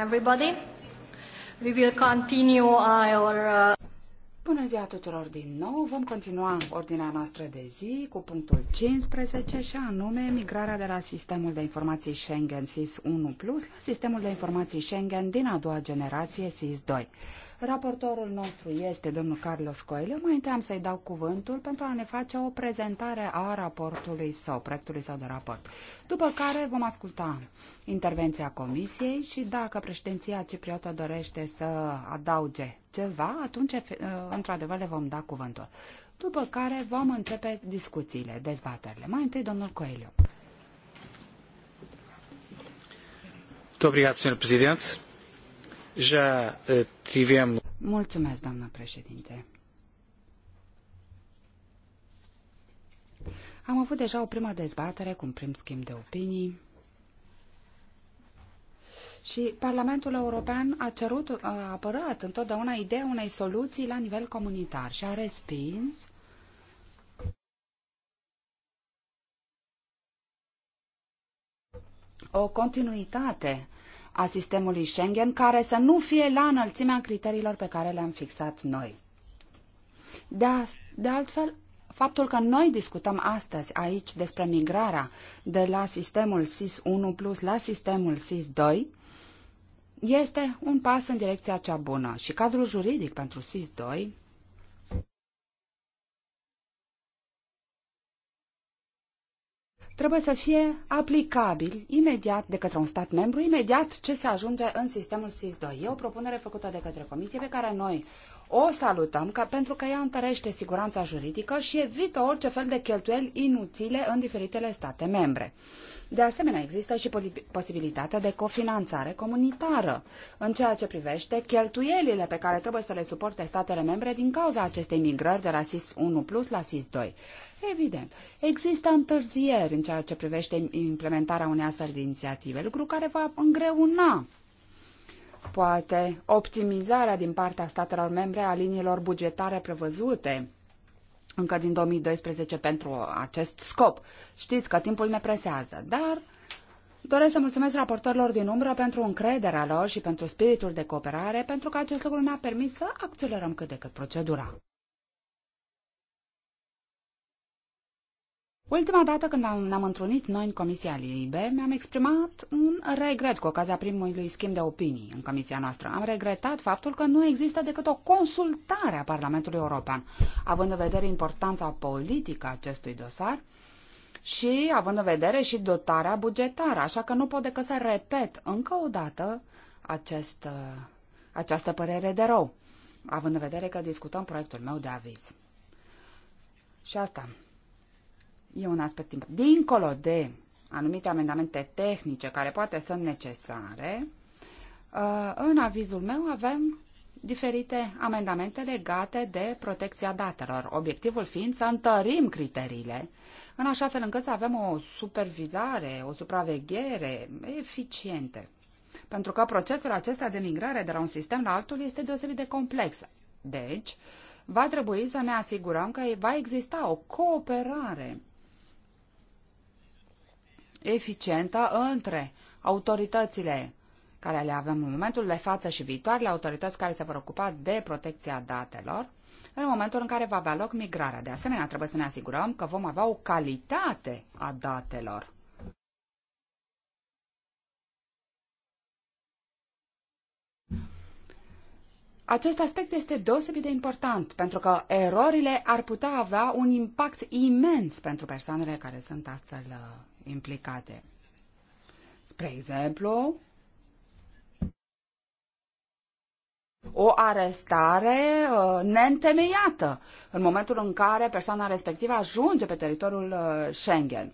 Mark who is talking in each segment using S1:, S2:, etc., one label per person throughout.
S1: everybody. We will continue our...
S2: Uh... Bună ziua tuturor din nou! Vom continua ordinea noastră de zi cu punctul 15 și anume migrarea de la sistemul de informații Schengen SIS 1 Plus la sistemul de informații Schengen din a doua generație SIS 2. Raportorul nostru este domnul Carlos Coelho. Mai întâi am să-i dau cuvântul pentru a ne face o prezentare a raportului sau proiectului sau de raport. După care vom asculta intervenția comisiei și dacă președinția cipriotă dorește să adauge ceva, atunci uh, într-adevăr le vom da cuvântul. După care vom începe discuțiile, dezbaterile. Mai întâi, domnul Coelho. Eh, Mulțumesc, doamnă președinte. Am avut deja o primă dezbatere cu un prim schimb de opinii și Parlamentul European a cerut, a apărat întotdeauna ideea unei soluții la nivel comunitar și a respins o continuitate a sistemului Schengen care să nu fie la înălțimea criteriilor pe care le-am fixat noi. De, a, de altfel, faptul că noi discutăm astăzi aici despre migrarea de la sistemul SIS 1 plus la sistemul SIS 2 este un pas în direcția cea bună și cadrul juridic pentru SIS-2 trebuie să fie aplicabil imediat de către un stat membru, imediat ce se ajunge în sistemul SIS-2. E o propunere făcută de către Comisie pe care noi o salutăm ca, pentru că ea întărește siguranța juridică și evită orice fel de cheltuieli inutile în diferitele state membre. De asemenea, există și posibilitatea de cofinanțare comunitară în ceea ce privește cheltuielile pe care trebuie să le suporte statele membre din cauza acestei migrări de la SIS 1 plus la SIS 2. Evident, există întârzieri în ceea ce privește implementarea unei astfel de inițiative, lucru care va îngreuna poate optimizarea din partea statelor membre a liniilor bugetare prevăzute încă din 2012 pentru acest scop. Știți că timpul ne presează, dar doresc să mulțumesc raportorilor din umbră pentru încrederea lor și pentru spiritul de cooperare, pentru că acest lucru ne-a permis să accelerăm cât de cât procedura. Ultima dată când am, ne-am întrunit noi în Comisia Libe, mi-am exprimat un regret cu ocazia primului schimb de opinii în Comisia noastră. Am regretat faptul că nu există decât o consultare a Parlamentului European, având în vedere importanța politică a acestui dosar și având în vedere și dotarea bugetară, așa că nu pot decât să repet încă o dată acest, această părere de rău, având în vedere că discutăm proiectul meu de aviz. Și asta e un aspect important. Dincolo de anumite amendamente tehnice care poate sunt necesare, uh, în avizul meu avem diferite amendamente legate de protecția datelor, obiectivul fiind să întărim criteriile, în așa fel încât să avem o supervizare, o supraveghere eficiente. Pentru că procesul acesta de migrare de la un sistem la altul este deosebit de complex. Deci, va trebui să ne asigurăm că va exista o cooperare eficientă între autoritățile care le avem în momentul de față și viitoarele autorități care se vor ocupa de protecția datelor, în momentul în care va avea loc migrarea. De asemenea, trebuie să ne asigurăm că vom avea o calitate a datelor. Acest aspect este deosebit de important, pentru că erorile ar putea avea un impact imens pentru persoanele care sunt astfel uh, implicate. Spre exemplu, o arestare uh, neîntemeiată în momentul în care persoana respectivă ajunge pe teritoriul uh, Schengen,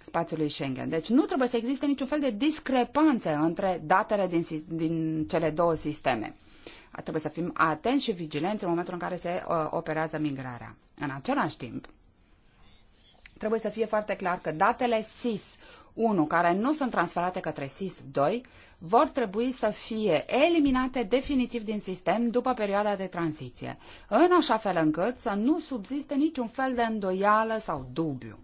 S2: spațiului Schengen. Deci nu trebuie să existe niciun fel de discrepanțe între datele din, din cele două sisteme. Trebuie să fim atenți și vigilenți în momentul în care se uh, operează migrarea. În același timp, trebuie să fie foarte clar că datele SIS 1, care nu sunt transferate către SIS 2, vor trebui să fie eliminate definitiv din sistem după perioada de tranziție, în așa fel încât să nu subziste niciun fel de îndoială sau dubiu.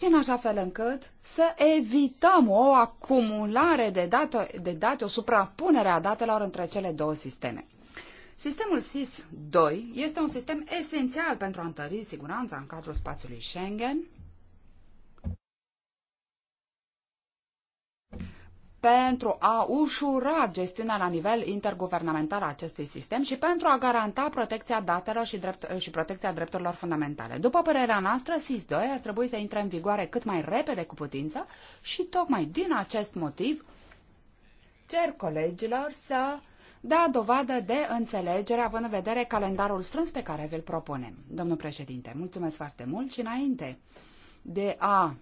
S2: și în așa fel încât să evităm o acumulare de date, de date, o suprapunere a datelor între cele două sisteme. Sistemul SIS-2 este un sistem esențial pentru a întări siguranța în cadrul spațiului Schengen pentru a ușura gestiunea la nivel interguvernamental a acestui sistem și pentru a garanta protecția datelor și, drept, și protecția drepturilor fundamentale. După părerea noastră, SIS-2 ar trebui să intre în vigoare cât mai repede cu putință și tocmai din acest motiv cer colegilor să dea dovadă de înțelegere, având în vedere calendarul strâns pe care vi-l propunem. Domnul președinte, mulțumesc foarte mult și înainte de a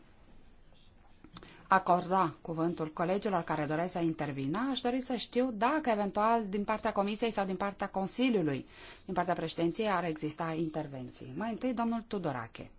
S2: acorda cuvântul colegilor care doresc să intervină, aș dori să știu dacă eventual din partea Comisiei sau din partea Consiliului, din partea președinției, ar exista intervenții. Mai întâi, domnul Tudorache.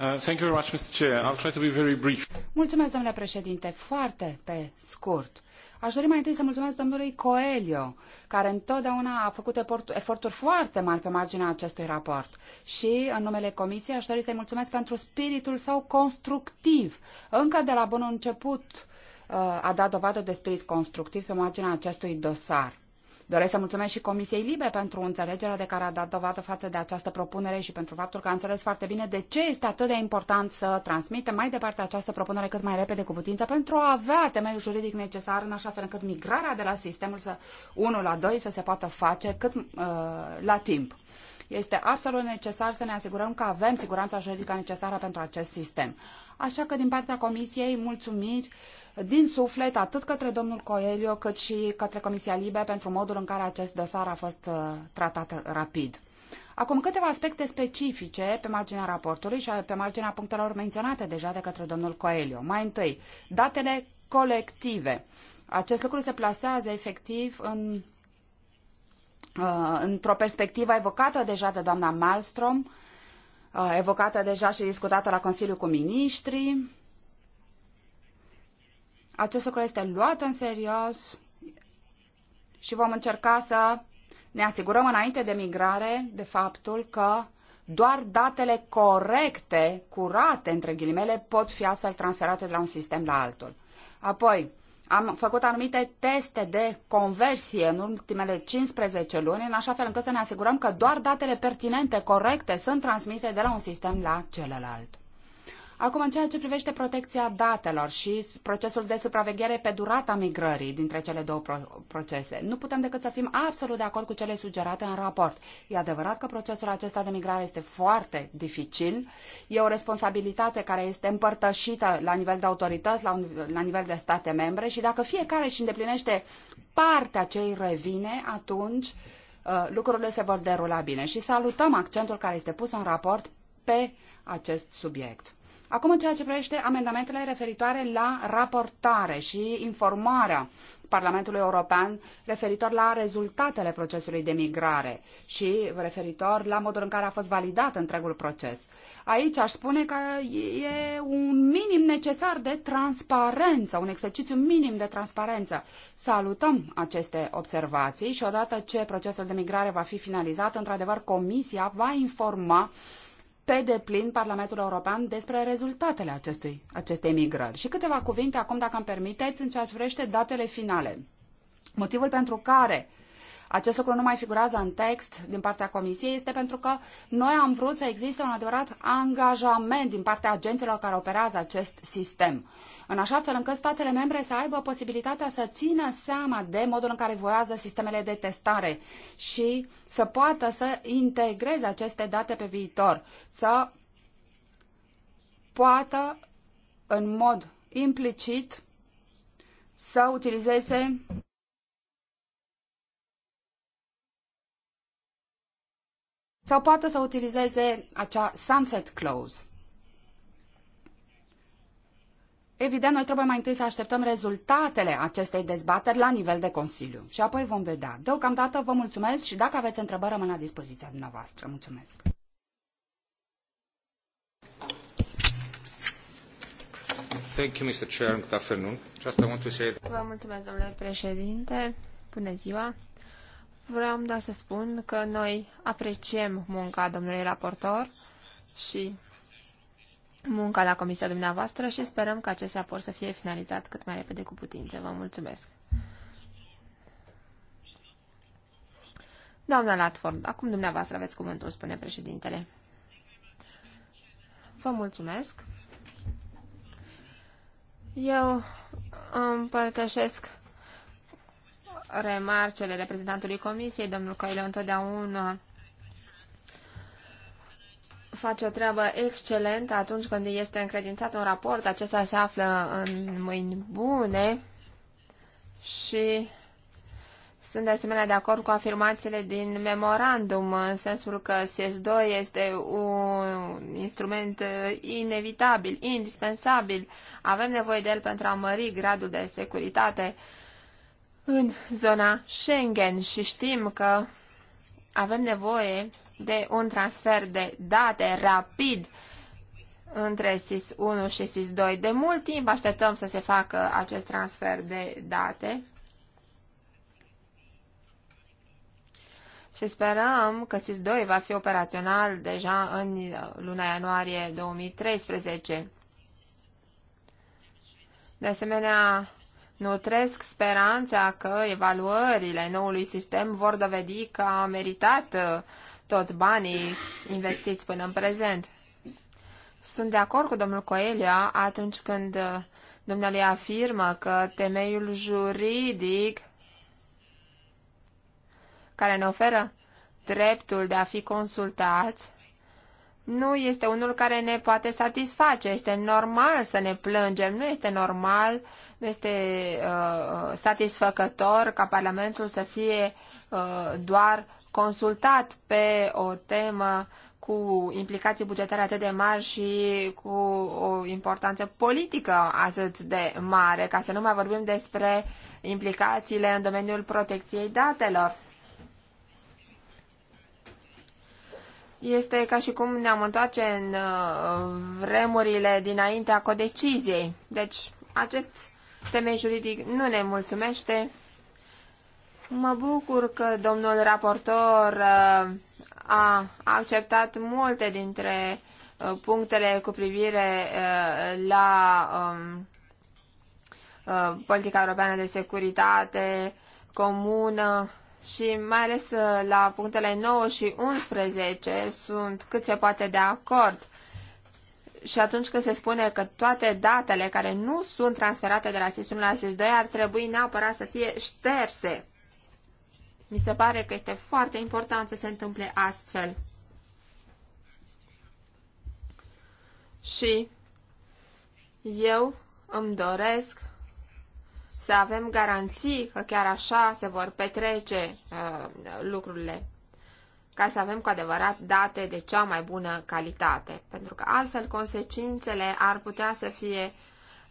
S1: Uh, thank you very much, Mr. I'll try to be very brief.
S2: Mulțumesc, domnule președinte. Foarte pe scurt. Aș dori mai întâi să mulțumesc domnului Coelho, care întotdeauna a făcut eforturi foarte mari pe marginea acestui raport. Și, în numele Comisiei, aș dori să-i mulțumesc pentru spiritul său constructiv. Încă de la bun început uh, a dat dovadă de spirit constructiv pe marginea acestui dosar. Doresc să mulțumesc și Comisiei Libe pentru înțelegerea de care a dat dovadă față de această propunere și pentru faptul că a înțeles foarte bine de ce este atât de important să transmitem mai departe această propunere cât mai repede cu putință pentru a avea temeiul juridic necesar în așa fel încât migrarea de la sistemul să, 1 la 2 să se poată face cât uh, la timp. Este absolut necesar să ne asigurăm că avem siguranța juridică necesară pentru acest sistem. Așa că din partea Comisiei, mulțumiri din suflet atât către domnul Coelho cât și către Comisia Libe pentru modul în care acest dosar a fost uh, tratat rapid. Acum câteva aspecte specifice pe marginea raportului și uh, pe marginea punctelor menționate deja de către domnul Coelho. Mai întâi, datele colective. Acest lucru se plasează efectiv în Uh, într-o perspectivă evocată deja de doamna Malmström, uh, evocată deja și discutată la Consiliu cu ministrii, Acest lucru este luat în serios și vom încerca să ne asigurăm înainte de migrare de faptul că doar datele corecte, curate, între ghilimele, pot fi astfel transferate de la un sistem la altul. Apoi, am făcut anumite teste de conversie în ultimele 15 luni, în așa fel încât să ne asigurăm că doar datele pertinente, corecte, sunt transmise de la un sistem la celălalt. Acum, în ceea ce privește protecția datelor și procesul de supraveghere pe durata migrării dintre cele două pro- procese, nu putem decât să fim absolut de acord cu cele sugerate în raport. E adevărat că procesul acesta de migrare este foarte dificil, e o responsabilitate care este împărtășită la nivel de autorități, la, un, la nivel de state membre și dacă fiecare își îndeplinește partea ce îi revine, atunci uh, lucrurile se vor derula bine. Și salutăm accentul care este pus în raport pe acest subiect. Acum, în ceea ce privește amendamentele referitoare la raportare și informarea Parlamentului European referitor la rezultatele procesului de migrare și referitor la modul în care a fost validat întregul proces. Aici aș spune că e un minim necesar de transparență, un exercițiu minim de transparență. Salutăm aceste observații și odată ce procesul de migrare va fi finalizat, într-adevăr, Comisia va informa uh, pe deplin Parlamentul European despre rezultatele acestui, acestei migrări. Și câteva cuvinte acum, dacă îmi permiteți, în ceea ce vrește datele finale. Motivul pentru care uh, acest lucru nu mai figurează în text din partea Comisiei, este pentru că noi am vrut să existe un adevărat angajament din partea agenților care operează acest sistem, în așa fel încât statele membre să aibă posibilitatea să țină seama de modul în care voiază sistemele de testare și să poată să integreze aceste date pe viitor, să poată în mod implicit să utilizeze sau poate să utilizeze acea sunset clause. Evident, noi trebuie mai întâi să așteptăm rezultatele acestei dezbateri la nivel de Consiliu și apoi vom vedea. Deocamdată vă mulțumesc și dacă aveți întrebări, rămân la dispoziția dumneavoastră. Mulțumesc!
S1: Thank you, Mr. Chair. Good afternoon. Just I want to say... Vă
S3: mulțumesc, domnule președinte. Bună ziua! Vreau doar să spun că noi apreciem munca domnului raportor și munca la comisia dumneavoastră și sperăm că acest raport să fie finalizat cât mai repede cu putință. Vă mulțumesc. Doamna Latford, acum dumneavoastră aveți cuvântul, spune președintele. Vă mulțumesc. Eu împărtășesc remarcele reprezentantului comisiei. Domnul Coelho întotdeauna face o treabă excelentă atunci când este încredințat un raport. Acesta se află în mâini bune și sunt de asemenea de acord cu afirmațiile din memorandum, în sensul că SES2 este un instrument uh, inevitabil, indispensabil. Avem nevoie de el pentru a mări gradul de securitate în zona Schengen și știm că avem nevoie de un transfer de date rapid între SIS 1 și SIS 2. De mult timp așteptăm să se facă acest transfer de date și sperăm că SIS 2 va fi operațional deja în luna ianuarie 2013. De asemenea, nutresc speranța că evaluările noului sistem vor dovedi că a meritat uh, toți banii investiți până în prezent. Sunt de acord cu domnul Coelia atunci când uh, dumnealui afirmă că temeiul juridic care ne oferă dreptul de a fi consultați nu este unul care ne poate satisface. Este normal să ne plângem, nu este normal, nu este uh, uh, satisfăcător ca Parlamentul să fie uh, doar consultat pe o temă cu implicații bugetare atât de mari și cu o importanță politică atât de mare, ca să nu mai vorbim despre implicațiile în domeniul protecției datelor. Este ca și cum ne-am întoarce în uh, vremurile dinaintea codeciziei. Deci, acest temei juridic nu ne mulțumește. Mă bucur că domnul raportor uh, a acceptat multe dintre uh, punctele cu privire la um, politica europeană de securitate comună și mai ales uh, la punctele 9 și 11 sunt cât se poate de acord. Și atunci când se spune că toate datele care nu sunt transferate de la SIS 1 la SIS 2 ar trebui neapărat să fie șterse. Mi se pare că este foarte important să se întâmple astfel. Și eu îmi doresc să avem garanții că chiar așa se vor petrece uh, lucrurile, ca să avem cu adevărat date de cea mai bună calitate, pentru că altfel consecințele ar putea să fie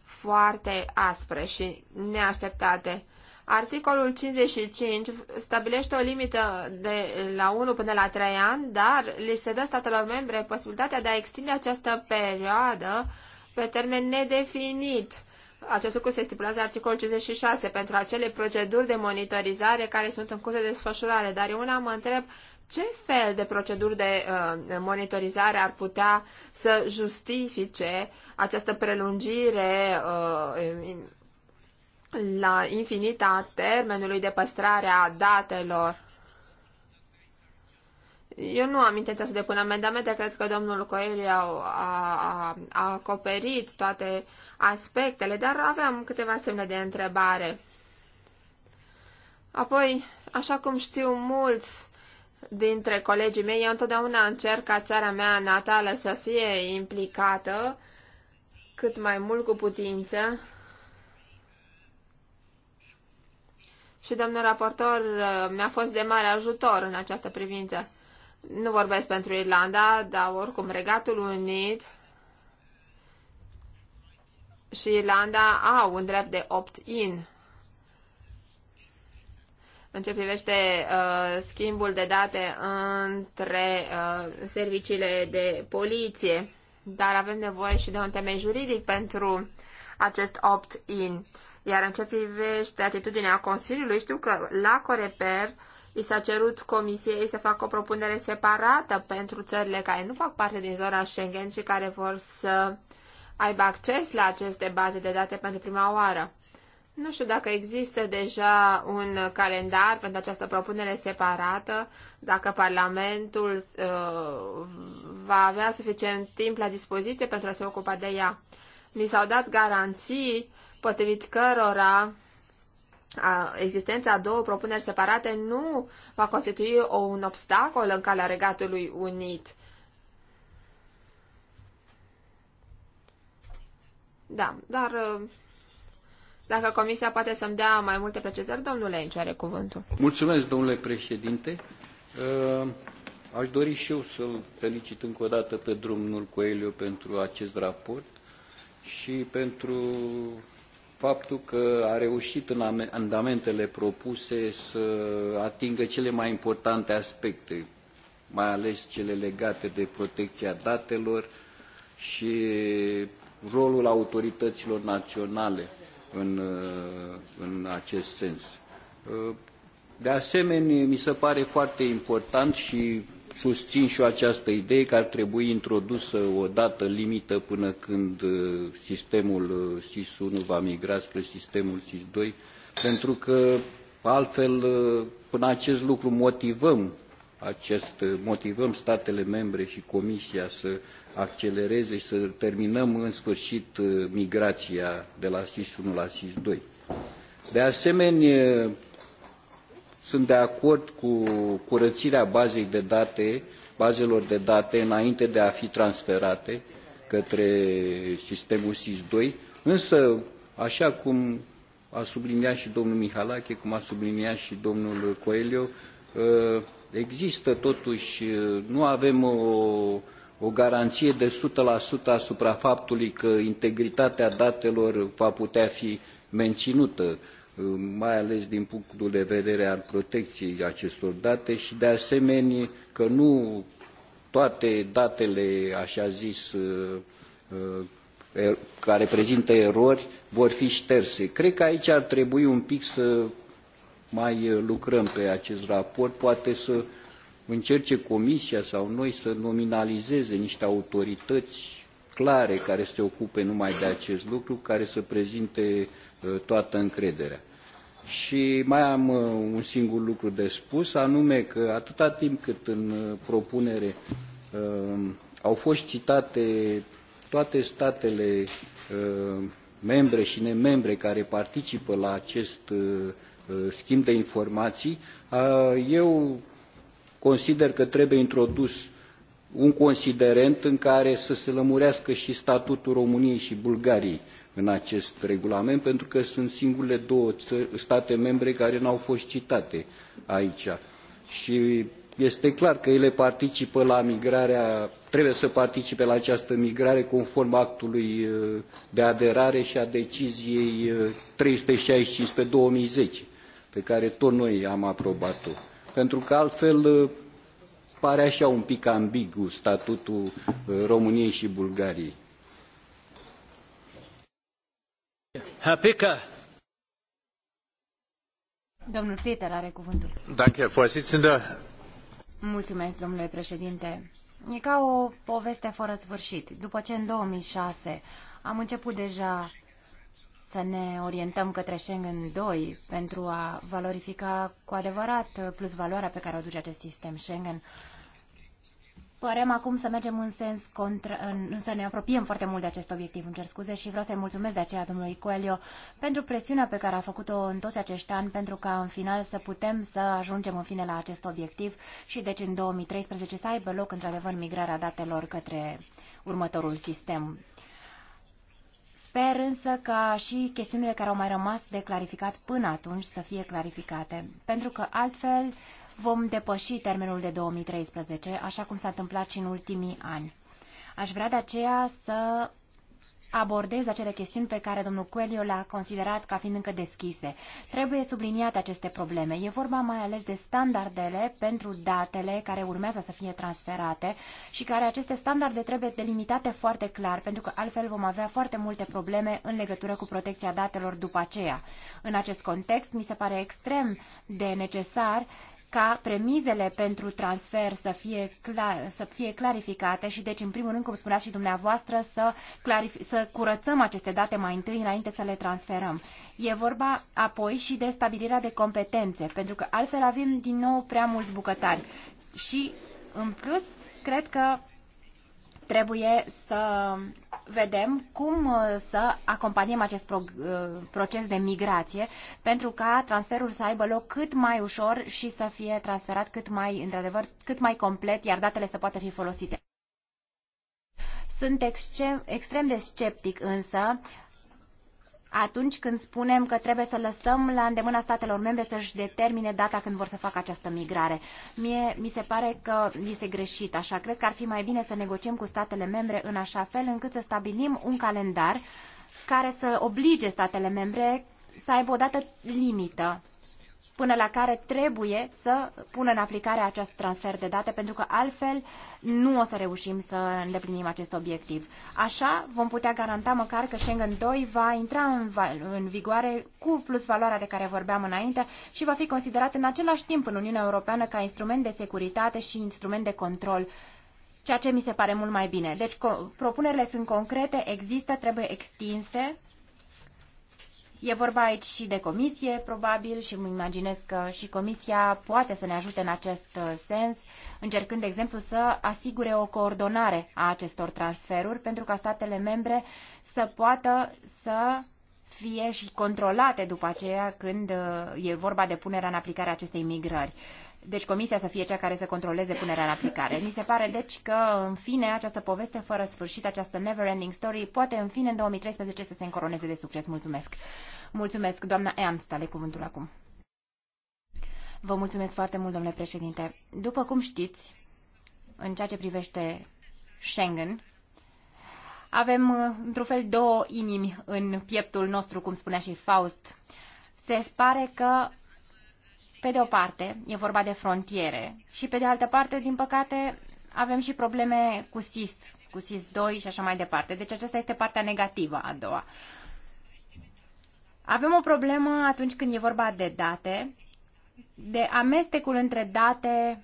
S3: foarte aspre și neașteptate. Articolul 55 stabilește o limită de la 1 până la 3 ani, dar li se dă statelor membre posibilitatea de a extinde această perioadă pe termen nedefinit acest lucru se stipulează articolul 56 pentru acele proceduri de monitorizare care sunt în curs de desfășurare, dar eu una mă întreb ce fel de proceduri de uh, monitorizare ar putea să justifice această prelungire uh, la infinita termenului de păstrare a datelor? Eu nu am intenția să depun amendamente, cred că domnul Coelho a, a, a acoperit toate uh, aspectele, dar aveam câteva semne de întrebare. Apoi, așa cum știu mulți dintre colegii mei, eu întotdeauna încerc ca țara mea natală să fie implicată cât mai mult cu putință. Și domnul raportor uh, mi-a fost de mare ajutor în această privință. Nu vorbesc pentru Irlanda, dar oricum Regatul Unit și Irlanda au un drept de opt-in în ce privește uh, schimbul de date între uh, serviciile de poliție, dar avem nevoie și de un temei juridic pentru acest opt-in. Iar în ce privește atitudinea Consiliului, știu că la Coreper i s-a cerut Comisiei să facă o propunere separată pentru țările care nu fac parte din zona Schengen și care vor să uh, aibă acces la aceste baze de date pentru prima oară. Nu știu dacă există deja un calendar pentru această propunere separată, dacă Parlamentul uh, va avea suficient timp la dispoziție pentru a se ocupa de ea. Mi s-au dat garanții potrivit cărora a, existența a două propuneri separate nu va constitui o, un obstacol în calea Regatului Unit Da, dar uh, dacă comisia poate să-mi dea mai multe precizări, domnule Lenci are cuvântul.
S1: Mulțumesc, domnule președinte. Uh, aș dori și eu să-l felicit încă o dată pe cu Coelho pentru acest raport și pentru faptul că a reușit în amendamentele propuse să atingă cele mai importante aspecte, mai ales cele legate de protecția datelor și rolul autorităților naționale în, uh, în acest sens. Uh, de asemenea, mi se pare foarte important și susțin și eu această idee că ar trebui introdusă o dată limită până când uh, sistemul SIS-1 va migra spre sistemul SIS-2, pentru că altfel până acest lucru motivăm acest eh, motivăm statele membre și Comisia să accelereze și să terminăm în sfârșit eh, migrația de la SIS 1 la SIS 2. De asemenea, sunt de acord cu curățirea bazei de date, bazelor de date înainte de a fi transferate către sistemul SIS 2, însă, așa cum a subliniat și domnul Mihalache, cum a subliniat și domnul Coelho, eh, Există totuși, nu avem o, o garanție de 100% asupra faptului că integritatea datelor va putea fi menținută, mai ales din punctul de vedere al protecției acestor date și de asemenea că nu toate datele, așa zis, eh, eh, care prezintă erori vor fi șterse. Cred că aici ar trebui un pic să mai eh, lucrăm pe acest raport, poate să încerce comisia sau noi să nominalizeze niște autorități clare care se ocupe numai de acest lucru, care să prezinte eh, toată încrederea. Și mai am eh, un singur lucru de spus, anume că atâta timp cât în propunere au fost citate toate statele membre și nemembre care participă la acest Uh, schimb de informații. Uh, eu consider că trebuie introdus un considerent în care să se lămurească și statutul României și Bulgariei în acest regulament, pentru că sunt singurele două state membre care nu au fost citate aici. Și este clar că ele participă la migrarea, trebuie să participe la această migrare conform actului uh, de aderare și a deciziei 365 pe 2010 pe care tot noi am aprobat-o. Pentru că altfel uh, pare așa un pic ambigu statutul uh, României și Bulgariei. Herr
S4: Domnul Peter are cuvântul. Mulțumesc, domnule președinte. E ca o poveste fără sfârșit. După ce în 2006 am început deja să ne orientăm către Schengen 2 pentru a valorifica cu adevărat plus valoarea pe care o duce acest sistem Schengen. Părem acum să mergem în sens contra, în, să ne apropiem foarte mult de acest obiectiv, îmi cer scuze, și vreau să-i mulțumesc de aceea domnului Coelio pentru presiunea pe care a făcut-o în toți acești ani pentru ca în final să putem să ajungem în fine la acest obiectiv și deci în 2013 să aibă loc într-adevăr migrarea datelor către următorul sistem Sper însă ca și chestiunile care au mai rămas de clarificat până atunci să fie clarificate, pentru că altfel vom depăși termenul de 2013, așa cum s-a întâmplat și în ultimii ani. Aș vrea de aceea să abordez acele chestiuni pe care domnul Coelho le-a considerat ca fiind încă deschise. Trebuie subliniate aceste probleme. E vorba mai ales de standardele pentru datele care urmează să fie transferate și care aceste standarde trebuie delimitate foarte clar, pentru că altfel vom avea foarte multe probleme în legătură cu protecția datelor după aceea. În acest context, mi se pare extrem de necesar ca premizele pentru transfer să fie, clar, să fie clarificate și deci, în primul rând, cum spuneați și dumneavoastră, să, să curățăm aceste date mai întâi înainte să le transferăm. E vorba apoi și de stabilirea de competențe, pentru că altfel avem din nou prea mulți bucătari. Și, în plus, cred că trebuie să vedem cum uh, să acompaniem acest pro uh, proces de migrație pentru ca transferul să aibă loc cât mai ușor și să fie transferat cât mai, într-adevăr, cât mai complet, iar datele să poată fi folosite. Sunt extrem de sceptic însă atunci când spunem că trebuie să lăsăm la îndemâna statelor membre să-și determine data când vor să facă această migrare. Mie mi se pare că este greșit așa. Cred că ar fi mai bine să negociem cu statele membre în așa fel încât să stabilim un calendar care să oblige statele membre să aibă o dată limită până la care trebuie să pună în aplicare acest transfer de date, pentru că altfel nu o să reușim să îndeplinim acest obiectiv. Așa vom putea garanta măcar că Schengen 2 va intra în, în vigoare cu plus valoarea de care vorbeam înainte și va fi considerat în același timp în Uniunea Europeană ca instrument de securitate și instrument de control ceea ce mi se pare mult mai bine. Deci propunerile sunt concrete, există, trebuie extinse E vorba aici și de comisie, probabil, și îmi imaginez că și comisia poate să ne ajute în acest uh, sens, încercând, de exemplu, să asigure o coordonare a acestor transferuri pentru ca statele membre să poată să fie și controlate după aceea când uh, e vorba de punerea în aplicare a acestei migrări deci comisia să fie cea care să controleze punerea în aplicare. Mi se pare deci că, în fine, această poveste fără sfârșit, această never-ending story, poate în fine în 2013 să se încoroneze de succes. Mulțumesc! Mulțumesc, doamna Ernst, ale cuvântul acum. Vă mulțumesc foarte mult, domnule președinte. După cum știți, în ceea ce privește Schengen, avem, într-un fel, două inimi în pieptul nostru, cum spunea și Faust. Se pare că pe de o parte, e vorba de frontiere și pe de altă parte, din păcate, avem și probleme cu SIS, cu SIS 2 și așa mai departe. Deci aceasta este partea negativă a doua. Avem o problemă atunci când e vorba de date, de amestecul între date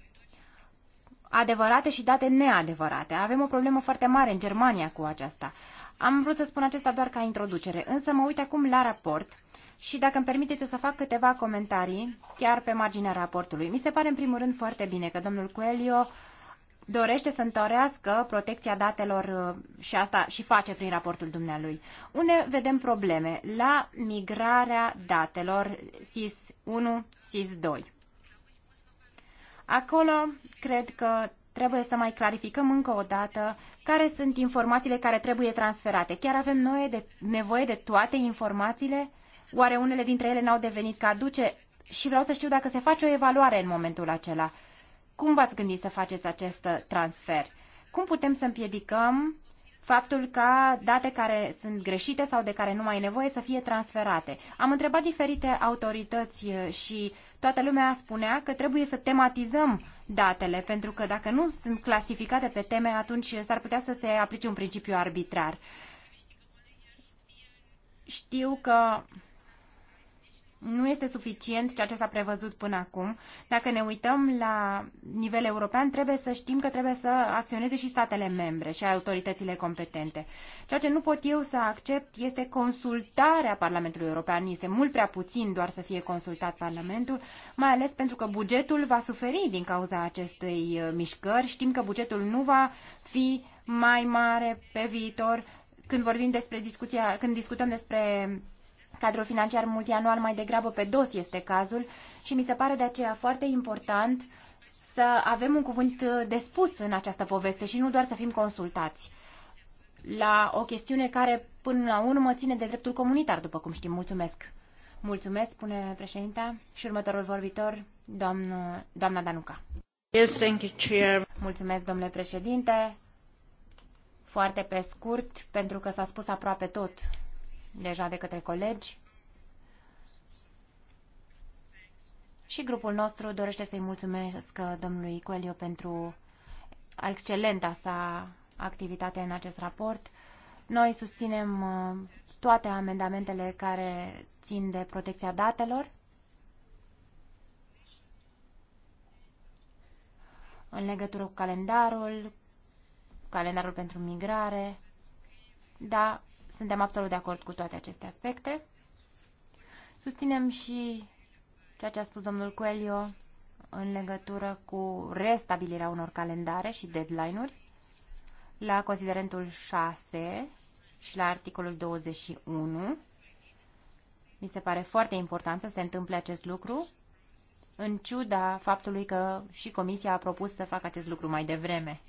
S4: adevărate și date neadevărate. Avem o problemă foarte mare în Germania cu aceasta. Am vrut să spun acesta doar ca introducere, însă mă uit acum la raport și dacă îmi permiteți o să fac câteva comentarii chiar pe marginea raportului. Mi se pare în primul rând foarte bine că domnul Coelho dorește să întorească protecția datelor uh, și asta și face prin raportul dumnealui. Unde vedem probleme? La migrarea datelor SIS 1, SIS 2. Acolo cred că trebuie să mai clarificăm încă o dată care sunt informațiile care trebuie transferate. Chiar avem noi de, nevoie de toate informațiile? Oare unele dintre ele n-au devenit caduce? Și vreau să știu dacă se face o evaluare în momentul acela. Cum v-ați gândit să faceți acest uh, transfer? Cum putem să împiedicăm faptul ca date care sunt greșite sau de care nu mai e nevoie să fie transferate. Am întrebat diferite autorități uh, și toată lumea spunea că trebuie să tematizăm datele, pentru că dacă nu sunt clasificate pe teme, atunci s-ar putea să se aplice un principiu arbitrar. Știu că nu este suficient ceea ce s-a prevăzut până acum. Dacă ne uităm la nivel european, trebuie să știm că trebuie să acționeze și statele membre și autoritățile competente. Ceea ce nu pot eu să accept este consultarea Parlamentului European. Este mult prea puțin doar să fie consultat Parlamentul, mai ales pentru că bugetul va suferi din cauza acestei uh, mișcări. Știm că bugetul nu va fi mai mare pe viitor când vorbim despre discuția, când discutăm despre cadrul financiar multianual, mai degrabă pe dos este cazul și mi se pare de aceea foarte important să avem un cuvânt de spus în această poveste și nu doar să fim consultați la o chestiune care până la urmă ține de dreptul comunitar, după cum știm. Mulțumesc! Mulțumesc, spune președinta și următorul vorbitor, doamnă, doamna Danuca. Yes, thank you, chair. Mulțumesc, domnule președinte. Foarte pe scurt, pentru că s-a spus aproape tot deja de către colegi. Și grupul nostru dorește să-i mulțumesc domnului Coelio pentru excelenta sa activitate în acest raport. Noi susținem uh, toate amendamentele care țin de protecția datelor. În legătură cu calendarul, calendarul pentru migrare, da, suntem absolut de acord cu toate aceste aspecte. Susținem și ceea ce a spus domnul Coelho în legătură cu restabilirea unor calendare și deadline-uri la considerentul 6 și la articolul 21. Mi se pare foarte important să se întâmple acest lucru, în ciuda faptului că și Comisia a propus să facă acest lucru mai devreme.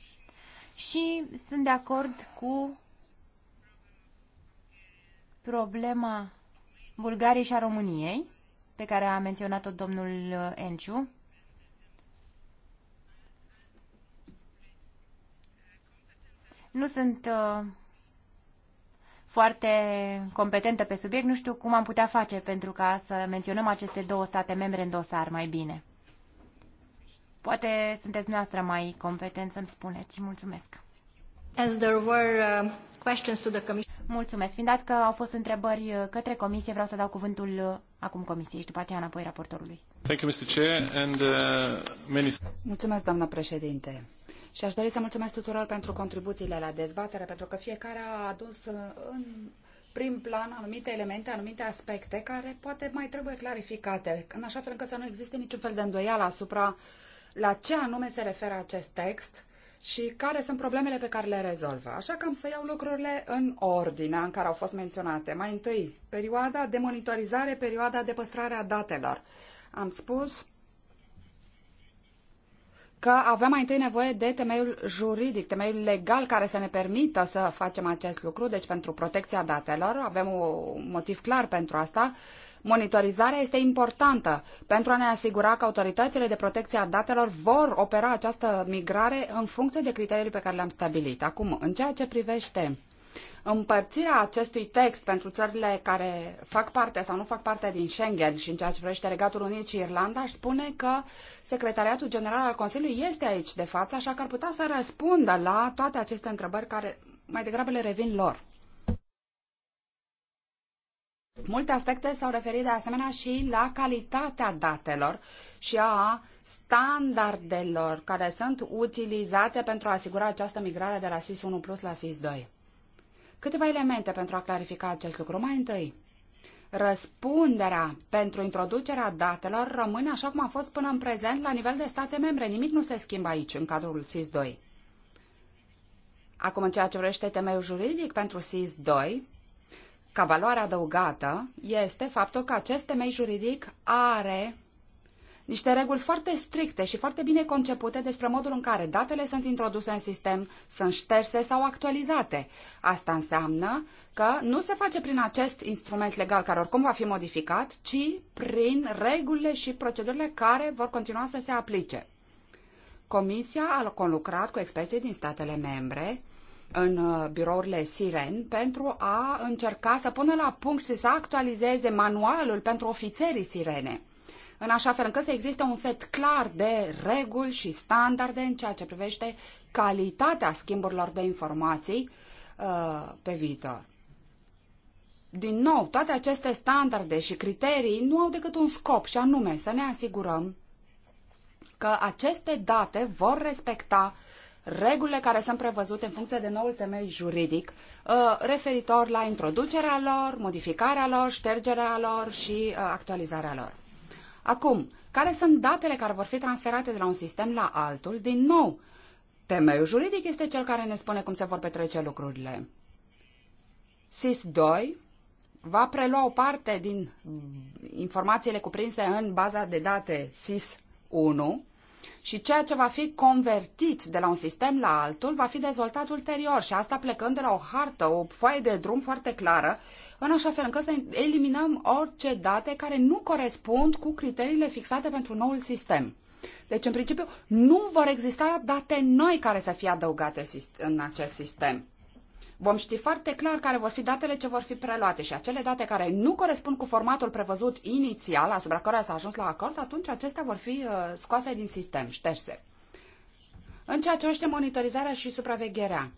S4: Și sunt de acord cu problema Bulgariei și a României, pe care a menționat-o domnul Enciu. Nu sunt uh, foarte competentă pe subiect, nu știu cum am putea face pentru ca să menționăm aceste două state membre în dosar mai bine. Poate sunteți noastră mai competent să-mi spuneți. Mulțumesc. As there were uh, questions to the commission. Mulțumesc. Fiind dat că au fost întrebări uh, către comisie, vreau să dau cuvântul uh, acum comisiei și după aceea înapoi raportorului.
S2: Thank you, Mr. Chair, and, uh, many... Mulțumesc, doamnă președinte. Și aș dori să mulțumesc tuturor pentru contribuțiile la dezbatere, pentru că fiecare a adus uh, în prim plan anumite elemente, anumite aspecte care poate mai trebuie clarificate, în așa fel încât să nu existe niciun fel de îndoială asupra la ce anume se referă acest text și care sunt problemele pe care le rezolvă. Așa că am să iau lucrurile în ordinea în care au fost menționate. Mai întâi, perioada de monitorizare, perioada de păstrare a datelor. Am spus că avem mai întâi nevoie de temeiul juridic, temeiul legal care să ne permită să facem acest lucru, deci pentru protecția datelor, avem un motiv clar pentru asta Monitorizarea este importantă pentru a ne asigura că autoritățile de protecție a datelor vor opera această migrare în funcție de criteriile pe care le-am stabilit. Acum, în ceea ce privește împărțirea acestui text pentru țările care fac parte sau nu fac parte din Schengen și în ceea ce privește Regatul Unit și Irlanda, aș spune că Secretariatul General al Consiliului este aici de față, așa că ar putea să răspundă la toate aceste întrebări care mai degrabă le revin lor. Multe aspecte s-au referit de asemenea și la calitatea datelor și a standardelor care sunt utilizate pentru a asigura această migrare de la SIS 1 plus la SIS 2. Câteva elemente pentru a clarifica acest lucru. Mai întâi, răspunderea pentru introducerea datelor rămâne așa cum a fost până în prezent la nivel de state membre. Nimic nu se schimbă aici, în cadrul SIS 2. Acum, în ceea ce vrește temeiul juridic pentru SIS 2, ca valoare adăugată este faptul că acest temei juridic are niște reguli foarte stricte și foarte bine concepute despre modul în care datele sunt introduse în sistem, sunt șterse sau actualizate. Asta înseamnă că nu se face prin acest instrument legal care oricum va fi modificat, ci prin regulile și procedurile care vor continua să se aplice. Comisia a conlucrat cu experții din statele membre în uh, birourile Siren pentru a încerca să pună la punct și să actualizeze manualul pentru ofițerii Sirene în așa fel încât să existe un set clar de reguli și standarde în ceea ce privește calitatea schimburilor de informații uh, pe viitor. Din nou, toate aceste standarde și criterii nu au decât un scop și anume să ne asigurăm că aceste date vor respecta regulile care sunt prevăzute în funcție de noul temei juridic uh, referitor la introducerea lor, modificarea lor, ștergerea lor și uh, actualizarea lor. Acum, care sunt datele care vor fi transferate de la un sistem la altul? Din nou, temeiul juridic este cel care ne spune cum se vor petrece lucrurile. SIS-2 va prelua o parte din informațiile cuprinse în baza de date SIS-1, și ceea ce va fi convertit de la un sistem la altul va fi dezvoltat ulterior și asta plecând de la o hartă, o foaie de drum foarte clară, în așa fel încât să eliminăm orice date care nu corespund cu criteriile fixate pentru noul sistem. Deci, în principiu, nu vor exista date noi care să fie adăugate în acest sistem. Vom ști foarte clar care vor fi datele ce vor fi preluate și acele date care nu corespund cu formatul prevăzut inițial, asupra căruia s-a ajuns la acord, atunci acestea vor fi uh, scoase din sistem, șterse. În ceea ce este monitorizarea și supravegherea,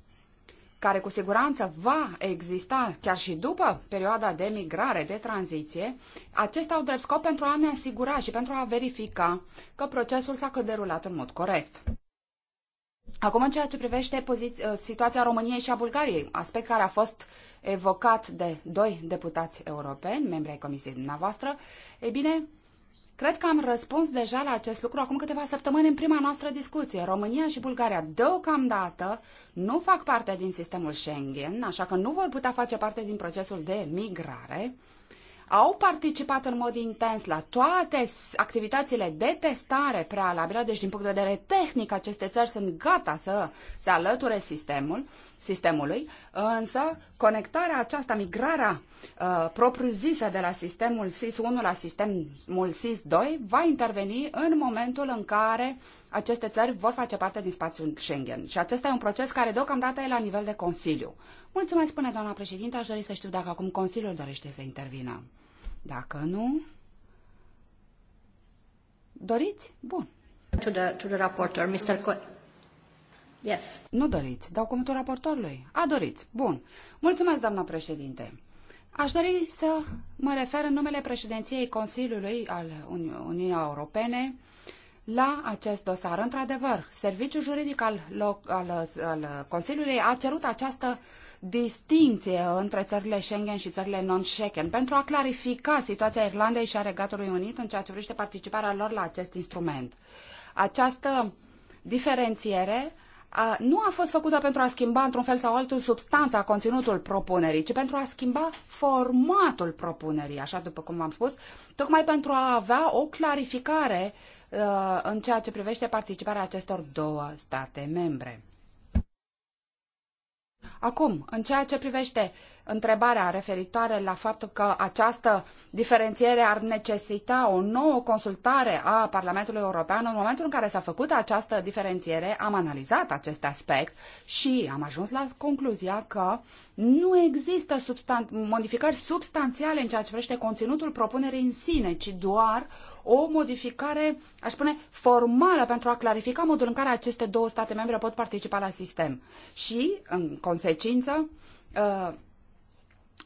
S2: care cu siguranță va exista chiar și după perioada de migrare, de tranziție, acestea au drept scop pentru a ne asigura și pentru a verifica că procesul s-a derulat în mod corect. Acum, în ceea ce privește uh, situația României și a Bulgariei, aspect care a fost evocat de doi deputați europeni, membri ai comisiei dumneavoastră, e bine, cred că am răspuns deja la acest lucru acum câteva săptămâni în prima noastră discuție. România și Bulgaria deocamdată nu fac parte din sistemul Schengen, așa că nu vor putea face parte din procesul de migrare au participat în mod intens la toate activitățile de testare prealabilă, deci din punct de vedere tehnic aceste țări sunt gata să se alăture sistemul, sistemului, însă conectarea aceasta, migrarea uh, propriu-zisă de la sistemul SIS-1 la sistemul SIS-2 va interveni în momentul în care aceste țări vor face parte din spațiul Schengen. Și acesta e un proces care deocamdată e la nivel de Consiliu. Mulțumesc, spune doamna președinte, aș dori să știu dacă acum Consiliul dorește să intervină. Dacă nu... Doriți? Bun. To the, to the reporter, Mr. Co yes. Nu doriți. Dau cuvântul raportorului. A, doriți. Bun. Mulțumesc, doamna președinte. Aș dori să mă refer în numele președinției Consiliului al Uniunii Europene la acest dosar. Într-adevăr, Serviciul Juridic al, al, al Consiliului a cerut această uh, distinție între țările Schengen și țările non-Schengen pentru a clarifica situația Irlandei și a Regatului Unit în ceea ce privește participarea lor la acest instrument. Această diferențiere a, nu a fost făcută pentru a schimba într-un fel sau altul substanța, conținutul propunerii, ci pentru a schimba formatul propunerii, așa după cum v-am spus, tocmai pentru a avea o clarificare uh, în ceea ce privește participarea acestor două state membre. Acum, în ceea ce privește întrebarea referitoare la faptul că această diferențiere ar necesita o nouă consultare a Parlamentului European. În momentul în care s-a făcut această diferențiere, am analizat acest aspect și am ajuns la concluzia că nu există substan- modificări substanțiale în ceea ce privește conținutul propunerii în sine, ci doar o modificare, aș spune, formală pentru a clarifica modul în care aceste două state membre pot participa la sistem. Și, în consecință, uh,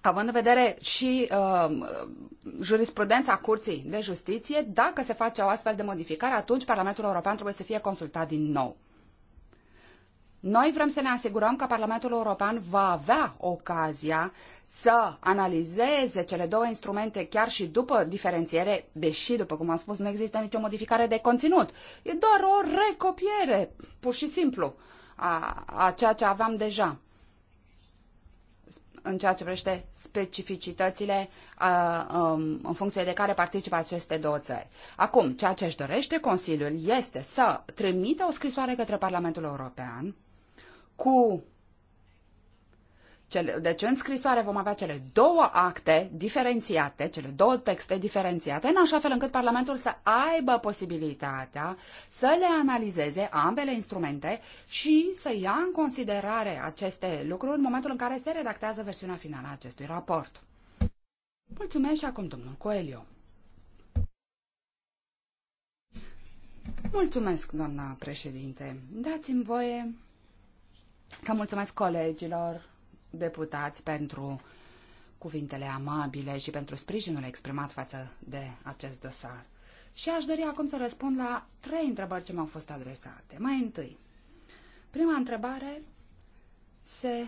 S2: având în vedere și uh, jurisprudența Curții de Justiție, dacă se face o astfel de modificare, atunci Parlamentul European trebuie să fie consultat din nou. Noi vrem să ne asigurăm că Parlamentul European va avea ocazia să analizeze cele două instrumente chiar și după diferențiere, deși, după cum am spus, nu există nicio modificare de conținut. E doar o recopiere, pur și simplu, a, a ceea ce aveam deja în ceea ce privește specificitățile um, în funcție de care participă aceste două țări. Acum, ceea ce își dorește Consiliul este să trimită o scrisoare către Parlamentul European cu cele, deci în scrisoare vom avea cele două acte diferențiate, cele două texte diferențiate, în așa fel încât Parlamentul să aibă posibilitatea să le analizeze ambele instrumente și să ia în considerare aceste lucruri în momentul în care se redactează versiunea finală a acestui raport. Mulțumesc și acum domnul Coelio. Mulțumesc, doamna președinte. Dați-mi voie să mulțumesc colegilor deputați pentru cuvintele amabile și pentru sprijinul exprimat față de acest dosar. Și aș dori acum să răspund la trei întrebări ce m-au fost adresate. Mai întâi, prima întrebare se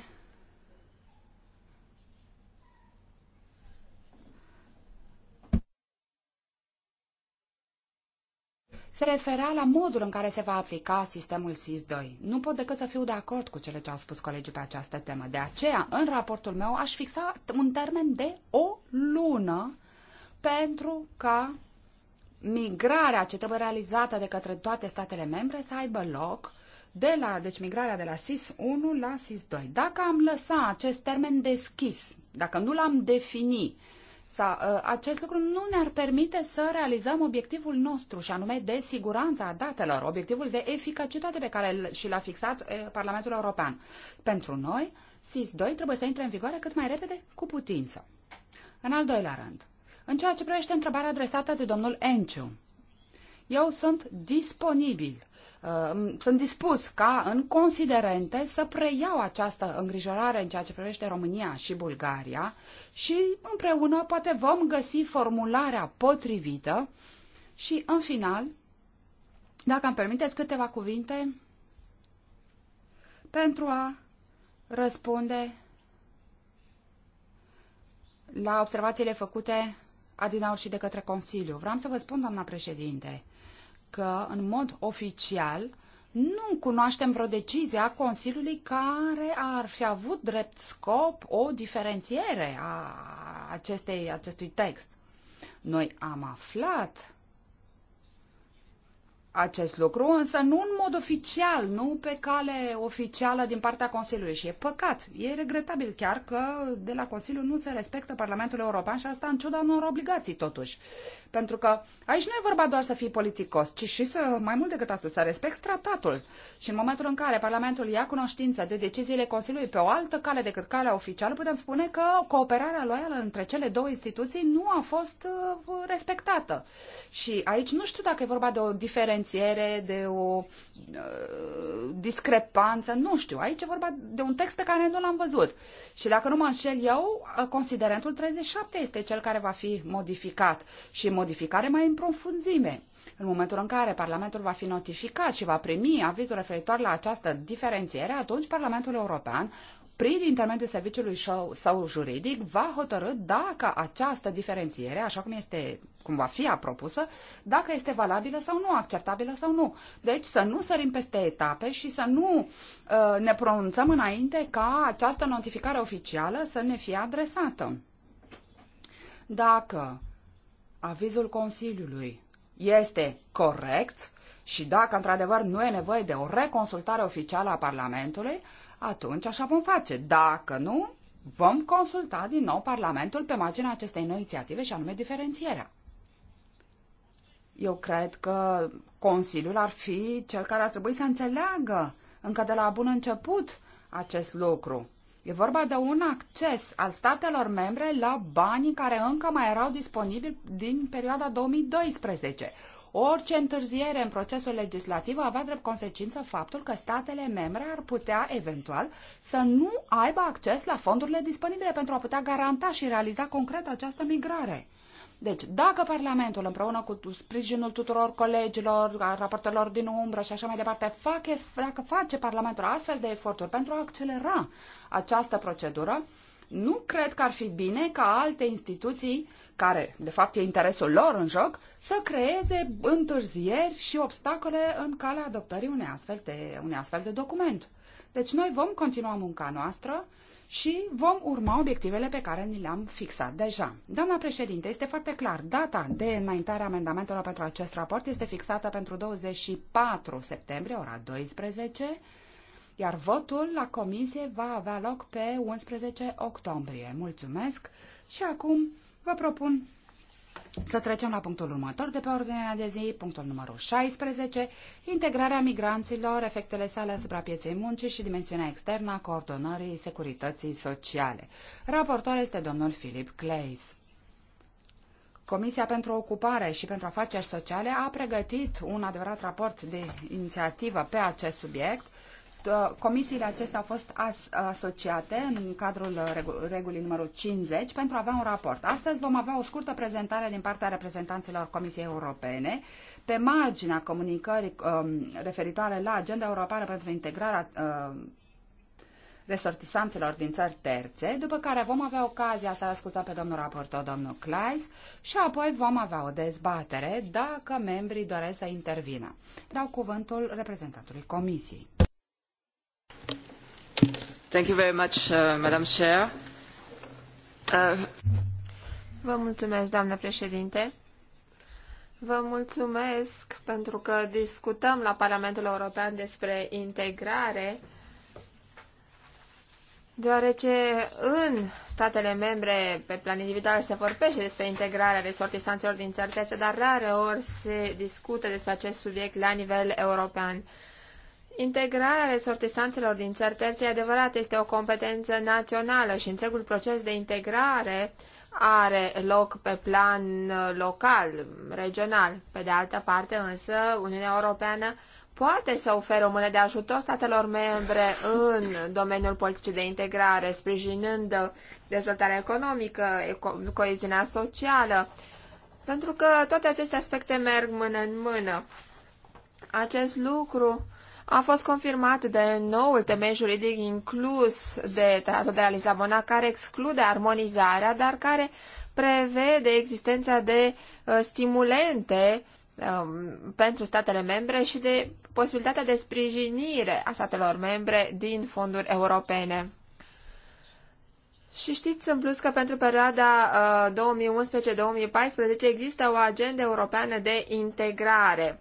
S2: se referea la modul în care se va aplica sistemul SIS-2. Nu pot decât să fiu de acord cu cele ce au spus colegii pe această temă. De aceea, în raportul meu, aș fixa un termen de o lună pentru ca migrarea ce trebuie realizată de către toate statele membre să aibă loc de la, deci migrarea de la SIS 1 la SIS 2. Dacă am lăsat acest termen deschis, dacă nu l-am definit sa, ă, acest lucru nu ne-ar permite să realizăm obiectivul nostru, și anume de siguranță a datelor, obiectivul de eficacitate pe care și l-a fixat ă, Parlamentul European. Pentru noi, SIS-2 trebuie să intre în vigoare cât mai repede, cu putință. În al doilea rând, în ceea ce privește întrebarea adresată de domnul Enciu, eu sunt disponibil Uh, sunt dispus ca în considerente să preiau această îngrijorare în ceea ce privește România și Bulgaria și împreună poate vom găsi formularea potrivită și în final, dacă îmi permiteți câteva cuvinte pentru a răspunde la observațiile făcute adinaur și de către Consiliu. Vreau să vă spun, doamna președinte, că, în mod oficial, nu cunoaștem vreo decizie a Consiliului care ar fi avut drept scop o diferențiere a acestei, acestui text. Noi am aflat acest lucru, însă nu în mod oficial, nu pe cale oficială din partea Consiliului. Și e păcat, e regretabil chiar că de la Consiliu nu se respectă Parlamentul European și asta în ciuda unor obligații totuși. Pentru că aici nu e vorba doar să fii politicos, ci și să, mai mult decât atât, să respecti tratatul. Și în momentul în care Parlamentul ia cunoștință de deciziile Consiliului pe o altă cale decât calea oficială, putem spune că cooperarea loială între cele două instituții nu a fost uh, respectată. Și aici nu știu dacă e vorba de o diferență diferențiere, de o uh, discrepanță, nu știu. Aici e vorba de un text pe care nu l-am văzut. Și dacă nu mă înșel eu, uh, considerentul 37 este cel care va fi modificat și modificare mai în profunzime. În momentul în care Parlamentul va fi notificat și va primi avizul referitor la această diferențiere, atunci Parlamentul European prin intermediul serviciului său juridic, va hotărâ dacă această diferențiere, așa cum, este, cum va fi propusă, dacă este valabilă sau nu, acceptabilă sau nu. Deci să nu sărim peste etape și să nu uh, ne pronunțăm înainte ca această notificare oficială să ne fie adresată. Dacă avizul Consiliului este corect și dacă într-adevăr nu e nevoie de o reconsultare oficială a Parlamentului, atunci așa vom face. Dacă nu, vom consulta din nou Parlamentul pe marginea acestei noi inițiative și anume diferențierea. Eu cred că Consiliul ar fi cel care ar trebui să înțeleagă încă de la bun început acest lucru. E vorba de un acces al statelor membre la banii care încă mai erau disponibili din perioada 2012. Orice întârziere în procesul legislativ avea drept consecință faptul că statele membre ar putea, eventual, să nu aibă acces la fondurile disponibile pentru a putea garanta și realiza concret această migrare. Deci, dacă Parlamentul, împreună cu sprijinul tuturor colegilor, raportelor din umbră și așa mai departe, fac, dacă face Parlamentul astfel de eforturi pentru a accelera această procedură, nu cred că ar fi bine ca alte instituții care de fapt e interesul lor în joc, să creeze întârzieri și obstacole în calea adoptării unei astfel de, unei astfel de document. Deci noi vom continua munca noastră și vom urma obiectivele pe care ni le-am fixat deja. Doamna președinte, este foarte clar, data de înaintare a amendamentelor pentru acest raport este fixată pentru 24 septembrie, ora 12, iar votul la comisie va avea loc pe 11 octombrie. Mulțumesc și acum vă propun să trecem la punctul următor de pe ordinea de zi, punctul numărul 16, integrarea migranților, efectele sale asupra pieței muncii și dimensiunea externă a coordonării securității sociale. Raportor este domnul Filip Clays. Comisia pentru Ocupare și pentru Afaceri Sociale a pregătit un adevărat raport de inițiativă pe acest subiect Uh, comisiile acestea au fost as asociate în cadrul uh, regulii numărul 50 pentru a avea un raport. Astăzi vom avea o scurtă prezentare din partea reprezentanților Comisiei Europene pe marginea comunicării um, referitoare la agenda europeană pentru integrarea um, resortisanților din țări terțe, după care vom avea ocazia să ascultăm pe domnul raportor, domnul Kleis, și apoi vom avea o dezbatere dacă membrii doresc să intervină. Dau cuvântul reprezentantului Comisiei.
S3: Thank you very much, uh, Madam Chair. Uh... Vă mulțumesc, doamnă președinte. Vă mulțumesc pentru că discutăm la Parlamentul European despre integrare, deoarece în statele membre pe plan individual se vorbește despre integrarea resortistanților din țări terțe, dar rare ori se discută despre acest subiect la nivel european. Integrarea resortistanțelor din țări terțe, adevărat, este o competență națională și întregul proces de integrare are loc pe plan uh, local, regional. Pe de altă parte, însă, Uniunea Europeană poate să ofere o mână de ajutor statelor membre în domeniul politicii de integrare, sprijinând dezvoltarea economică, coeziunea socială, pentru că toate aceste aspecte merg mână în mână. Acest lucru a fost confirmat de noul temei juridic inclus de Tratatul de la Lisabona, care exclude armonizarea, dar care prevede existența de uh, stimulente um, pentru statele membre și de posibilitatea de sprijinire a statelor membre din fonduri europene. Și știți în plus că pentru perioada 2011-2014 uh, există o agendă europeană de integrare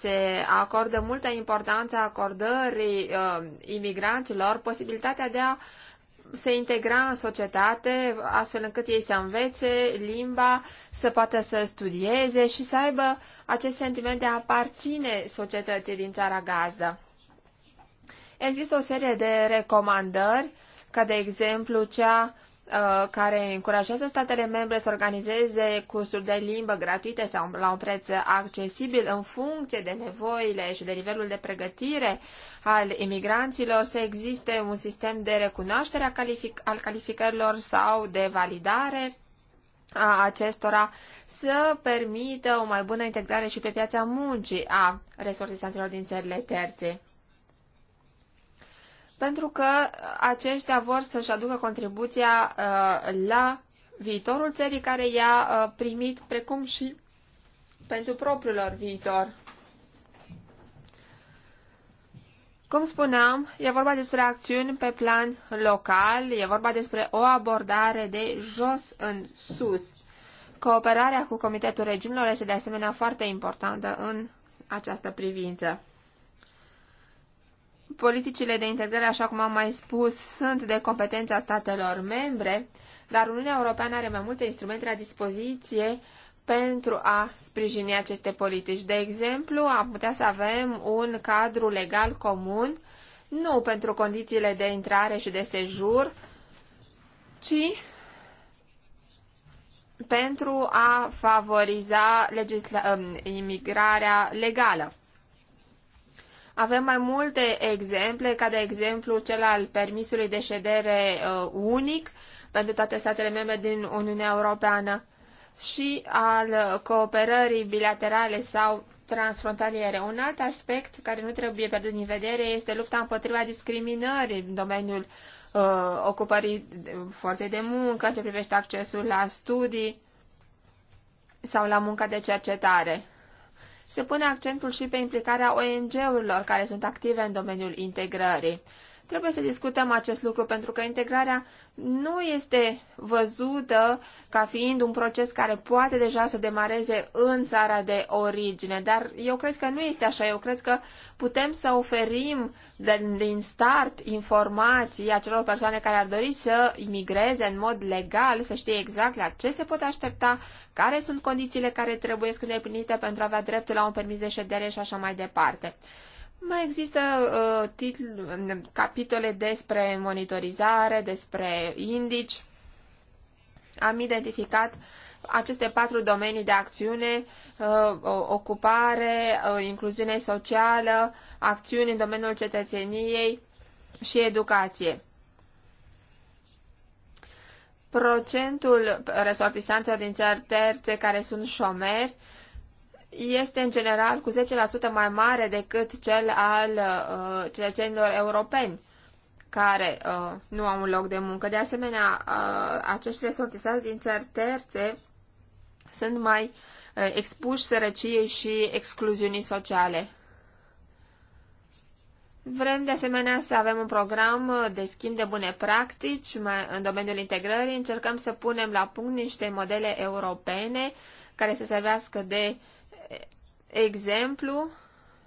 S3: se acordă multă importanță acordării uh, imigranților posibilitatea de a se integra în societate astfel încât ei să învețe limba, să poată să studieze și să aibă acest sentiment de a aparține societății din țara gazdă. Există o serie de recomandări, ca de exemplu cea Uh, care încurajează statele membre să organizeze cursuri de limbă gratuite sau la un preț accesibil în funcție de nevoile și de nivelul de pregătire al imigranților, să existe un sistem de recunoaștere a calific- al calificărilor sau de validare a acestora să permită o mai bună integrare și pe piața muncii a resortisanților din țările terțe pentru că aceștia vor să-și aducă contribuția uh, la viitorul țării care i-a uh, primit, precum și pentru propriul lor viitor. Cum spuneam, e vorba despre acțiuni pe plan local, e vorba despre o abordare de jos în sus. Cooperarea cu Comitetul Regiunilor este de asemenea foarte importantă în această privință. Politicile de integrare, așa cum am mai spus, sunt de competența statelor membre, dar Uniunea Europeană are mai multe instrumente la dispoziție pentru a sprijini aceste politici. De exemplu, am putea să avem un cadru legal comun, nu pentru condițiile de intrare și de sejur, ci pentru a favoriza legisla- um, imigrarea legală. Avem mai multe exemple, ca de exemplu cel al permisului de ședere uh, unic pentru toate statele membre din Uniunea Europeană și al cooperării bilaterale sau transfrontaliere. Un alt aspect care nu trebuie pierdut din vedere este lupta împotriva discriminării în domeniul uh, ocupării forței de muncă, ce privește accesul la studii sau la munca de cercetare se pune accentul și pe implicarea ONG-urilor care sunt active în domeniul integrării. Trebuie să discutăm acest lucru pentru că integrarea nu este văzută ca fiind un proces care poate deja să demareze în țara de origine, dar eu cred că nu este așa. Eu cred că putem să oferim din start informații acelor persoane care ar dori să imigreze în mod legal, să știe exact la ce se pot aștepta, care sunt condițiile care trebuie îndeplinite pentru a avea dreptul la un permis de ședere și așa mai departe. Mai există uh, titl, um, capitole despre monitorizare, despre indici. Am identificat aceste patru domenii de acțiune, uh, ocupare, uh, incluziune socială, acțiuni în domeniul cetățeniei și educație. Procentul resortistanțelor din țări terțe care sunt șomeri este în general cu 10% mai mare decât cel al uh, cetățenilor europeni care uh, nu au un loc de muncă. De asemenea, uh, acești resortizați din țări terțe sunt mai uh, expuși sărăciei și excluziunii sociale. Vrem de asemenea să avem un program de schimb de bune practici în domeniul integrării. Încercăm să punem la punct niște modele europene care să servească de exemplu,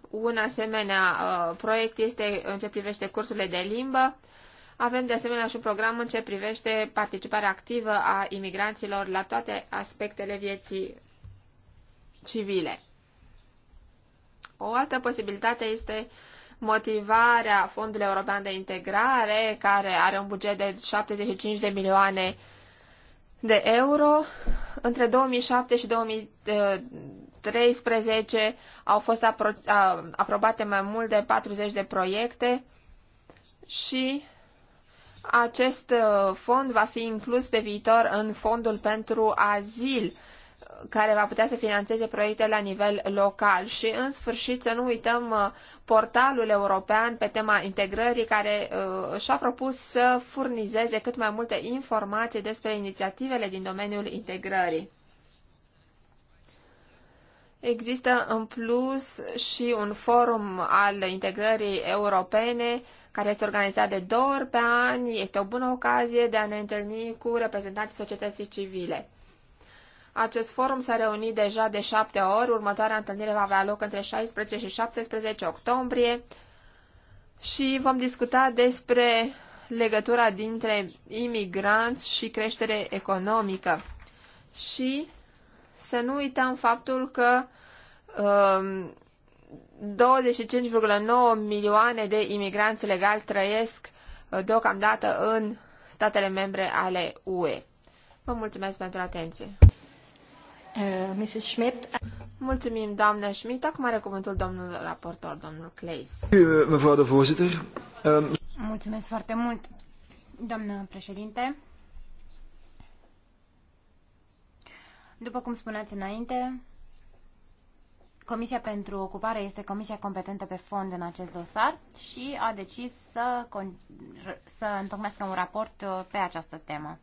S3: un asemenea uh, proiect este în ce privește cursurile de limbă. Avem de asemenea și un program în ce privește participarea activă a imigranților la toate aspectele vieții civile. O altă posibilitate este motivarea Fondului European de Integrare, care are un buget de 75 de milioane de euro. Între 2007 și 2000, 2013 au fost apro aprobate mai mult de 40 de proiecte și acest uh, fond va fi inclus pe viitor în fondul pentru azil care va putea să financeze proiecte la nivel local și în sfârșit să nu uităm uh, portalul european pe tema integrării care uh, și-a propus să furnizeze cât mai multe informații despre inițiativele din domeniul integrării. Există în plus și un forum al integrării europene care este organizat de două ori pe an. Este o bună ocazie de a ne întâlni cu reprezentanții societății civile. Acest forum s-a reunit deja de șapte ori. Următoarea întâlnire va avea loc între 16 și 17 octombrie și vom discuta despre legătura dintre imigranți și creștere economică. Și să nu uităm faptul că um, 25,9 milioane de imigranți legali trăiesc uh, deocamdată în statele membre ale UE. Vă mulțumesc pentru atenție. Uh, Mrs. Schmidt. Mulțumim, doamnă Schmidt. Acum are cuvântul domnul raportor, domnul Clays.
S1: Uh, um,
S4: mulțumesc foarte mult, doamnă președinte. După cum spuneați înainte, Comisia pentru Ocupare este comisia competentă pe fond în acest dosar și a decis să, să întocmească un raport uh, pe această temă.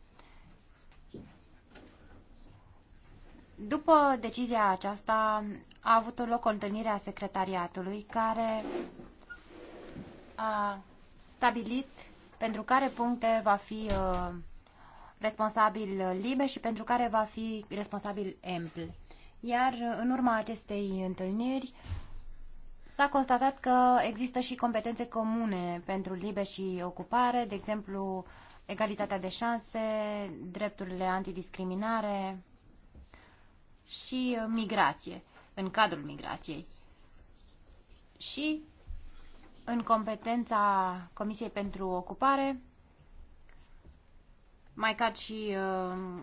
S4: După decizia aceasta a avut loc o întâlnire a secretariatului care a stabilit pentru care puncte va fi uh, responsabil liber și pentru care va fi responsabil ampl. Iar în urma acestei întâlniri s-a constatat că există și competențe comune pentru liber și ocupare, de exemplu egalitatea de șanse, drepturile antidiscriminare și uh, migrație, în cadrul migrației. Și în competența Comisiei pentru Ocupare mai cad și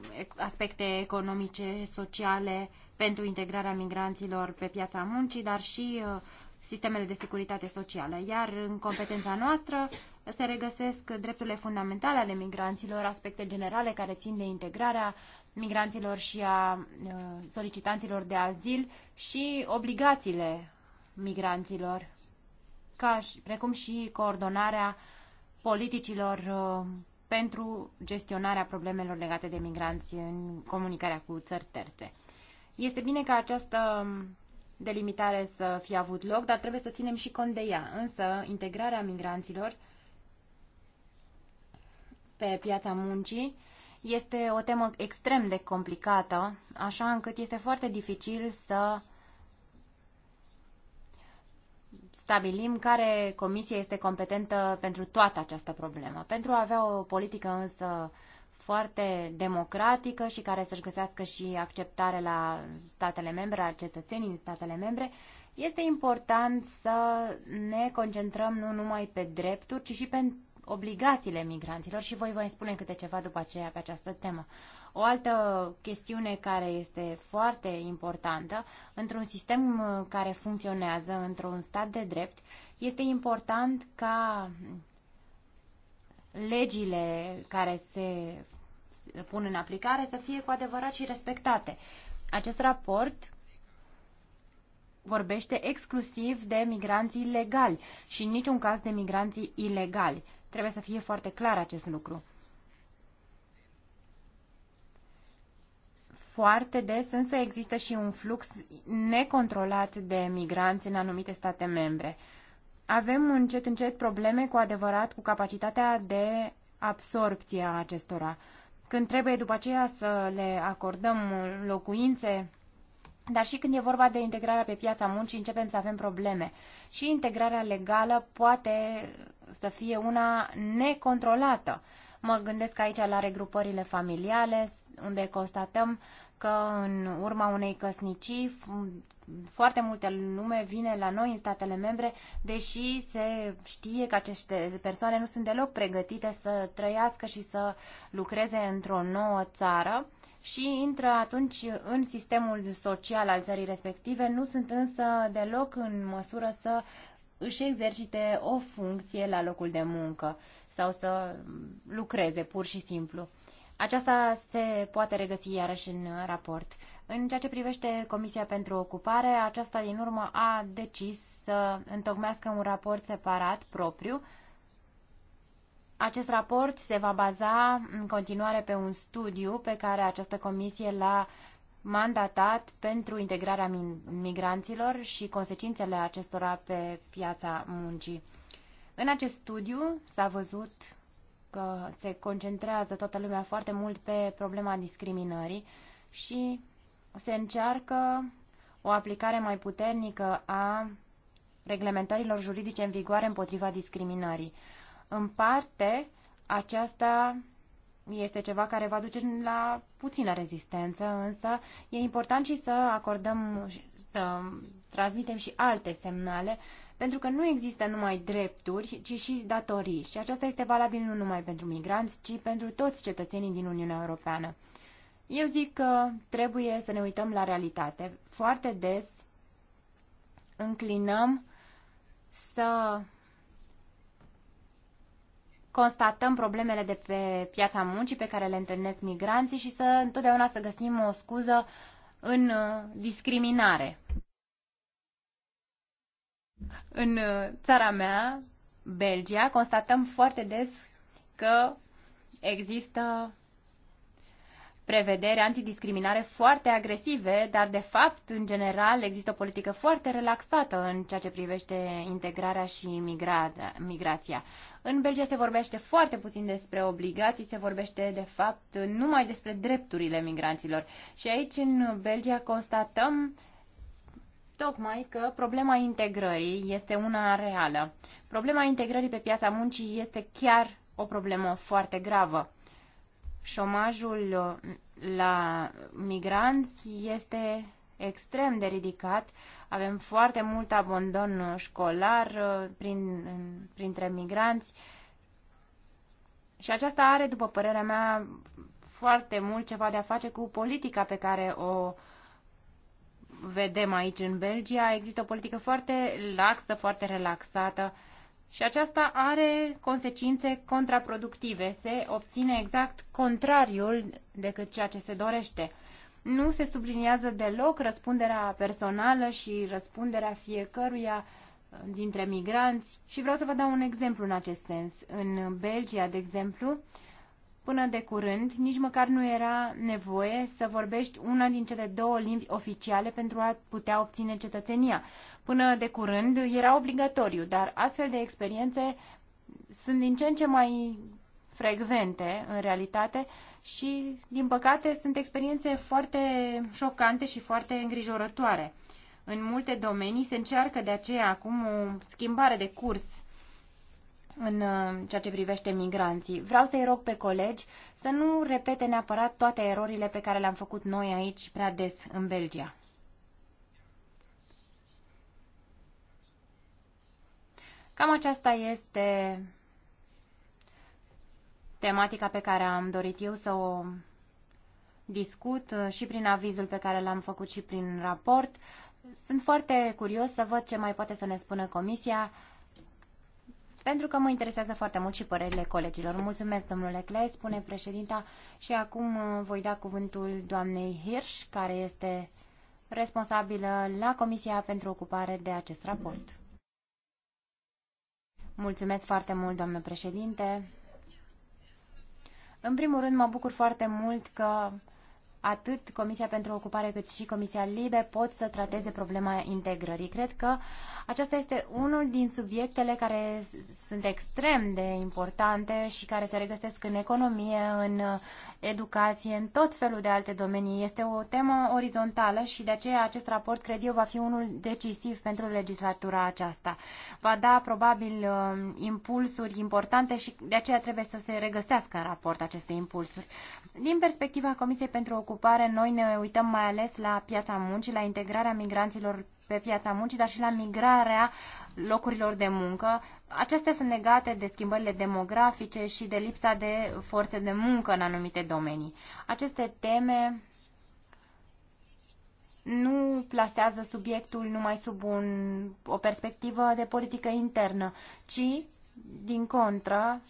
S4: uh, aspecte economice, sociale pentru integrarea migranților pe piața muncii, dar și uh, sistemele de securitate socială. Iar în competența noastră se regăsesc drepturile fundamentale ale migranților, aspecte generale care țin de integrarea migranților și a uh, solicitanților de azil și obligațiile migranților, ca, precum și coordonarea politicilor pentru gestionarea problemelor legate de migranți în comunicarea cu țări terțe. Este bine că această delimitare să fie avut loc, dar trebuie să ținem și cont de ea. Însă, integrarea migranților pe piața muncii este o temă extrem de complicată, așa încât este foarte dificil să stabilim care comisie este competentă pentru toată această problemă. Pentru a avea o politică însă foarte democratică și care să-și găsească și acceptare la statele membre, la cetățenii în statele membre, este important să ne concentrăm nu numai pe drepturi, ci și pe obligațiile migranților și voi vă spune câte ceva după aceea pe această temă. O altă chestiune care este foarte importantă, într-un sistem uh, care funcționează, într-un stat de drept, este important ca legile care se pun în aplicare să fie cu adevărat și respectate. Acest raport vorbește exclusiv de migranții legali și în niciun caz de migranții ilegali. Trebuie să fie foarte clar acest lucru. foarte des, însă există și un flux necontrolat de migranți în anumite state membre. Avem încet încet probleme cu adevărat cu capacitatea de absorpție a acestora. Când trebuie după aceea să le acordăm locuințe, dar și când e vorba de integrarea pe piața muncii, începem să avem probleme. Și integrarea legală poate să fie una necontrolată. Mă gândesc aici la regrupările familiale, unde constatăm că în urma unei căsnicii foarte multe lume vine la noi în statele membre, deși se știe că aceste persoane nu sunt deloc pregătite să trăiască și să lucreze într-o nouă țară și intră atunci în sistemul social al țării respective, nu sunt însă deloc în măsură să își exercite o funcție la locul de muncă sau să lucreze pur și simplu. Aceasta se poate regăsi iarăși în raport. În ceea ce privește Comisia pentru Ocupare, aceasta din urmă a decis să întocmească un raport separat propriu. Acest raport se va baza în continuare pe un studiu pe care această comisie l-a mandatat pentru integrarea migranților și consecințele acestora pe piața muncii. În acest studiu s-a văzut că se concentrează toată lumea foarte mult pe problema discriminării și se încearcă o aplicare mai puternică a reglementărilor juridice în vigoare împotriva discriminării. În parte, aceasta este ceva care va duce la puțină rezistență, însă e important și să acordăm, să transmitem și alte semnale pentru că nu există numai drepturi, ci și datorii și aceasta este valabil nu numai pentru migranți, ci pentru toți cetățenii din Uniunea Europeană. Eu zic că trebuie să ne uităm la realitate. Foarte des înclinăm să constatăm problemele de pe piața muncii pe care le întâlnesc migranții și să întotdeauna să găsim o scuză în uh, discriminare. În uh, țara mea, Belgia, constatăm foarte des că există prevederi antidiscriminare foarte agresive, dar de fapt, în general, există o politică foarte relaxată în ceea ce privește integrarea și migra migrația. În Belgia se vorbește foarte puțin despre obligații, se vorbește de fapt numai despre drepturile migranților. Și aici, în Belgia, constatăm uh, tocmai că problema integrării este una reală. Problema integrării pe piața muncii este chiar o problemă foarte gravă. Șomajul uh, la migranți este extrem de ridicat. Avem foarte mult abandon școlar uh, prin, printre migranți și aceasta are, după părerea mea, foarte mult ceva de a face cu politica pe care o uh, vedem aici în Belgia. Există o politică foarte laxă, foarte relaxată și aceasta are consecințe contraproductive. Se obține exact contrariul decât ceea ce se dorește. Nu se subliniază deloc răspunderea personală și răspunderea fiecăruia dintre migranți și vreau să vă dau un exemplu în acest sens. În Belgia, de exemplu, Până de curând, nici măcar nu era nevoie să vorbești una din cele două limbi oficiale pentru a putea obține cetățenia. Până de curând era obligatoriu, dar astfel de experiențe sunt din ce în ce mai frecvente în realitate și, din păcate, sunt experiențe foarte șocante și foarte îngrijorătoare. În multe domenii se încearcă de aceea acum o schimbare de curs în uh, ceea ce privește migranții. Vreau să-i rog pe colegi să nu repete neapărat toate erorile pe care le-am făcut noi aici prea des în Belgia. Cam aceasta este tematica pe care am dorit eu să o discut uh, și prin avizul pe care l-am făcut și prin raport. Sunt foarte curios să văd ce mai poate să ne spună Comisia pentru că mă interesează foarte mult și părerile colegilor. Mulțumesc, domnule Clay, spune președinta, și acum uh, voi da cuvântul doamnei Hirsch, care este responsabilă la Comisia pentru Ocupare de acest raport. Mulțumesc foarte mult, doamnă președinte. În primul rând, mă bucur foarte mult că atât Comisia pentru Ocupare cât și Comisia Libe pot să trateze problema integrării. Cred că aceasta este unul din subiectele care sunt extrem de importante și care se regăsesc în economie, în educație, în tot felul de alte domenii. Este o temă orizontală și de aceea acest raport, cred eu, va fi unul decisiv pentru legislatura aceasta. Va da probabil um, impulsuri importante și de aceea trebuie să se regăsească în raport aceste impulsuri. Din perspectiva Comisiei pentru Ocupare, noi ne uităm mai ales la piața muncii, la integrarea migranților pe piața muncii, dar și la migrarea locurilor de muncă. Acestea sunt legate de schimbările demografice și de lipsa de forțe de muncă în anumite domenii. Aceste teme nu plasează subiectul numai sub un, o perspectivă de politică internă, ci, din contră,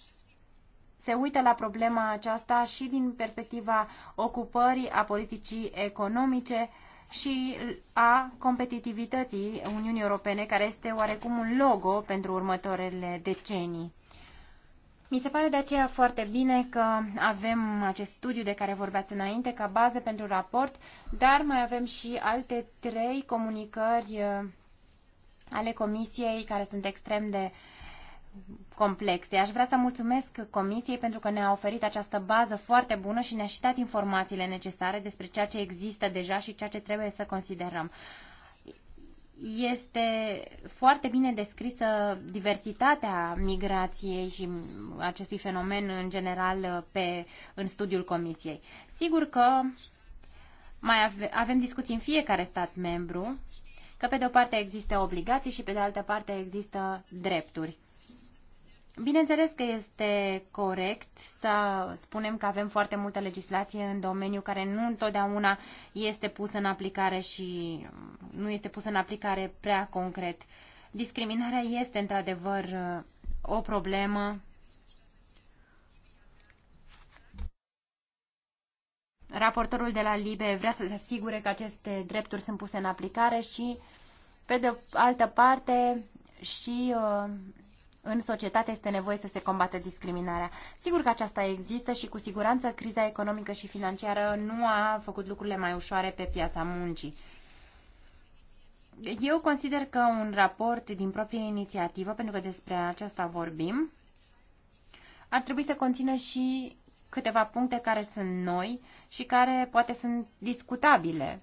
S4: se uită la problema aceasta și din perspectiva ocupării a politicii economice, și a competitivității Uniunii Europene, care este oarecum un logo pentru următoarele decenii. Mi se pare de aceea foarte bine că avem acest studiu de care vorbeați înainte ca bază pentru raport, dar mai avem și alte trei comunicări uh, ale Comisiei care sunt extrem de uh, complexe. Aș vrea să mulțumesc Comisiei pentru că ne-a oferit această bază foarte bună și ne-a citat informațiile necesare despre ceea ce există deja și ceea ce trebuie să considerăm. Este foarte bine descrisă diversitatea migrației și acestui fenomen în general pe, în studiul Comisiei. Sigur că mai ave, avem discuții în fiecare stat membru, că pe de o parte există obligații și pe de altă parte există drepturi. Bineînțeles că este corect să spunem că avem foarte multă legislație în domeniu care nu întotdeauna este pusă în aplicare și nu este pusă în aplicare prea concret. Discriminarea este într-adevăr uh, o problemă. Raportorul de la LIBE vrea să se asigure că aceste drepturi sunt puse în aplicare și, pe de altă parte, și uh, în societate este nevoie să se combată discriminarea. Sigur că aceasta există și cu siguranță criza economică și financiară nu a făcut lucrurile mai ușoare pe piața muncii. Eu consider că un raport din proprie inițiativă, pentru că despre aceasta vorbim, ar trebui să conțină și câteva puncte care sunt noi și care poate sunt discutabile.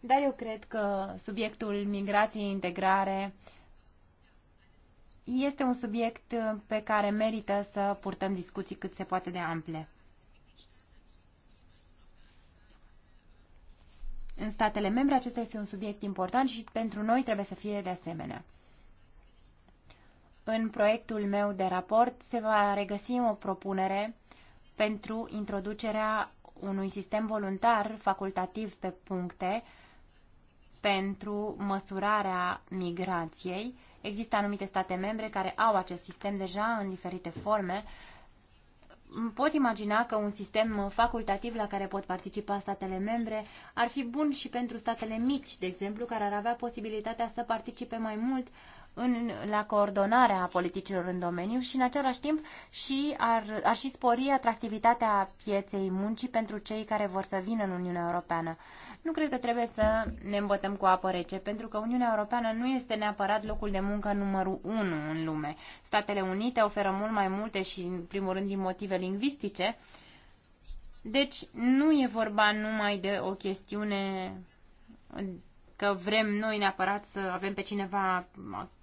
S4: Dar eu cred că subiectul migrației, integrare, uh, este un subiect uh, pe care merită să purtăm discuții cât se poate de ample. În statele membre acesta este un subiect important și pentru noi trebuie să fie de asemenea. În proiectul meu de raport se va regăsi o propunere pentru introducerea unui sistem voluntar facultativ pe puncte pentru măsurarea migrației. Există anumite state membre care au acest sistem deja în diferite forme. Pot imagina că un sistem facultativ la care pot participa statele membre ar fi bun și pentru statele mici, de exemplu, care ar avea posibilitatea să participe mai mult în, la coordonarea politicilor în domeniu și în același timp și ar, ar și spori atractivitatea pieței muncii pentru cei care vor să vină în Uniunea Europeană. Nu cred că trebuie să ne îmbătăm cu apă rece, pentru că Uniunea Europeană nu este neapărat locul de muncă numărul 1 în lume. Statele Unite oferă mult mai multe și, în primul rând, din motive lingvistice. Deci, nu e vorba numai de o chestiune că vrem noi neapărat să avem pe cineva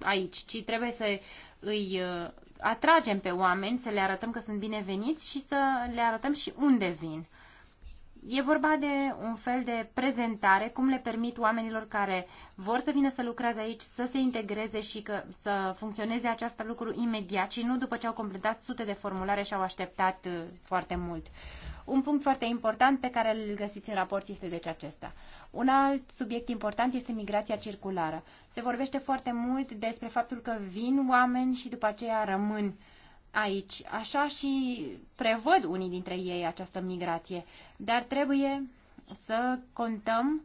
S4: aici, ci trebuie să îi uh, atragem pe oameni, să le arătăm că sunt bineveniți și să le arătăm și unde vin. E vorba de un fel de prezentare, cum le permit oamenilor care vor să vină să lucreze aici, să se integreze și că, să funcționeze această lucru imediat și nu după ce au completat sute de formulare și au așteptat uh, foarte mult. Un punct foarte important pe care îl găsiți în raport este deci acesta. Un alt subiect important este migrația circulară. Se vorbește foarte mult despre faptul că vin oameni și după aceea rămân aici. Așa și prevăd unii dintre ei această migrație. Dar trebuie să contăm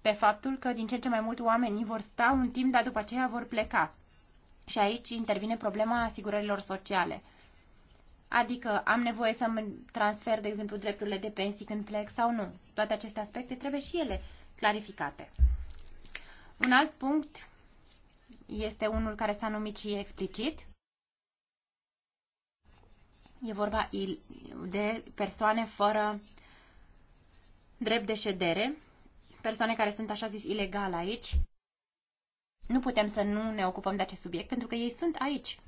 S4: pe faptul că din ce în ce mai mult oamenii vor sta un timp, dar după aceea vor pleca. Și aici intervine problema asigurărilor sociale. Adică am nevoie să-mi transfer, de exemplu, drepturile de pensii când plec sau nu. Toate aceste aspecte trebuie și ele clarificate. Un alt punct este unul care s-a numit și explicit. E vorba de persoane fără drept de ședere, persoane care sunt așa zis ilegale aici. Nu putem să nu ne ocupăm de acest subiect pentru că ei sunt aici.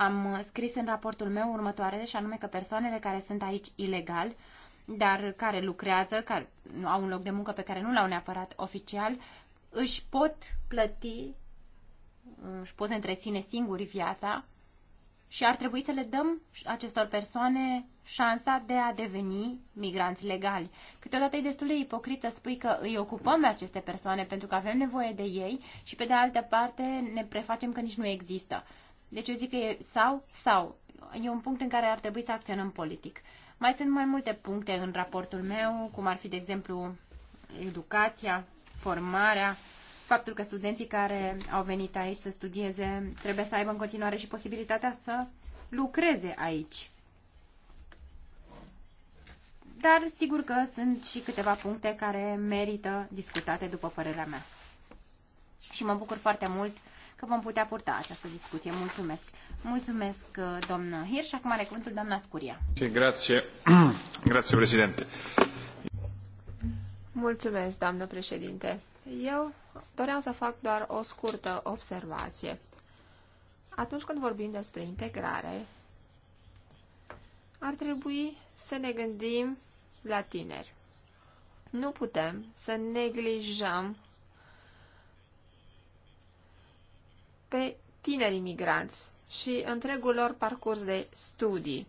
S4: Am scris în raportul meu următoarele și anume că persoanele care sunt aici ilegal, dar care lucrează, care au un loc de muncă pe care nu l-au neapărat oficial, își pot plăti, își pot întreține singuri viața și ar trebui să le dăm acestor persoane șansa de a deveni migranți legali. Câteodată e destul de ipocrit să spui că îi ocupăm pe aceste persoane pentru că avem nevoie de ei și pe de altă parte ne prefacem că nici nu există. Deci eu zic că e sau, sau. E un punct în care ar trebui să acționăm politic. Mai sunt mai multe puncte în raportul meu, cum ar fi, de exemplu, educația, formarea, faptul că studenții care au venit aici să studieze trebuie să aibă în continuare și posibilitatea să lucreze aici. Dar sigur că sunt și câteva puncte care merită discutate, după părerea mea. Și mă bucur foarte mult uh, că vom putea purta această discuție. Mulțumesc! Mulțumesc, uh, doamnă Hirsch. Acum are cuvântul doamna Scuria.
S1: președinte.
S4: Mulțumesc, doamnă
S3: președinte. Eu doream să fac doar o scurtă observație. Atunci când vorbim despre integrare, ar trebui să ne gândim la tineri. Nu putem să neglijăm pe tinerii migranți și întregul lor parcurs de studii.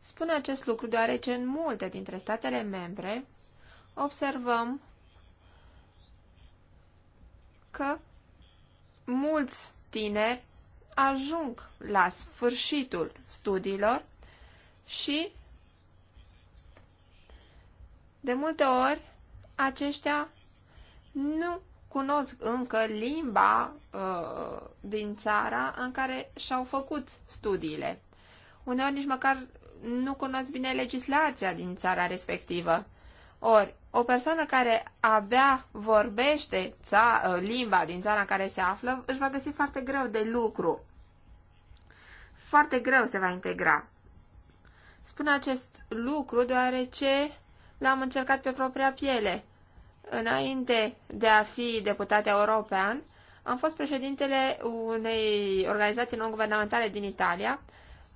S3: Spun acest lucru deoarece în multe dintre statele membre observăm că mulți tineri ajung la sfârșitul studiilor și de multe ori aceștia nu cunosc încă limba uh, din țara în care și-au făcut studiile. Uneori nici măcar nu cunosc bine legislația din țara respectivă. Ori, o persoană care abia vorbește ța, uh, limba din țara în care se află, își va găsi foarte greu de lucru. Foarte greu se va integra. Spun acest lucru deoarece l-am încercat pe propria piele. Înainte de a fi deputat european, am fost președintele unei organizații non-guvernamentale din Italia,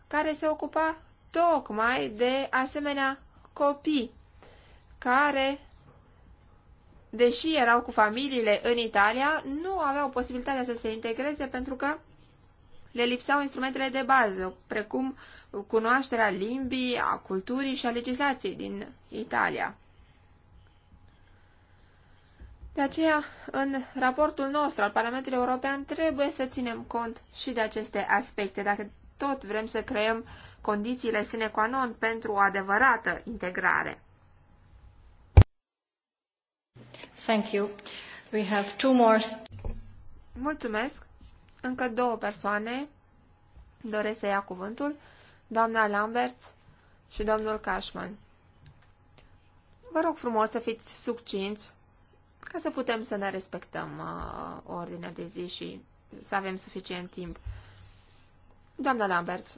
S3: care se ocupa tocmai de asemenea copii care, deși erau cu familiile în Italia, nu aveau posibilitatea să se integreze pentru că le lipseau instrumentele de bază, precum cunoașterea limbii, a culturii și a legislației din Italia. De aceea, în raportul nostru al Parlamentului European trebuie să ținem cont și de aceste aspecte, dacă tot vrem să creăm condițiile sine qua non pentru o adevărată integrare. Thank you. We have two more... Mulțumesc. Încă două persoane doresc să ia cuvântul, doamna Lambert și domnul Cashman. Vă rog frumos să fiți succinți ca să putem să ne respectăm uh, ordinea de zi și să avem suficient timp. Doamna Lambert,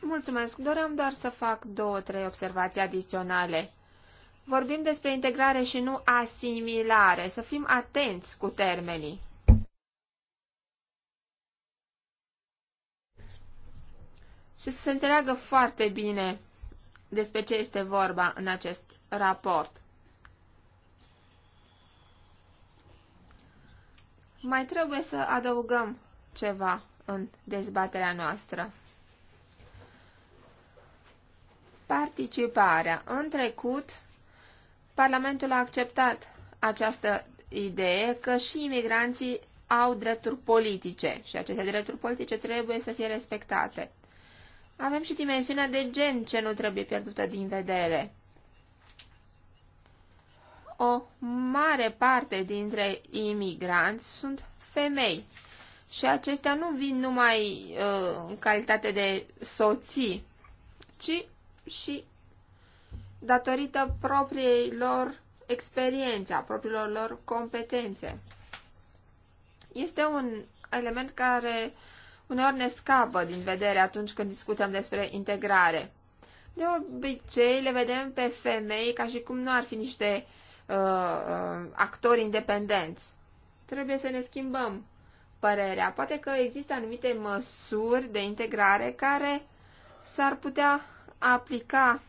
S3: mulțumesc. Doream doar să fac două, trei observații adiționale. Vorbim despre integrare și nu asimilare. Să fim atenți cu termenii. Și să se înțeleagă foarte bine despre ce este vorba în acest raport. mai trebuie să adăugăm ceva în dezbaterea noastră. Participarea. În trecut, Parlamentul a acceptat această idee că și imigranții au drepturi politice și aceste drepturi politice trebuie să fie respectate. Avem și dimensiunea de gen ce nu trebuie pierdută din vedere o mare parte dintre imigranți sunt femei și acestea nu vin numai uh, în calitate de soții, ci și datorită propriei lor experiențe, a propriilor lor competențe. Este un element care uneori ne scapă din vedere atunci când discutăm despre integrare. De obicei le vedem pe femei ca și cum nu ar fi niște Uh, uh, actori independenți. Trebuie să ne schimbăm părerea. Poate că există anumite măsuri de integrare care s-ar putea aplica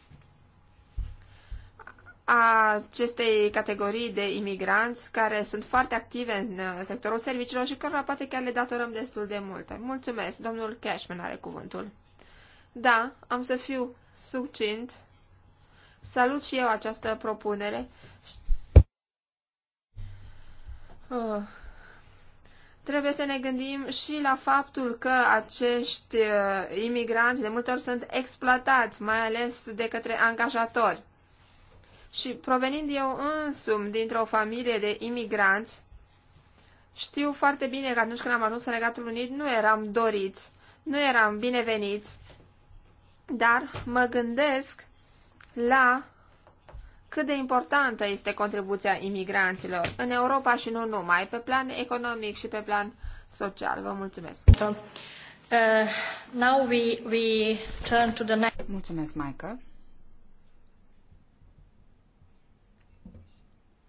S3: acestei categorii de imigranți care sunt foarte active în uh, sectorul serviciilor și cărora poate chiar le datorăm destul de multe. Mulțumesc, domnul Cashman are cuvântul. Da, am să fiu succint. Salut și eu această propunere Ah. trebuie să ne gândim și la faptul că acești uh, imigranți de multe ori sunt exploatați, mai ales de către angajatori. Și provenind eu însumi dintr-o familie de imigranți, știu foarte bine că atunci când am ajuns în Regatul Unit nu eram doriți, nu eram bineveniți, dar mă gândesc la cât de importantă este contribuția imigranților în Europa și nu numai, pe plan economic și pe plan social. Vă mulțumesc. Uh,
S2: now we, we turn to the next... Mulțumesc, Michael.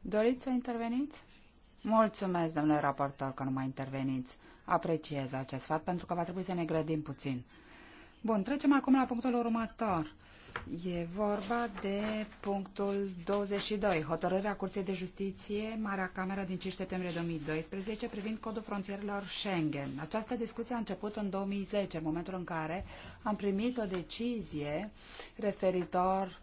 S2: Doriți să interveniți? Mulțumesc, domnule raportor, că nu mai interveniți. Apreciez acest fapt pentru că va trebui să ne grădim puțin. Bun, trecem acum la punctul următor. E vorba de punctul 22, hotărârea Curții de Justiție, Marea Cameră din 5 septembrie 2012, privind codul frontierelor Schengen. Această discuție a început în 2010, în momentul în care am primit o decizie referitor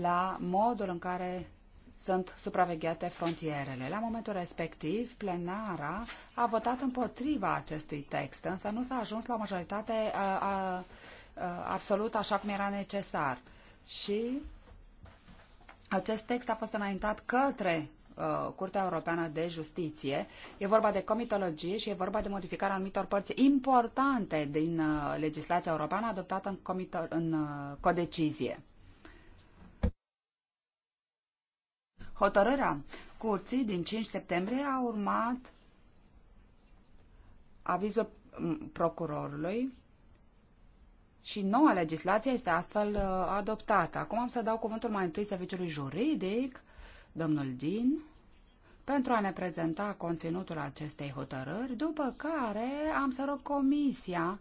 S2: la modul în care sunt supravegheate frontierele. La momentul respectiv, plenara a votat împotriva acestui text, însă nu s-a ajuns la majoritate a, uh, a, uh, uh, absolut așa cum era necesar și acest text a fost înaintat către uh, Curtea Europeană de Justiție. E vorba de comitologie și e vorba de modificarea anumitor părți importante din uh, legislația europeană adoptată în, comito- în uh, codecizie. Hotărârea curții din 5 septembrie a urmat avizul mm, procurorului și noua legislație este astfel uh, adoptată. Acum am să dau cuvântul mai întâi serviciului juridic, domnul Din, pentru a ne prezenta conținutul acestei hotărâri, după care am să rog comisia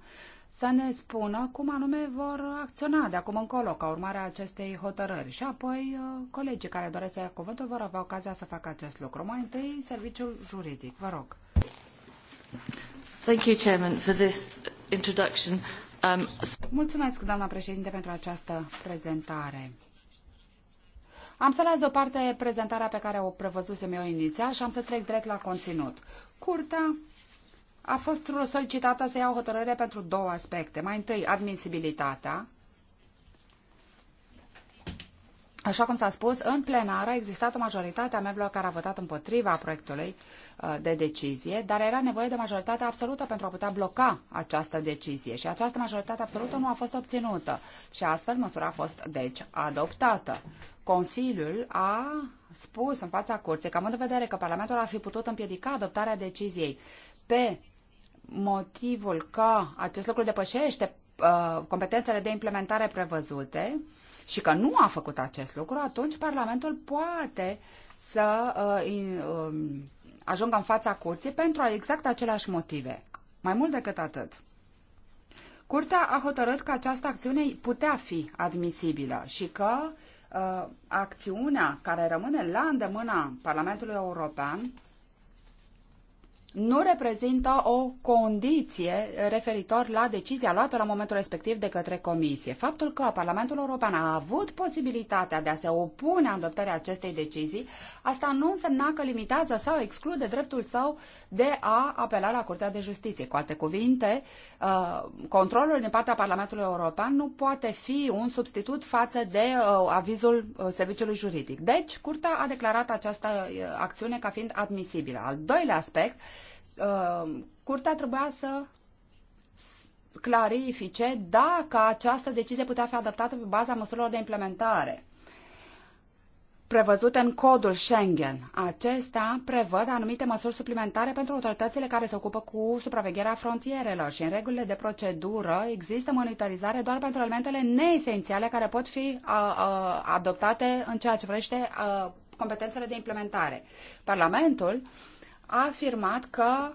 S2: să ne spună cum anume vor acționa de acum încolo ca urmare a acestei hotărâri. Și apoi uh, colegii care doresc să ia cuvântul vor avea ocazia să facă acest lucru. Mai întâi, serviciul juridic. Vă rog.
S1: Thank you, Chairman, for this introduction. Um,
S2: Mulțumesc, doamna președinte, pentru această prezentare. Am să las deoparte prezentarea pe care o prevăzusem eu inițial și am să trec direct la conținut. Curtea a fost solicitată să ia o hotărâre pentru două aspecte. Mai întâi, admisibilitatea Așa cum s-a spus, în plenar a existat o majoritate a membrilor care a votat împotriva proiectului uh, de decizie, dar era nevoie de majoritate absolută pentru a putea bloca această decizie și această majoritate absolută nu a fost obținută și astfel măsura a fost, deci, adoptată. Consiliul a spus în fața curții, că în vedere că Parlamentul ar fi putut împiedica adoptarea deciziei pe motivul că acest lucru depășește uh, competențele de implementare prevăzute, uh, și că nu a făcut acest lucru, atunci Parlamentul poate să uh, in, uh, ajungă în fața curții pentru exact aceleași motive. Mai mult decât atât. Curtea a hotărât că această acțiune putea fi admisibilă și că uh, acțiunea care rămâne la îndemâna Parlamentului European nu reprezintă o condiție referitor la decizia luată la momentul respectiv de către Comisie. Faptul că Parlamentul European a avut posibilitatea de a se opune adoptării acestei decizii, asta nu însemna că limitează sau exclude dreptul său de a apela la Curtea de Justiție. Cu alte cuvinte, uh, Uh, controlul din partea Parlamentului European nu poate fi un substitut față de uh, avizul uh, serviciului juridic. Deci, Curtea a declarat această acțiune ca fiind admisibilă. Al doilea aspect, Curtea trebuia să clarifice dacă această decizie putea fi adaptată pe baza măsurilor de implementare prevăzute în codul Schengen. Acestea prevăd anumite măsuri suplimentare pentru autoritățile care se ocupă cu supravegherea frontierelor și în regulile de procedură există monitorizare doar pentru elementele neesențiale care pot fi a, uh, a, uh, adoptate în ceea ce vrește a, uh, competențele de implementare. Parlamentul a afirmat că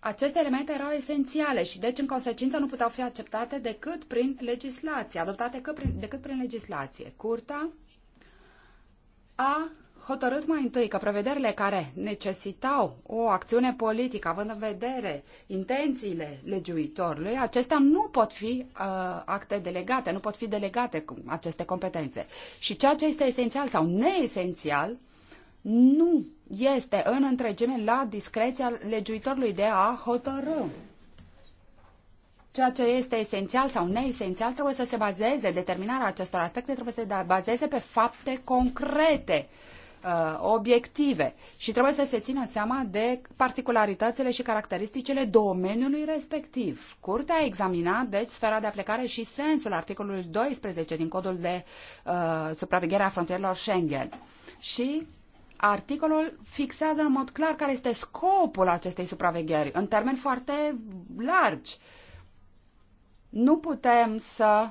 S2: aceste elemente erau esențiale și deci în consecință nu puteau fi acceptate decât prin legislație, adoptate că prin, decât prin legislație. Curtea a hotărât mai întâi că prevederile care necesitau o acțiune politică, având în vedere intențiile legiuitorului, acestea nu pot fi uh, acte delegate, nu pot fi delegate cu aceste competențe. Și ceea ce este esențial sau neesențial nu este în întregime la discreția legiuitorului de a hotărâ ceea ce este esențial sau neesențial trebuie să se bazeze, determinarea acestor aspecte trebuie să se da- bazeze pe fapte concrete, uh, obiective și trebuie să se țină seama de particularitățile și caracteristicile domeniului respectiv. Curtea a examinat, deci, sfera de aplicare și sensul articolului 12 din codul de uh, supraveghere a frontierelor Schengen. Și Articolul fixează în mod clar care este scopul acestei supravegheri, în termeni foarte largi. Uh, nu putem să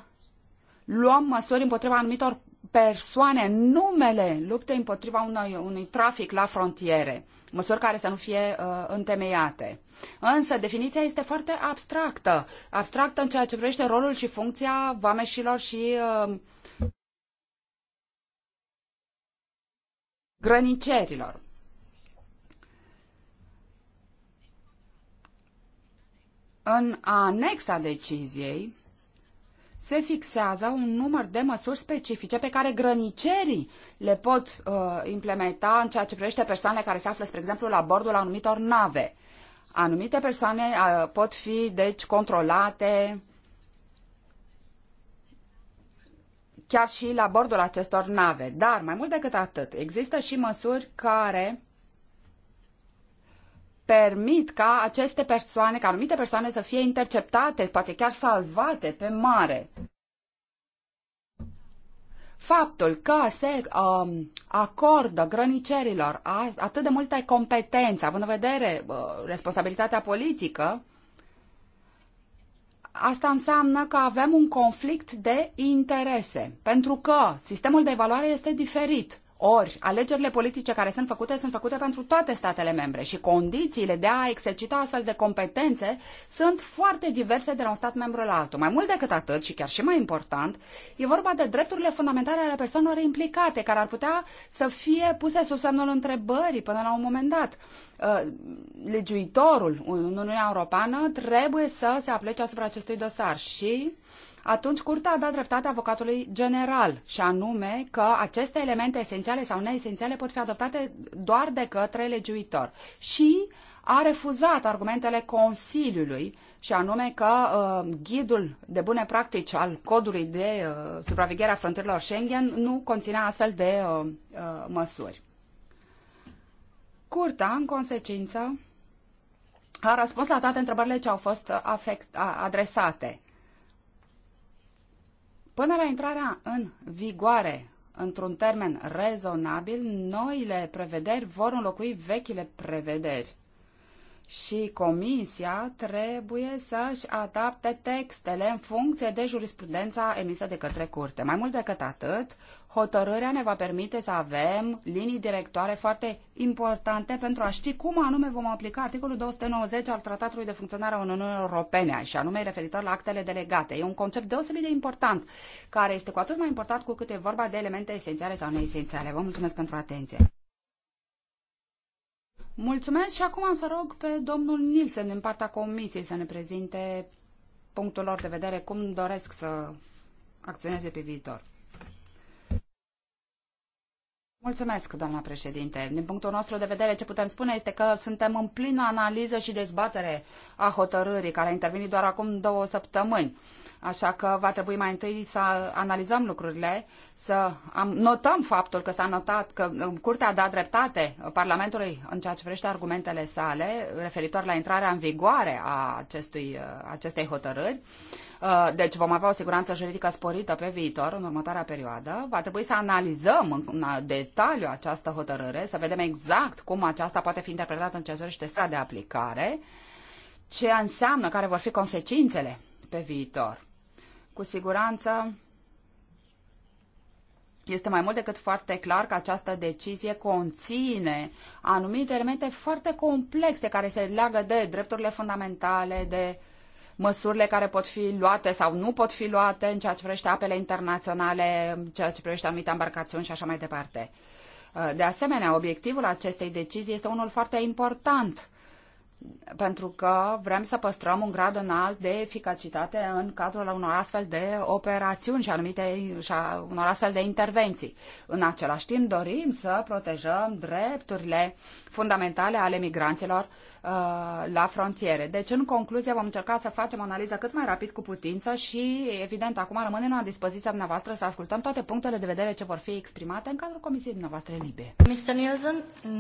S2: luăm măsuri împotriva anumitor persoane în numele luptei împotriva unui, unui trafic la frontiere, măsuri care să nu fie uh, întemeiate. Însă definiția este foarte abstractă, abstractă în ceea ce privește rolul și funcția vameșilor și uh, grănicerilor. În anexa deciziei se fixează un număr de măsuri specifice pe care grănicerii le pot uh, implementa în ceea ce privește persoanele care se află, spre exemplu, la bordul anumitor nave. Anumite persoane uh, pot fi, deci, controlate chiar și la bordul acestor nave. Dar, mai mult decât atât, există și măsuri care permit ca aceste persoane, ca anumite persoane să fie interceptate, poate chiar salvate pe mare. Faptul că se um, acordă grănicerilor atât de multe competențe, având în vedere uh, responsabilitatea politică, asta înseamnă că avem un conflict de interese, pentru că sistemul de evaluare este diferit ori, alegerile politice care sunt făcute sunt făcute pentru toate statele membre și condițiile de a exercita astfel de competențe sunt foarte diverse de la un stat membru la altul. Mai mult decât atât, și chiar și mai important, e vorba de drepturile fundamentale ale persoanelor implicate, care ar putea să fie puse sub semnul întrebării până la un moment dat. Uh, legiuitorul în Uniunea Europeană trebuie să se aplece asupra acestui dosar și atunci curtea a dat dreptate avocatului general și anume că aceste elemente esențiale sau neesențiale pot fi adoptate doar de către legiuitor. Și a refuzat argumentele Consiliului și anume că uh, ghidul de bune practici al codului de uh, supraveghere a frontierelor Schengen nu conținea astfel de uh, uh, măsuri. Curtea, în consecință, a răspuns la toate întrebările ce au fost uh, afect, a, adresate. Până la intrarea în vigoare, într-un termen rezonabil, noile prevederi vor înlocui vechile prevederi și comisia trebuie să-și adapte textele în funcție de jurisprudența emisă de către curte. Mai mult decât atât, hotărârea ne va permite să avem linii directoare foarte importante pentru a ști cum anume vom aplica articolul 290 al Tratatului de Funcționare a Uniunii Europene și anume referitor la actele delegate. E un concept deosebit de important, care este cu atât mai important cu cât e vorba de elemente esențiale sau neesențiale. Vă mulțumesc pentru atenție. Mulțumesc și acum să rog pe domnul Nielsen din partea comisiei să ne prezinte punctul lor de vedere, cum doresc să acționeze pe viitor. Mulțumesc, doamna președinte. Din punctul nostru de vedere, ce putem spune este că suntem în plină analiză și dezbatere a hotărârii, care a intervenit doar acum două săptămâni. Așa că va trebui mai întâi să analizăm lucrurile, să notăm faptul că s-a notat că um, Curtea a dat dreptate Parlamentului în ceea ce privește argumentele sale referitor la intrarea în vigoare a acestui, uh, acestei hotărâri Uh, deci vom avea o siguranță juridică sporită pe viitor, în următoarea perioadă. Va trebui să analizăm în detaliu această hotărâre, să vedem exact cum aceasta poate fi interpretată în cezuri și de aplicare, ce înseamnă, care vor fi consecințele pe viitor. Cu siguranță, este mai mult decât foarte clar că această decizie conține anumite elemente foarte complexe care se leagă de drepturile fundamentale, de măsurile care pot fi luate sau nu pot fi luate în ceea ce privește apele internaționale, în ceea ce privește anumite embarcațiuni și așa mai departe. Uh, de asemenea, obiectivul acestei decizii este unul foarte important pentru că vrem să păstrăm un grad înalt de eficacitate în cadrul unor astfel de operațiuni și, anumite, și a unor astfel de intervenții. În același timp dorim să protejăm drepturile fundamentale ale migranților Uh, la frontiere. Deci, în concluzie, vom încerca să facem analiza cât mai rapid cu putință și, evident, acum rămâne la dispoziția dumneavoastră să ascultăm toate punctele de vedere ce vor fi exprimate în cadrul Comisiei dumneavoastră Libe. Mr. Nielsen?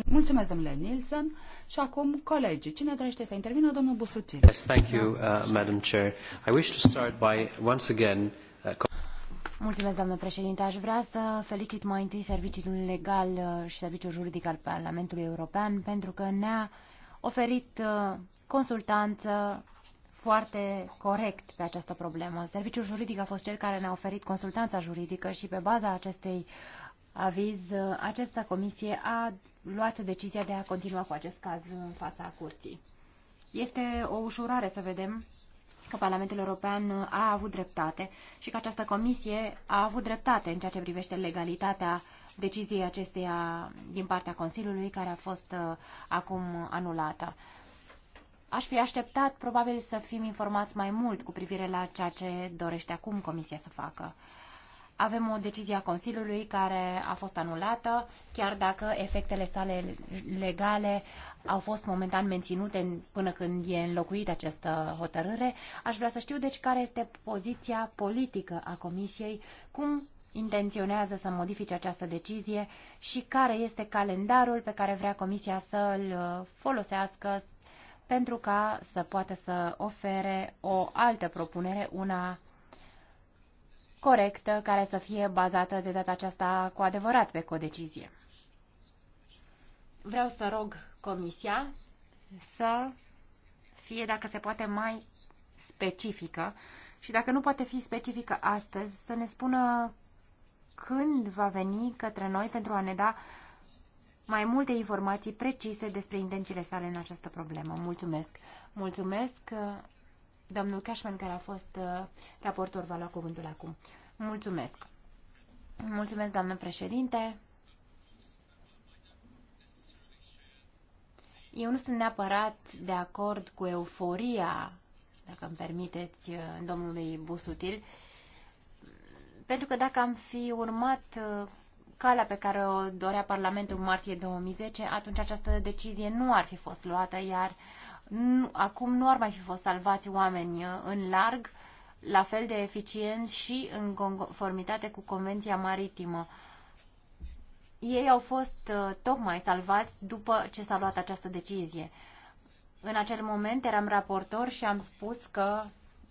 S2: Mulțumesc, domnule Nielsen. Și acum,
S4: colegii, cine dorește să intervină? Domnul Busuțin. Yes, thank you, uh,
S1: Madam Chair. I wish to start by, once again, uh,
S4: Mulțumesc, doamnă președinte. Aș vrea să felicit mai întâi Serviciul Legal uh, și Serviciul Juridic al Parlamentului European pentru că ne-a uh, oferit uh, consultanță foarte corect pe această problemă. Serviciul juridic a fost cel care ne-a oferit consultanța juridică și pe baza acestei aviz, uh, această comisie a luat decizia de a continua cu acest caz în fața curții. Este o ușurare să vedem că Parlamentul European a avut dreptate și că această comisie a avut dreptate în ceea ce privește legalitatea deciziei acesteia din partea Consiliului, care a fost uh, acum anulată. Aș fi așteptat probabil să fim informați mai mult cu privire la ceea ce dorește acum Comisia să facă. Avem o decizie a Consiliului care a fost anulată, chiar dacă efectele sale legale au fost momentan menținute până când e înlocuită această hotărâre. Aș vrea să știu, deci, care este poziția politică a Comisiei, cum intenționează să modifice această decizie și care este calendarul pe care vrea Comisia să-l uh, folosească pentru ca să poată să ofere o altă propunere, una corectă, care să fie bazată de data aceasta cu adevărat pe codecizie. Vreau să rog Comisia să fie, dacă se poate, mai specifică și dacă nu poate fi specifică astăzi, să ne spună când va veni către noi pentru a ne da mai multe informații precise despre intențiile sale în această problemă. Mulțumesc! Mulțumesc, uh, domnul Cashman, care a fost uh, raportor, va lua cuvântul acum. Mulțumesc! Mulțumesc, doamnă președinte! Eu nu sunt neapărat de acord cu euforia, dacă îmi permiteți, uh, domnului Busutil, uh, pentru că dacă am fi urmat uh, calea pe care o dorea Parlamentul în martie 2010, atunci această decizie nu ar fi fost luată, iar nu, acum nu ar mai fi fost salvați oameni uh, în larg, la fel de eficient și în conformitate cu Convenția Maritimă. Ei au fost uh, tocmai salvați după ce s-a luat această decizie. În acel moment eram raportor și am spus că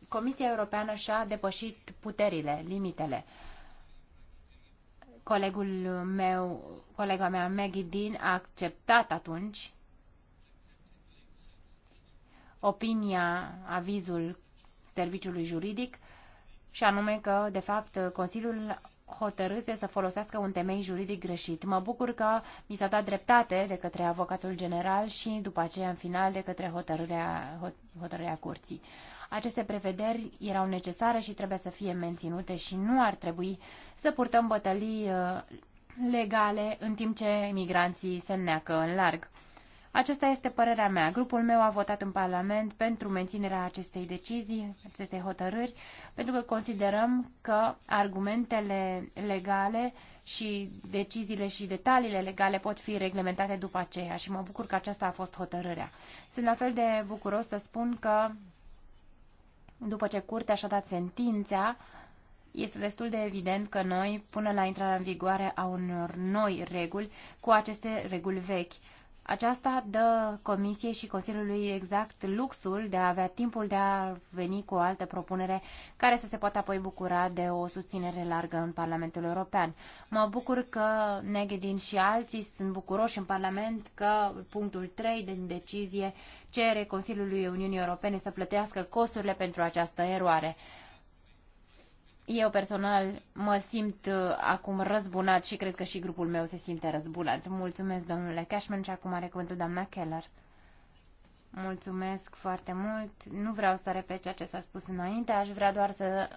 S4: Comisia Europeană și-a depășit puterile, limitele. Colegul meu, colega mea Maggie Dean a acceptat atunci opinia, avizul serviciului juridic și anume că, de fapt, Consiliul hotărâse să folosească un temei juridic greșit. Mă bucur că mi s-a dat dreptate de către avocatul general și după aceea în final de către hotărârea, hotărârea curții. Aceste prevederi erau necesare și trebuie să fie menținute și nu ar trebui să purtăm bătălii uh, legale în timp ce migranții se neacă în larg. Aceasta este părerea mea. Grupul meu a votat în Parlament pentru menținerea acestei decizii, acestei hotărâri, pentru că considerăm că argumentele legale și deciziile și detaliile legale pot fi reglementate după aceea și mă bucur că aceasta a fost hotărârea. Sunt la fel de bucuros să spun că după ce curtea și-a dat sentința, este destul de evident că noi, până la intrarea în vigoare a unor noi reguli, cu aceste reguli vechi, aceasta dă Comisiei și Consiliului exact luxul de a avea timpul de a veni cu o altă propunere care să se poată apoi bucura de o susținere largă în Parlamentul European. Mă bucur că Negedin și alții sunt bucuroși în Parlament că punctul 3 din decizie cere Consiliului Uniunii Europene să plătească costurile pentru această eroare. Eu personal mă simt uh, acum răzbunat și cred că și grupul meu se simte răzbunat. Mulțumesc, domnule Cashman, și acum are cuvântul doamna Keller. Mulțumesc foarte mult. Nu vreau să repet ceea ce s-a spus înainte, aș vrea doar să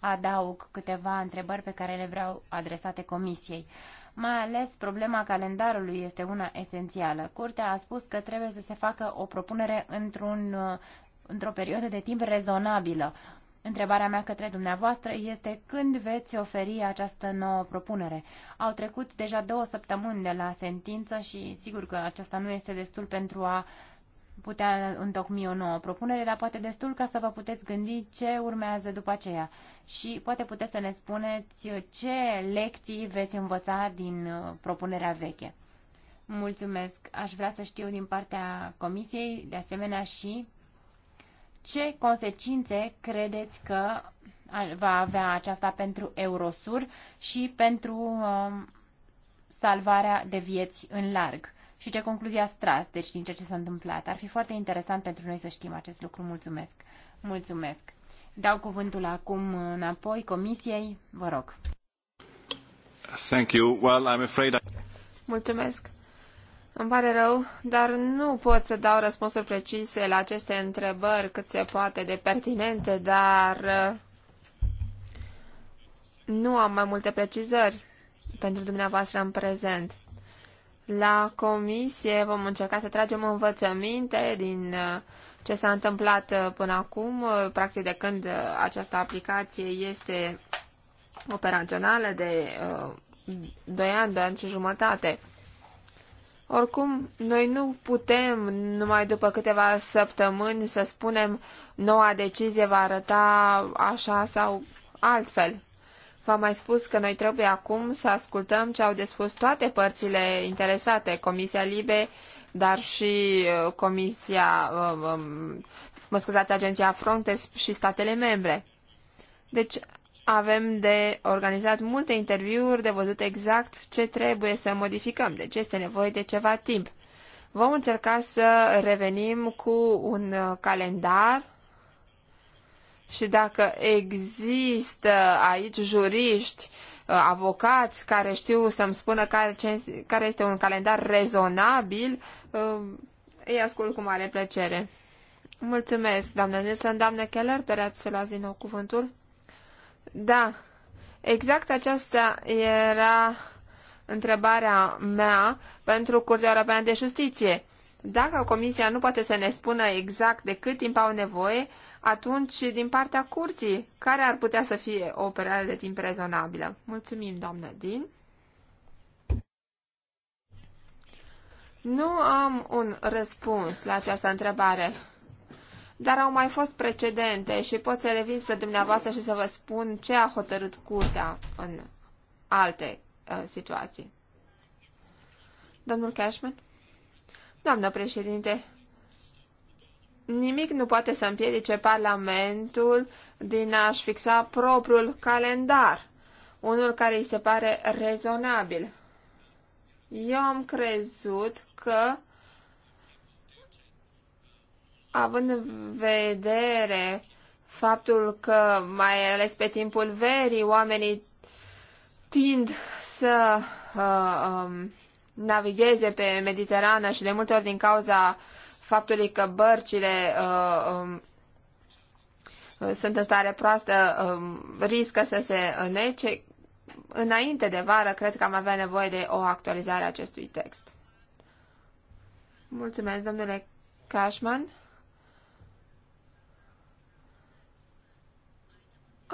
S4: adaug câteva întrebări pe care le vreau adresate comisiei. Mai ales problema calendarului este una esențială. Curtea a spus că trebuie să se facă o propunere într-un uh, într-o perioadă de timp rezonabilă. Întrebarea mea către dumneavoastră este când veți oferi această nouă propunere. Au trecut deja două săptămâni de la sentință și sigur că aceasta nu este destul pentru a putea întocmi o nouă propunere, dar poate destul ca să vă puteți gândi ce urmează după aceea. Și poate puteți să ne spuneți ce lecții veți învăța din uh, propunerea veche. Mulțumesc! Aș vrea să știu din partea comisiei, de asemenea și ce consecințe credeți că va avea aceasta pentru Eurosur și pentru um, salvarea de vieți în larg? Și ce concluzie stras, deci, din ceea ce s-a întâmplat? Ar fi foarte interesant pentru noi să știm acest lucru. Mulțumesc! Mulțumesc! Dau cuvântul acum înapoi Comisiei. Vă rog.
S1: Thank you. Well, I'm afraid I...
S3: Mulțumesc. Îmi pare rău, dar nu pot să dau răspunsuri precise la aceste întrebări cât se poate de pertinente, dar uh, nu am mai multe precizări pentru dumneavoastră în prezent. La comisie vom încerca să tragem învățăminte din uh, ce s-a întâmplat uh, până acum, practic de când această aplicație este operațională de 2 ani, 2 ani și jumătate. Oricum, noi nu putem numai după câteva săptămâni să spunem noua decizie va arăta așa sau altfel. V-am mai spus că noi trebuie acum să ascultăm ce au de spus toate părțile interesate, Comisia Libe, dar și uh, Comisia, uh, um, mă scuzați, Agenția Frontex și statele membre. Deci avem de organizat multe interviuri, de văzut exact ce trebuie să modificăm, deci este nevoie de ceva timp. Vom încerca să revenim cu un uh, calendar și dacă există aici juriști, uh, avocați care știu să-mi spună care, este un calendar rezonabil, uh, îi ascult cu mare plăcere. Mulțumesc, doamnă Nilsson. Doamnă Keller, doreați să luați din nou cuvântul? Da, exact aceasta era întrebarea mea pentru Curtea Europeană de Justiție. Dacă Comisia nu poate să ne spună exact de cât timp au nevoie, atunci, din partea curții, care ar putea să fie o perioadă de timp rezonabilă? Mulțumim, doamnă Din. Nu am un răspuns la această întrebare dar au mai fost precedente și pot să revin spre dumneavoastră și să vă spun ce a hotărât curtea în alte uh, situații. Domnul Cashman? Doamnă președinte, nimic nu poate să împiedice Parlamentul din a-și fixa propriul calendar, unul care îi se pare rezonabil. Eu am crezut că având în vedere faptul că, mai ales pe timpul verii, oamenii tind să uh, um, navigheze pe Mediterană și de multe ori din cauza faptului că bărcile uh, um, sunt în stare proastă, um, riscă să se înece, Înainte de vară, cred că am avea nevoie de o actualizare a acestui text. Mulțumesc, domnule Cashman.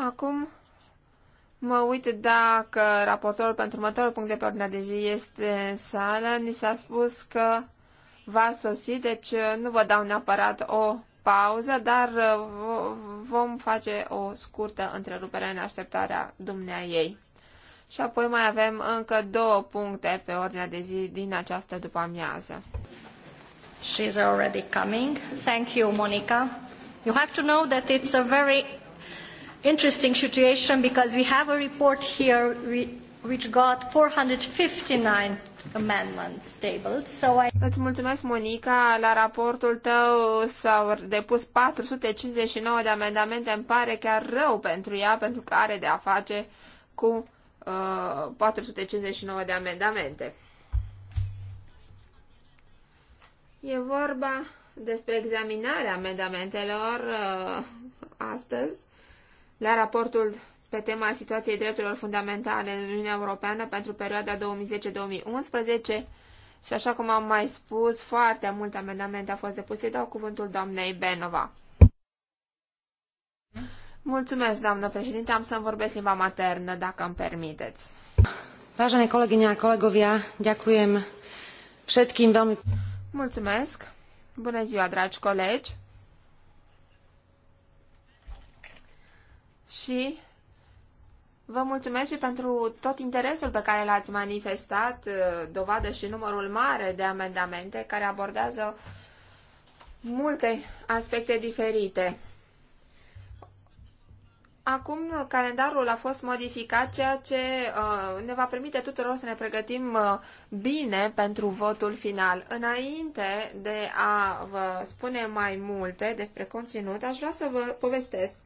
S3: Acum mă uit dacă raportorul pentru următorul punct de pe ordinea de zi este în sală. Ni s-a spus că va sosi, deci uh, nu vă dau neapărat o pauză, dar uh, vom face o scurtă întrerupere în așteptarea dumnea ei. Și apoi mai avem încă două puncte pe ordinea de zi din această după amiază.
S4: She's already
S1: coming. Thank you, Monica. You have to know that it's a very interesting situation because we have a report here which got
S3: 459 amendments tabled. So I Îți mulțumesc, Monica. La raportul tău s-au depus 459 de amendamente. Îmi pare chiar rău pentru ea, pentru că are de a face cu uh, 459 de amendamente. E vorba despre examinarea amendamentelor uh, astăzi la raportul pe tema situației drepturilor fundamentale în Uniunea Europeană pentru perioada 2010-2011 și așa cum am mai spus, foarte multe amendamente au fost depuse, dau cuvântul doamnei Benova. Mulțumesc, doamnă președinte, am să-mi vorbesc limba maternă, dacă îmi permiteți.
S4: Vážené kolegyne a kolegovia, ďakujem všetkým veľmi...
S3: Mulțumesc! Bună ziua, dragi colegi! și vă mulțumesc și pentru tot interesul pe care l-ați manifestat, uh, dovadă și numărul mare de amendamente care abordează multe aspecte diferite. Acum calendarul a fost modificat, ceea ce uh, ne va permite tuturor să ne pregătim uh, bine pentru votul final. Înainte de a vă spune mai multe despre conținut, aș vrea să vă povestesc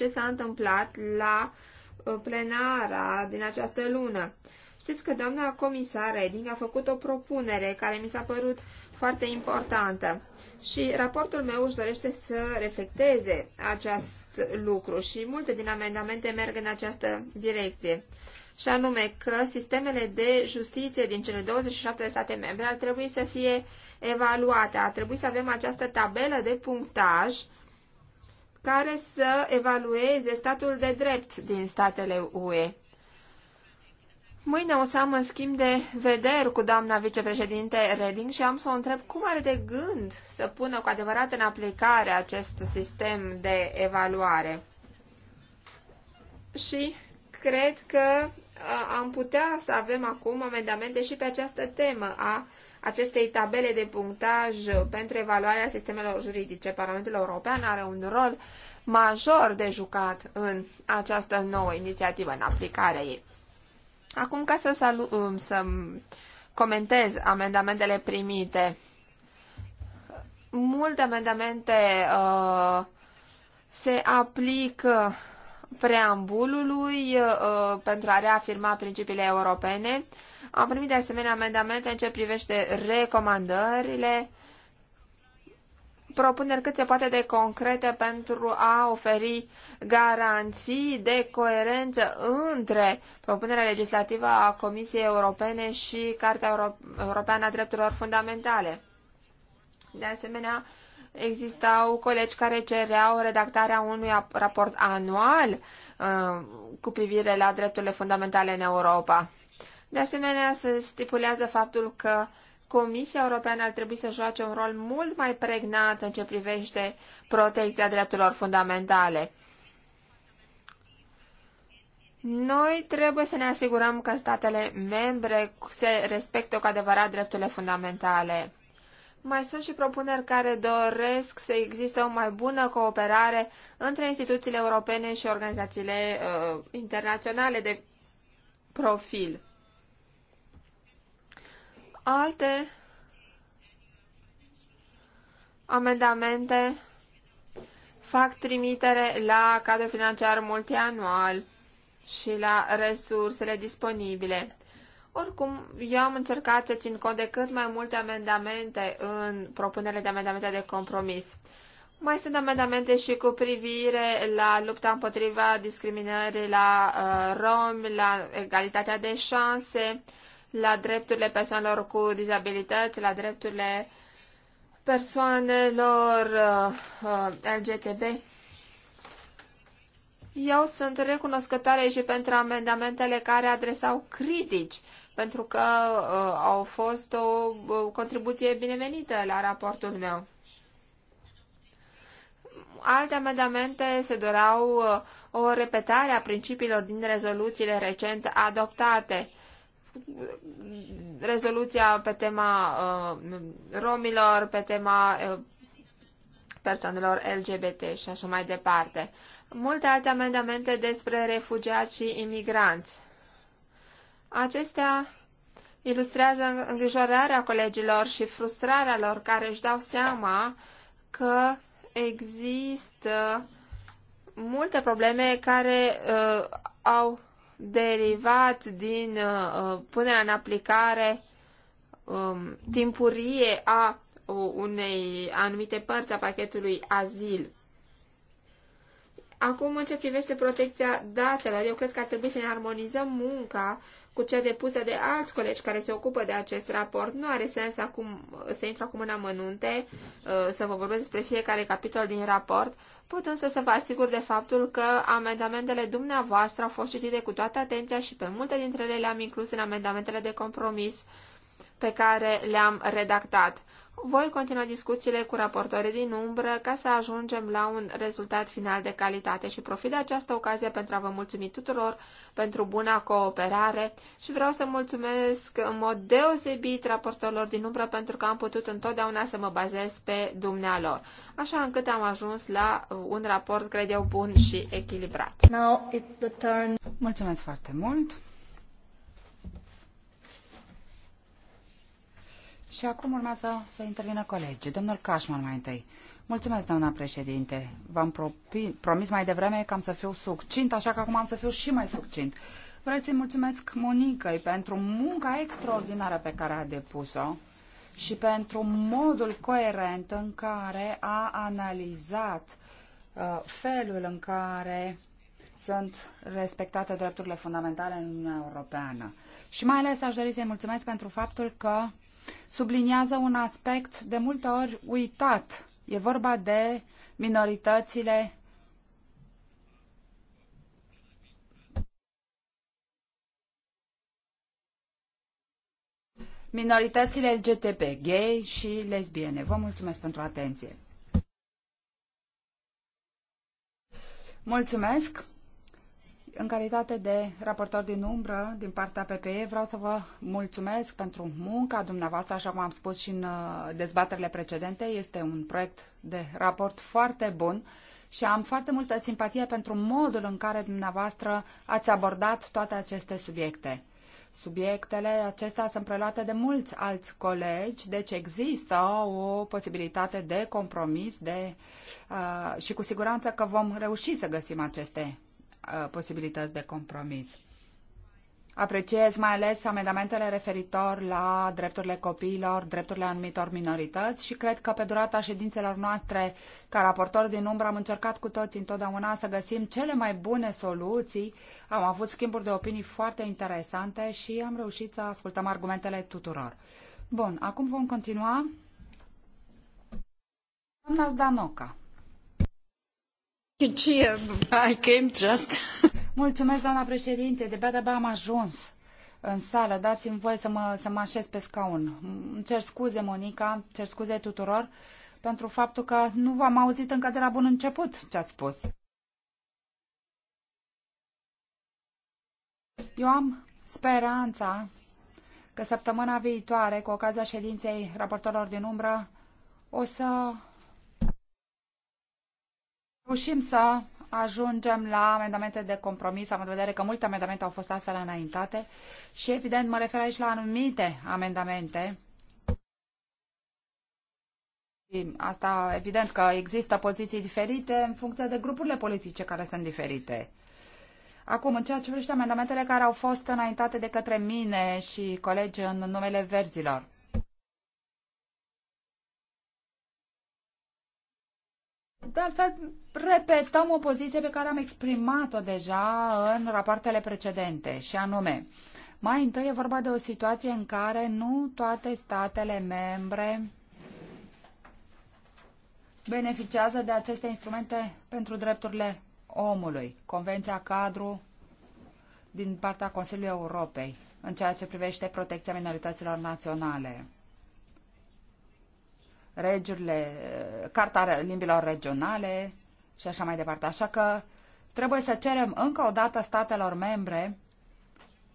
S3: ce s-a întâmplat la uh, plenara din această lună. Știți că doamna comisar Reding a făcut o propunere care mi s-a părut foarte importantă și raportul meu își dorește să reflecteze acest lucru și multe din amendamente merg în această direcție și anume că sistemele de justiție din cele 27 de state membre ar trebui să fie evaluate. Ar trebui să avem această tabelă de punctaj care să evalueze statul de drept din statele UE. Mâine o să am în schimb de vederi cu doamna vicepreședinte Reding și am să o întreb cum are de gând să pună cu adevărat în aplicare acest sistem de evaluare. Și cred că uh, am putea să avem acum amendamente și pe această temă a acestei tabele de punctaj pentru evaluarea sistemelor juridice. Parlamentul European are un rol major de jucat în această nouă inițiativă, în aplicarea ei. Acum, ca să, salu- um, să comentez amendamentele primite, multe amendamente uh, se aplică preambulului uh, pentru a reafirma principiile europene, uh, am primit de asemenea amendamente în ce privește recomandările, propuneri cât se poate de concrete pentru a oferi garanții de coerență între propunerea legislativă a Comisiei Europene și Cartea Euro Europeană a Drepturilor Fundamentale. De asemenea, existau colegi care cereau redactarea unui raport anual uh, cu privire la drepturile fundamentale în Europa. De asemenea, se stipulează faptul că Comisia Europeană ar trebui să joace un rol mult mai pregnant în ce privește protecția drepturilor fundamentale. Noi trebuie să ne asigurăm că statele membre se respectă cu adevărat drepturile fundamentale. Mai sunt și propuneri care doresc să existe o mai bună cooperare între instituțiile europene și organizațiile uh, internaționale de profil alte amendamente fac trimitere la cadrul financiar multianual și la resursele disponibile. Oricum, eu am încercat să țin cont de cât mai multe amendamente în propunerea de amendamente de compromis. Mai sunt amendamente și cu privire la lupta împotriva discriminării la uh, romi, la egalitatea de șanse, uh, la drepturile persoanelor cu dizabilități, la drepturile persoanelor uh, uh LGTB. Eu sunt recunoscătoare și pentru amendamentele care adresau critici, pentru că uh, au fost o contribuție binevenită la raportul meu. Alte amendamente se doreau uh, o repetare a principiilor din rezoluțiile recent adoptate rezoluția pe tema uh, romilor, pe tema uh, persoanelor LGBT și așa mai departe. Multe alte amendamente despre refugiați și imigranți. Acestea ilustrează îngrijorarea colegilor și frustrarea lor care își dau seama că există multe probleme care uh, au derivat din uh, uh, punerea în aplicare um, timpurie a uh, unei anumite părți a pachetului azil. Acum, în ce privește protecția datelor, eu cred că ar trebui să ne armonizăm munca cu cea depusă de alți colegi care se ocupă de acest raport. Nu are sens acum să intru acum în amănunte, uh, să vă vorbesc despre fiecare capitol din raport, Pot însă să vă asigur de faptul că amendamentele dumneavoastră au fost citite cu toată atenția și pe multe dintre ele le-am inclus în amendamentele de compromis pe care le-am redactat. Voi continua discuțiile cu raportorii din umbră ca să ajungem la un rezultat final de calitate și profit de această ocazie pentru a vă mulțumi tuturor pentru buna cooperare și vreau să mulțumesc în mod deosebit raportorilor din umbră pentru că am putut întotdeauna să mă bazez pe dumnealor, așa încât am ajuns la uh, un raport, cred eu, bun și echilibrat.
S2: Now it's the turn. Mulțumesc foarte mult! Și acum urmează să intervină colegii. Domnul Cașman mai întâi. Mulțumesc, doamna președinte. V-am promis mai devreme că am să fiu succint, așa că acum am să fiu și mai succint. Vreau să-i mulțumesc Monicăi pentru munca extraordinară pe care a depus-o și pentru modul coerent în care a analizat uh, felul în care sunt respectate drepturile fundamentale în Uniunea Europeană. Și mai ales aș dori să-i mulțumesc pentru faptul că subliniază un aspect de multe ori uitat. E vorba de minoritățile minoritățile LGTB, gay și lesbiene. Vă mulțumesc pentru atenție. Mulțumesc. În calitate de raportor din umbră din partea PPE, vreau să vă mulțumesc pentru munca dumneavoastră, așa cum am spus și în uh, dezbaterile precedente. Este un proiect de raport foarte bun și am foarte multă simpatie pentru modul în care dumneavoastră ați abordat toate aceste subiecte. Subiectele acestea sunt preluate de mulți alți colegi, deci există o posibilitate de compromis de, uh, și cu siguranță că vom reuși să găsim aceste Uh, posibilități de compromis. Apreciez mai ales amendamentele referitor la drepturile copiilor, drepturile anumitor minorități și cred că pe durata ședințelor noastre ca raportor din umbră am încercat cu toți întotdeauna să găsim cele mai bune soluții. Am avut schimburi de opinii foarte interesante și am reușit să ascultăm argumentele tuturor. Bun, acum vom continua. Doamna Zdanoca. I came just. doamna președinte. De bea de-abia am ajuns în sală. Dați-mi voie să mă, să mă așez pe scaun. Îmi cer scuze, Monica, îmi cer scuze tuturor pentru faptul că nu v-am auzit încă de la bun început ce ați spus. Eu am speranța că săptămâna viitoare, cu ocazia ședinței raportorilor din umbră, o să reușim să ajungem la amendamente de compromis, am în vedere că multe amendamente au fost astfel înaintate și evident mă refer aici la anumite amendamente. Și asta evident că există poziții diferite în funcție de grupurile politice care sunt diferite. Acum, în ceea ce privește amendamentele care au fost înaintate de către mine și colegi în numele verzilor. De altfel, repetăm o poziție pe care am exprimat-o deja în rapoartele precedente, și anume, mai întâi e vorba de o situație în care nu toate statele membre beneficiază de aceste instrumente pentru drepturile omului, Convenția Cadru din partea Consiliului Europei, în ceea ce privește protecția minorităților naționale regiurile, Carta Limbilor Regionale și așa mai departe. Așa că trebuie să cerem încă o dată statelor membre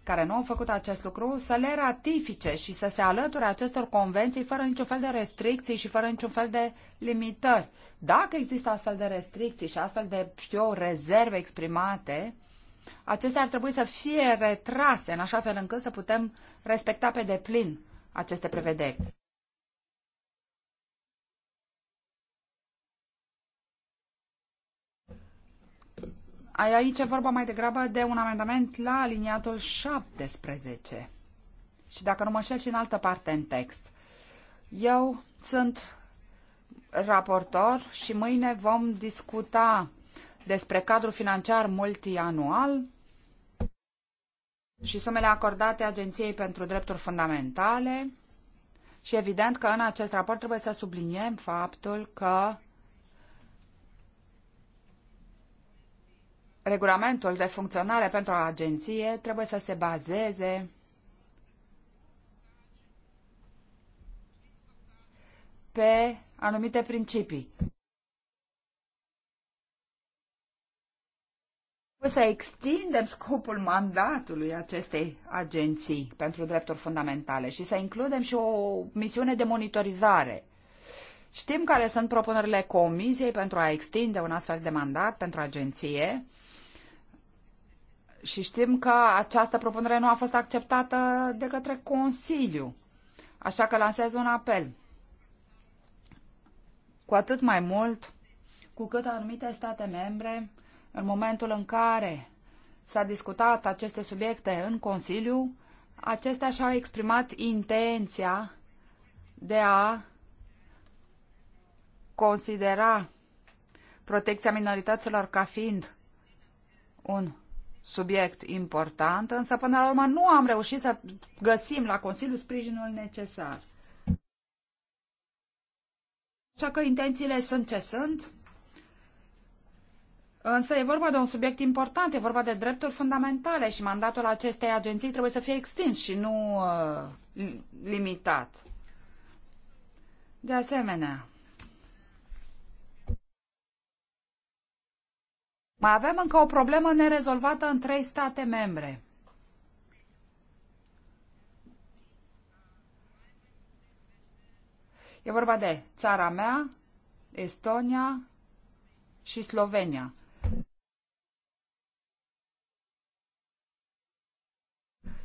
S2: care nu au făcut acest lucru să le ratifice și să se alăture acestor convenții fără niciun fel de restricții și fără niciun fel de limitări. Dacă există astfel de restricții și astfel de, știu eu, rezerve exprimate, acestea ar trebui să fie retrase în așa fel încât să putem respecta pe deplin aceste prevederi. Aici e vorba mai degrabă de un amendament la aliniatul 17 și dacă nu mă șel și în altă parte în text. Eu sunt raportor și mâine vom discuta despre cadrul financiar multianual și sumele acordate Agenției pentru Drepturi Fundamentale și evident că în acest raport trebuie să subliniem faptul că regulamentul de funcționare pentru o agenție trebuie să se bazeze pe anumite principii. Să extindem scopul mandatului acestei agenții pentru drepturi fundamentale și să includem și o misiune de monitorizare. Știm care sunt propunerile Comisiei pentru a extinde un astfel de mandat pentru agenție și știm că această propunere nu a fost acceptată de către Consiliu. Așa că lansez un apel. Cu atât mai mult cu cât anumite state membre, în momentul în care s-a discutat aceste subiecte în Consiliu, acestea și-au exprimat intenția de a considera protecția minorităților ca fiind un subiect important, însă până la urmă nu am reușit să găsim la Consiliu sprijinul necesar. Așa că intențiile sunt ce sunt, însă e vorba de un subiect important, e vorba de drepturi fundamentale și mandatul acestei agenții trebuie să fie extins și nu uh, limitat. De asemenea, Mai avem încă o problemă nerezolvată în trei state membre. E vorba de țara mea, Estonia și Slovenia.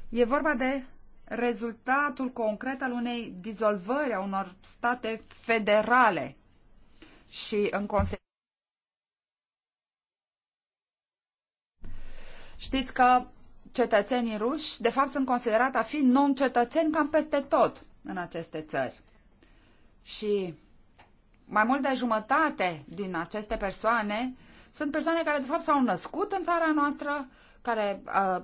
S2: E vorba de rezultatul concret al unei dizolvări a unor state federale și în consecință Știți că cetățenii ruși, de fapt, sunt considerați a fi non-cetățeni cam peste tot în aceste țări. Și mai mult de jumătate din aceste persoane sunt persoane care, de fapt, s-au născut în țara noastră, care uh,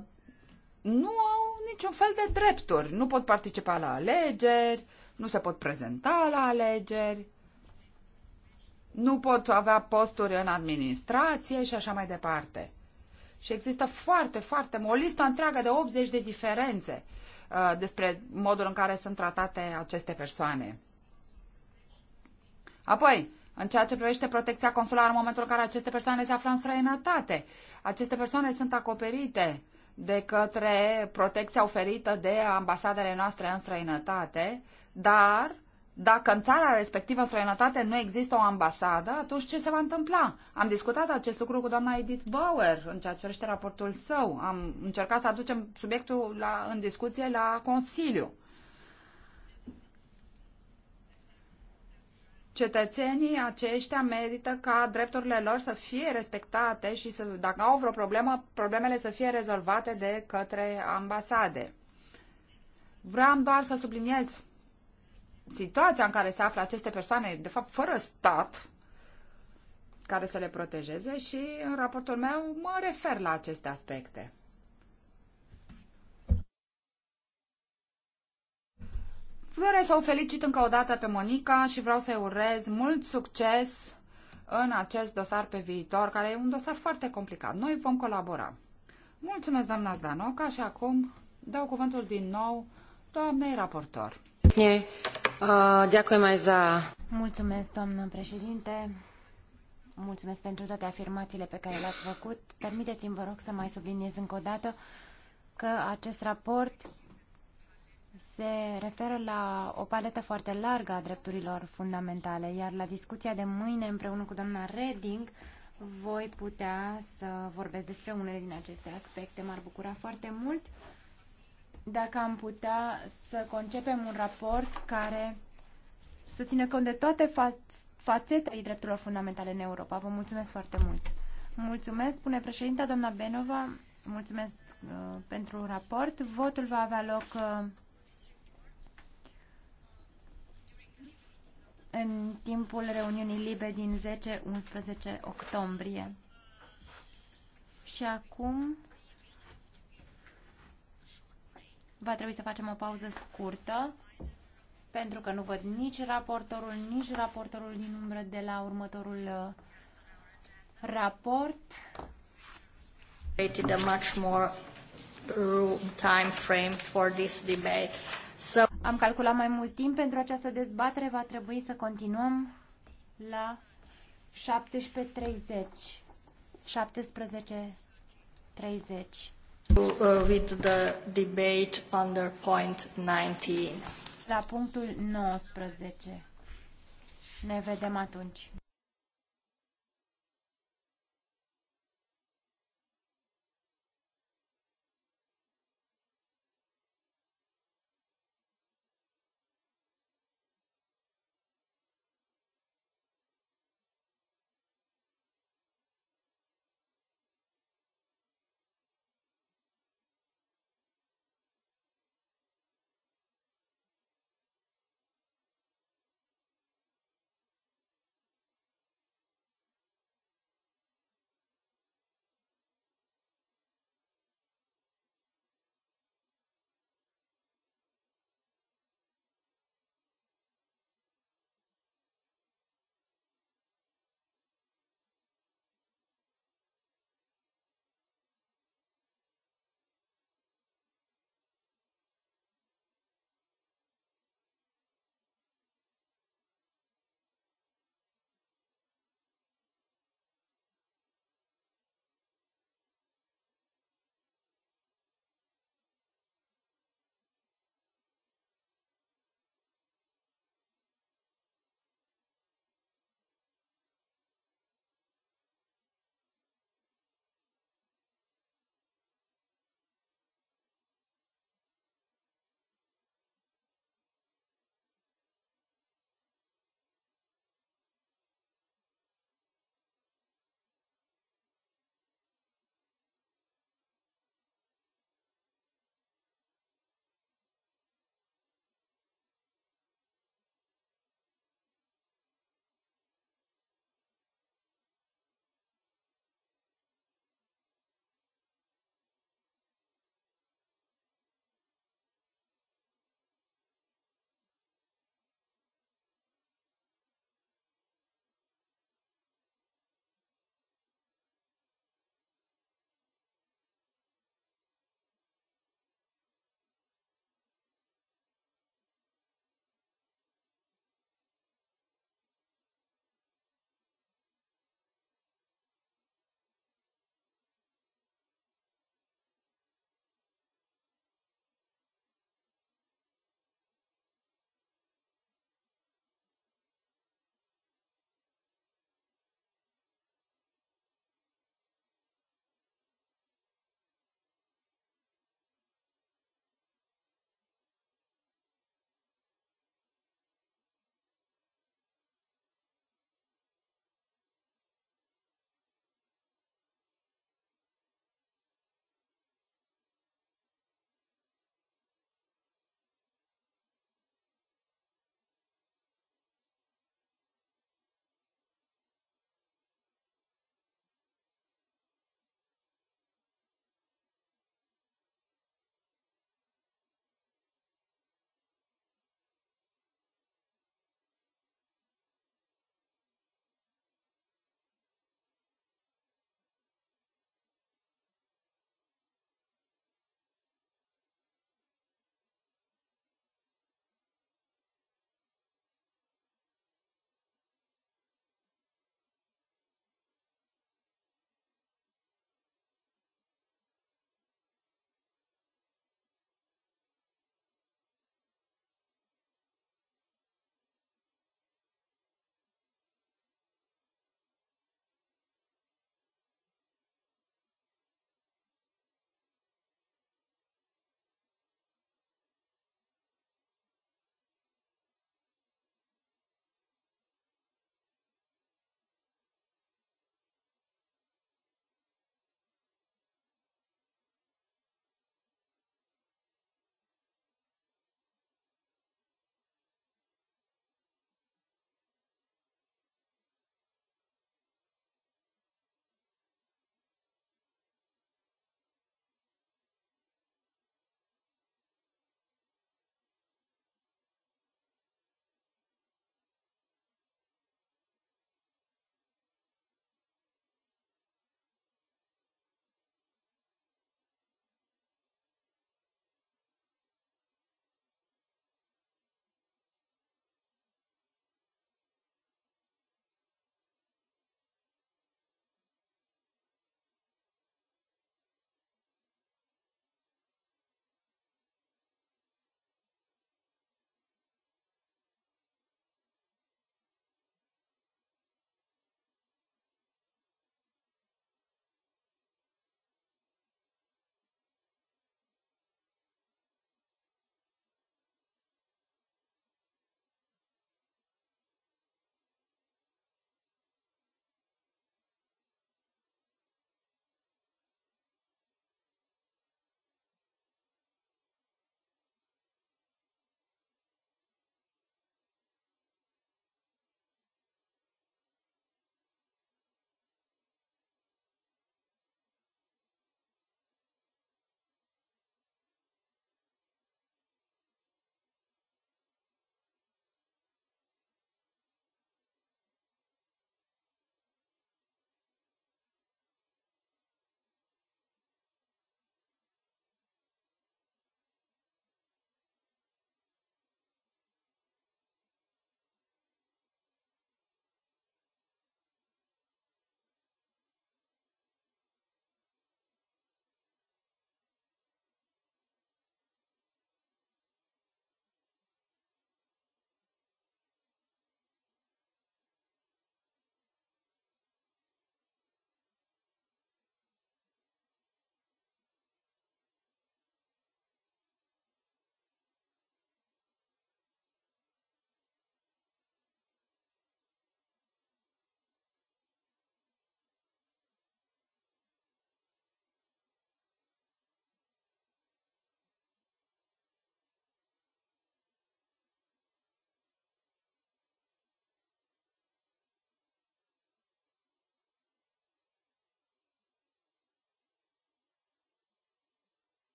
S2: nu au niciun fel de drepturi. Nu pot participa la alegeri, nu se pot prezenta la alegeri, nu pot avea posturi în administrație și așa mai departe. Și există foarte, foarte, o listă întreagă de 80 de diferențe uh, despre modul în care sunt tratate aceste persoane. Apoi, în ceea ce privește protecția consulară în momentul în care aceste persoane se află în străinătate, aceste persoane sunt acoperite de către protecția oferită de ambasadele noastre în străinătate, dar dacă în țara respectivă, în străinătate, nu există o ambasadă, atunci ce se va întâmpla? Am discutat acest lucru cu doamna Edith Bauer în ceea ce privește raportul său. Am încercat să aducem subiectul la, în discuție la Consiliu. cetățenii aceștia merită ca drepturile lor să fie respectate și să, dacă au vreo problemă, problemele să fie rezolvate de către ambasade. Vreau doar să subliniez situația în care se află aceste persoane, de fapt fără stat, care să le protejeze și în raportul meu mă refer la aceste aspecte. Doresc să o felicit încă o dată pe Monica și vreau să-i urez mult succes în acest dosar pe viitor, care e un dosar foarte complicat. Noi vom colabora. Mulțumesc, doamna Zdanoca, și acum dau cuvântul din nou doamnei raportor.
S4: Mulțumesc, președinte. Mulțumesc pentru toate afirmațiile pe care le-ați făcut. Permiteți-mi, vă rog, să mai subliniez încă o dată că acest raport se referă la o paletă foarte largă a drepturilor fundamentale, iar la discuția de mâine împreună cu doamna Reding voi putea să vorbesc despre unele din aceste aspecte. M-ar bucura foarte mult dacă am putea să concepem un raport care să țină cont de toate fa- fațetele drepturilor fundamentale în Europa. Vă mulțumesc foarte mult! Mulțumesc, spune președinta doamna Benova, mulțumesc uh, pentru un raport. Votul va avea loc uh, în timpul reuniunii libe din 10-11 octombrie. Și acum Va trebui să facem o pauză scurtă, pentru că nu văd nici raportorul, nici raportorul din umbră de la următorul uh, raport. Uh, Am calculat mai mult timp pentru această dezbatere, va trebui să continuăm la 17.30. 17.30. Uh, with the debate under point 19. La punctul 19. Ne vedem atunci.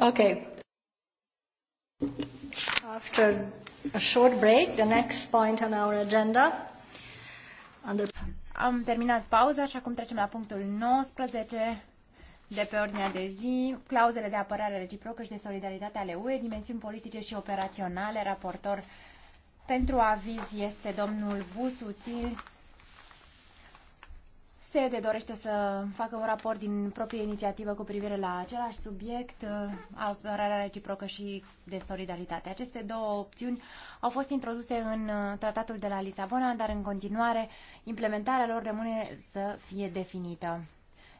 S1: Okay. After a short break, the next point
S4: on our agenda. Under... Am terminat pauza și acum trecem la punctul 19 de pe ordinea de zi, clauzele de apărare reciprocă și de solidaritate ale UE, dimensiuni politice și operaționale, raportor pentru aviz este domnul Busuțil, Sed dorește să facă un raport din proprie inițiativă cu privire la același subiect, uh, apărarea reciprocă și de solidaritate. Aceste două opțiuni au fost introduse în uh, tratatul de la Lisabona, dar în continuare implementarea lor rămâne să fie definită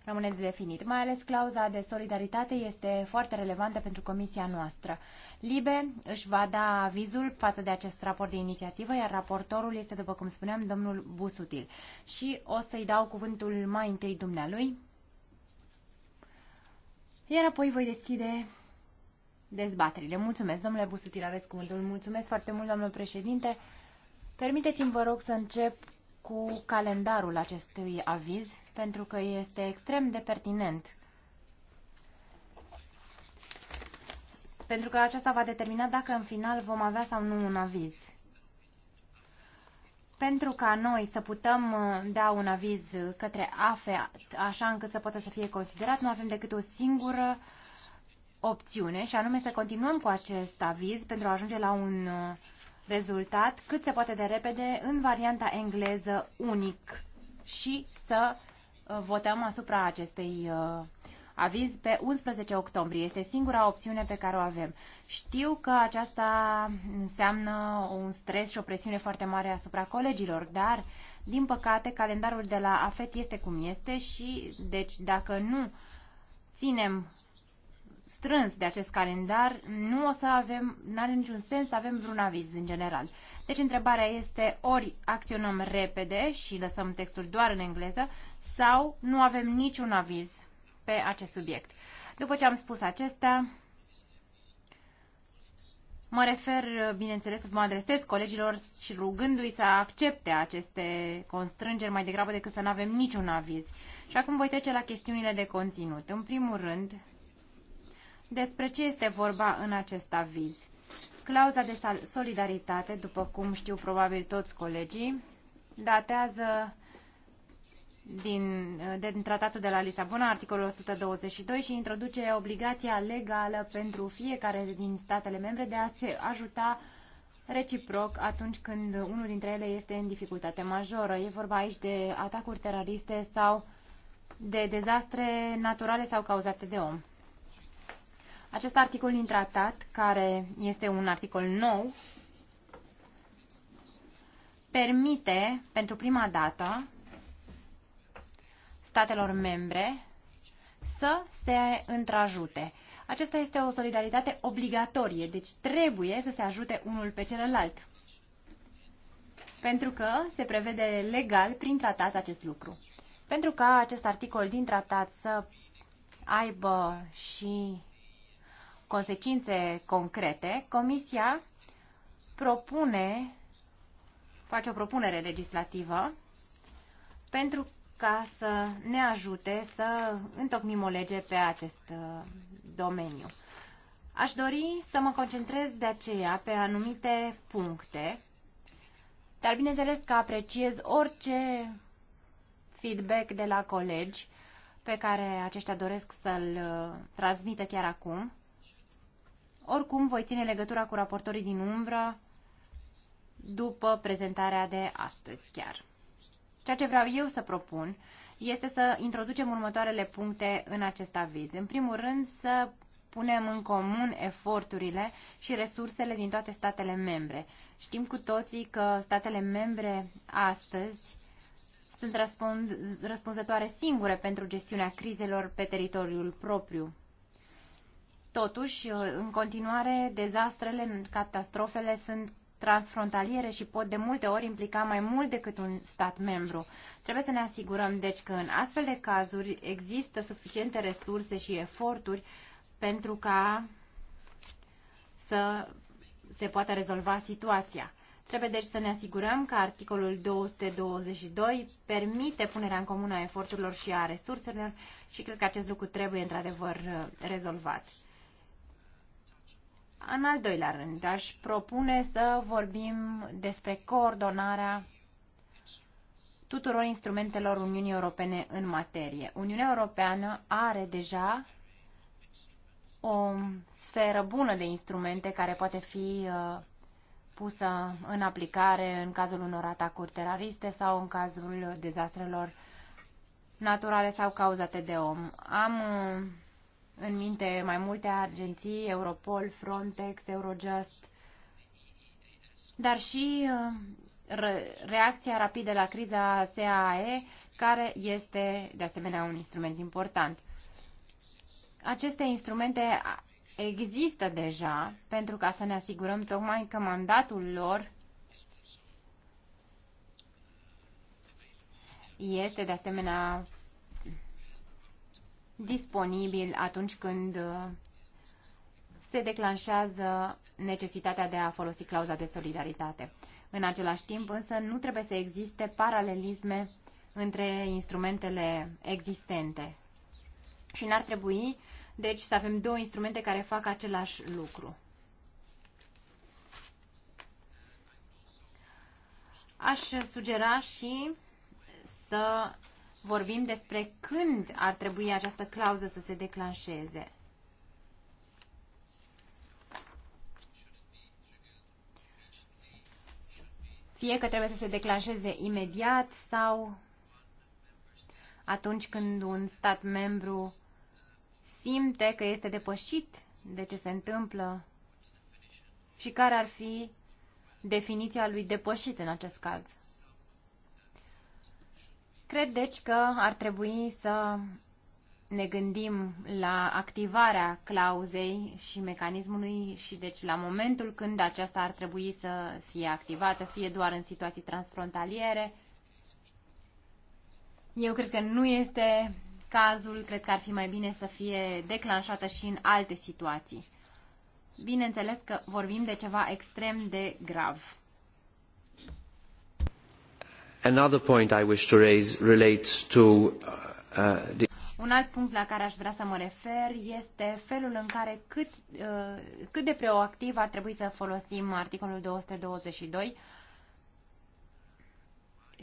S4: rămâne de definit. Mai ales clauza de solidaritate este foarte relevantă pentru comisia noastră. Libe își va da avizul față de acest raport de inițiativă, iar raportorul este, după cum spuneam, domnul Busutil. Și o să-i dau cuvântul mai întâi dumnealui, iar apoi voi deschide dezbaterile. Mulțumesc, domnule Busutil, aveți cuvântul. Mulțumesc foarte mult, domnule președinte. Permiteți-mi, vă rog, să încep cu calendarul acestui aviz pentru că este extrem de pertinent. Pentru că aceasta va determina dacă în final vom avea sau nu un aviz. Pentru ca noi să putem uh, da un aviz către AFE așa încât să poată să fie considerat, nu avem decât o singură opțiune și anume să continuăm cu acest aviz pentru a ajunge la un uh, rezultat cât se poate de repede în varianta engleză unic și să Uh, votăm asupra acestei uh, aviz pe 11 octombrie. Este singura opțiune pe care o avem. Știu că aceasta înseamnă un stres și o presiune foarte mare asupra colegilor, dar, din păcate, calendarul de la AFET este cum este și, deci, dacă nu ținem strâns de acest calendar, nu o să avem, nu are niciun sens să avem vreun aviz în general. Deci întrebarea este ori acționăm repede și lăsăm textul doar în engleză sau nu avem niciun aviz pe acest subiect. După ce am spus acestea, mă refer, bineînțeles, mă adresez colegilor și rugându-i să accepte aceste constrângeri mai degrabă decât să nu avem niciun aviz. Și acum voi trece la chestiunile de conținut. În primul rând, despre ce este vorba în acest aviz. Clauza de solidaritate, după cum știu probabil toți colegii, datează din, din tratatul de la Lisabona, articolul 122, și introduce obligația legală pentru fiecare din statele membre de a se ajuta reciproc atunci când unul dintre ele este în dificultate majoră. E vorba aici de atacuri teroriste sau de dezastre naturale sau cauzate de om. Acest articol din tratat, care este un articol nou, permite pentru prima dată statelor membre să se întrajute. Acesta este o solidaritate obligatorie, deci trebuie să se ajute unul pe celălalt. Pentru că se prevede legal prin tratat acest lucru. Pentru ca acest articol din tratat să aibă și consecințe concrete, Comisia propune, face o propunere legislativă pentru ca să ne ajute să întocmim o lege pe acest uh, domeniu. Aș dori să mă concentrez de aceea pe anumite puncte, dar bineînțeles că apreciez orice feedback de la colegi pe care aceștia doresc să-l uh, transmită chiar acum. Oricum, voi ține legătura cu raportorii din umbră după prezentarea de astăzi chiar. Ceea ce vreau eu să propun este să introducem următoarele puncte în acest aviz. În primul rând, să punem în comun eforturile și resursele din toate statele membre. Știm cu toții că statele membre astăzi sunt răspund, răspunzătoare singure pentru gestiunea crizelor pe teritoriul propriu. Totuși, în continuare, dezastrele, catastrofele sunt transfrontaliere și pot de multe ori implica mai mult decât un stat membru. Trebuie să ne asigurăm, deci, că în astfel de cazuri există suficiente resurse și eforturi pentru ca să se poată rezolva situația. Trebuie deci să ne asigurăm că articolul 222 permite punerea în comună a eforturilor și a resurselor și cred că acest lucru trebuie într-adevăr rezolvat. În al doilea rând, aș propune să vorbim despre coordonarea tuturor instrumentelor Uniunii Europene în materie. Uniunea Europeană are deja o sferă bună de instrumente care poate fi uh, pusă în aplicare în cazul unor atacuri teroriste sau în cazul dezastrelor naturale sau cauzate de om. Am uh, în minte mai multe agenții, Europol, Frontex, Eurojust, dar și uh, reacția rapidă la criza SAE, care este de asemenea un instrument important. Aceste instrumente există deja pentru ca să ne asigurăm tocmai că mandatul lor este de asemenea disponibil atunci când uh, se declanșează necesitatea de a folosi clauza de solidaritate. În același timp, însă, nu trebuie să existe paralelisme între instrumentele existente. Și n-ar trebui, deci, să avem două instrumente care fac același lucru. Aș sugera și să vorbim despre când ar trebui această clauză să se declanșeze. Fie că trebuie să se declanșeze imediat sau atunci când un stat membru simte că este depășit de ce se întâmplă și care ar fi definiția lui depășit în acest caz. Cred deci că ar trebui să ne gândim la activarea clauzei și mecanismului și deci la momentul când aceasta ar trebui să fie activată, fie doar în situații transfrontaliere. Eu cred că nu este cazul, cred că ar fi mai bine să fie declanșată și în alte situații. Bineînțeles că vorbim de ceva extrem de grav.
S1: Another point I wish to raise relates to uh, the
S4: un alt punct la care aș vrea să mă refer este felul în care cât, uh, cât de proactiv ar trebui să folosim articolul 222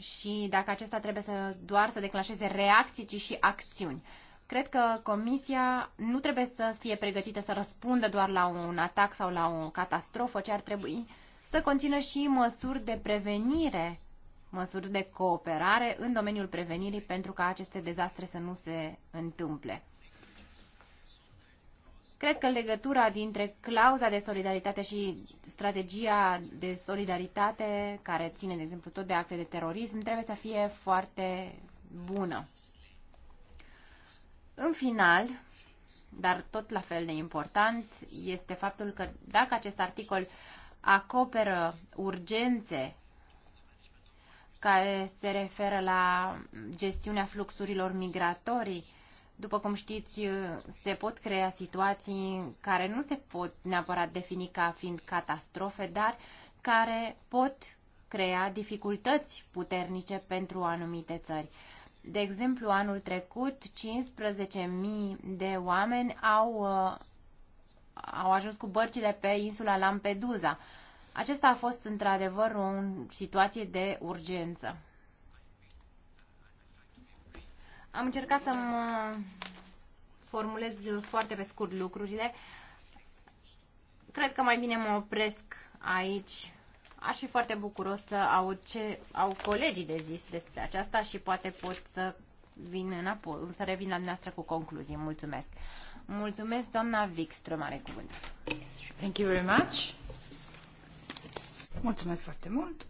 S4: și dacă acesta trebuie să doar să declanșeze reacții, ci și acțiuni. Cred că comisia nu trebuie să fie pregătită să răspundă doar la un atac sau la o catastrofă, ci ar trebui să conțină și măsuri de prevenire măsuri de cooperare în domeniul prevenirii pentru ca aceste dezastre să nu se întâmple. Cred că legătura dintre clauza de solidaritate și strategia de solidaritate, care ține, de exemplu, tot de acte de terorism, trebuie să fie foarte bună. În final, dar tot la fel de important, este faptul că dacă acest articol acoperă urgențe care se referă la gestiunea fluxurilor migratorii. După cum știți, se pot crea situații care nu se pot neapărat defini ca fiind catastrofe, dar care pot crea dificultăți puternice pentru anumite țări. De exemplu, anul trecut, 15.000 de oameni au, uh, au ajuns cu bărcile pe insula Lampedusa acesta a fost într-adevăr o situație de urgență. Am încercat să mă formulez foarte pe scurt lucrurile. Cred că mai bine mă opresc aici. Aș fi foarte bucuros să aud ce au colegii de zis despre aceasta și poate pot să vin înapoi, să revin la dumneavoastră cu concluzii. Mulțumesc. Mulțumesc, doamna Wikström are cuvânt.
S2: Thank you very much foarte mult.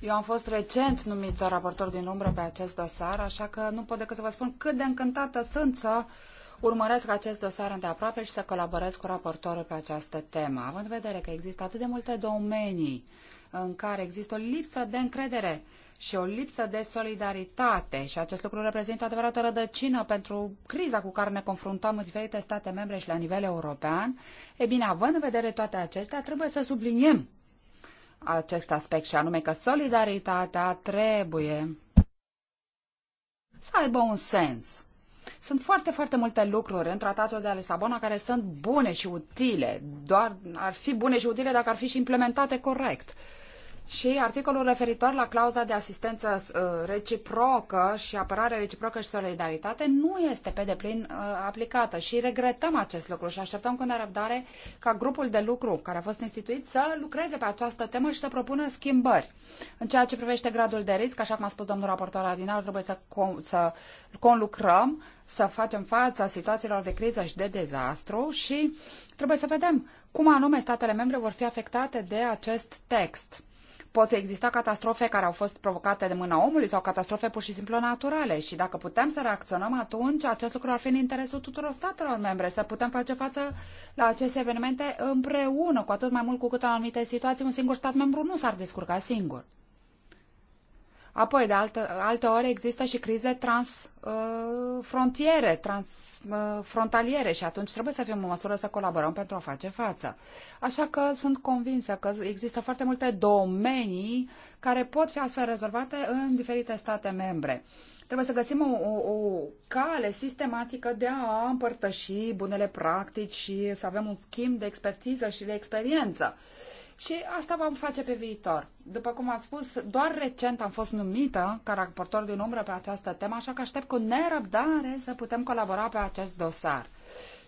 S2: Eu am fost recent numită raportor din umbră pe acest dosar, așa că nu pot decât să vă spun cât de încântată sunt să urmăresc acest dosar îndeaproape și să colaborez cu raportorul pe această temă, având în vedere că există atât de multe domenii în care există o lipsă de încredere uh, și o lipsă de solidaritate și acest lucru reprezintă o adevărată rădăcină pentru criza cu care ne confruntăm în diferite state membre și la nivel european, e bine, având în vedere toate acestea, trebuie să subliniem acest aspect și anume că solidaritatea trebuie să aibă un sens. Sunt foarte, foarte multe lucruri în tratatul de Lisabona care sunt bune și utile, doar ar fi bune și utile dacă ar fi și implementate corect și articolul referitor la clauza de asistență uh, reciprocă și apărare reciprocă și solidaritate nu este pe deplin uh, aplicată și regretăm acest lucru și așteptăm cu nerăbdare ca grupul de lucru care a fost instituit să lucreze pe această temă și să propună schimbări. În ceea ce privește gradul de risc, așa cum a spus domnul raportor Adinal, trebuie să, con- să conlucrăm, să facem față situațiilor de criză și de dezastru și trebuie să vedem cum anume statele membre vor fi afectate de acest text pot exista catastrofe care au fost provocate de mâna omului sau catastrofe pur și simplu naturale și dacă putem să reacționăm atunci, acest lucru ar fi în interesul tuturor statelor membre, să putem face față la aceste evenimente împreună, cu atât mai mult cu cât în anumite situații un singur stat membru nu s-ar descurca singur. Apoi, de altă, altă ori, există și crize transfrontiere, uh, transfrontaliere uh, și atunci trebuie să fim în măsură să colaborăm pentru a face față. Așa că sunt convinsă că există foarte multe domenii care pot fi astfel rezolvate în diferite state membre. Trebuie să găsim o, o, o cale sistematică de a împărtăși bunele practici și să avem un schimb de expertiză și de experiență. Uh, și asta vom face pe viitor. După cum am spus, doar recent am fost numită ca raportor din umbră pe această temă, așa că aștept cu nerăbdare să putem colabora pe acest dosar.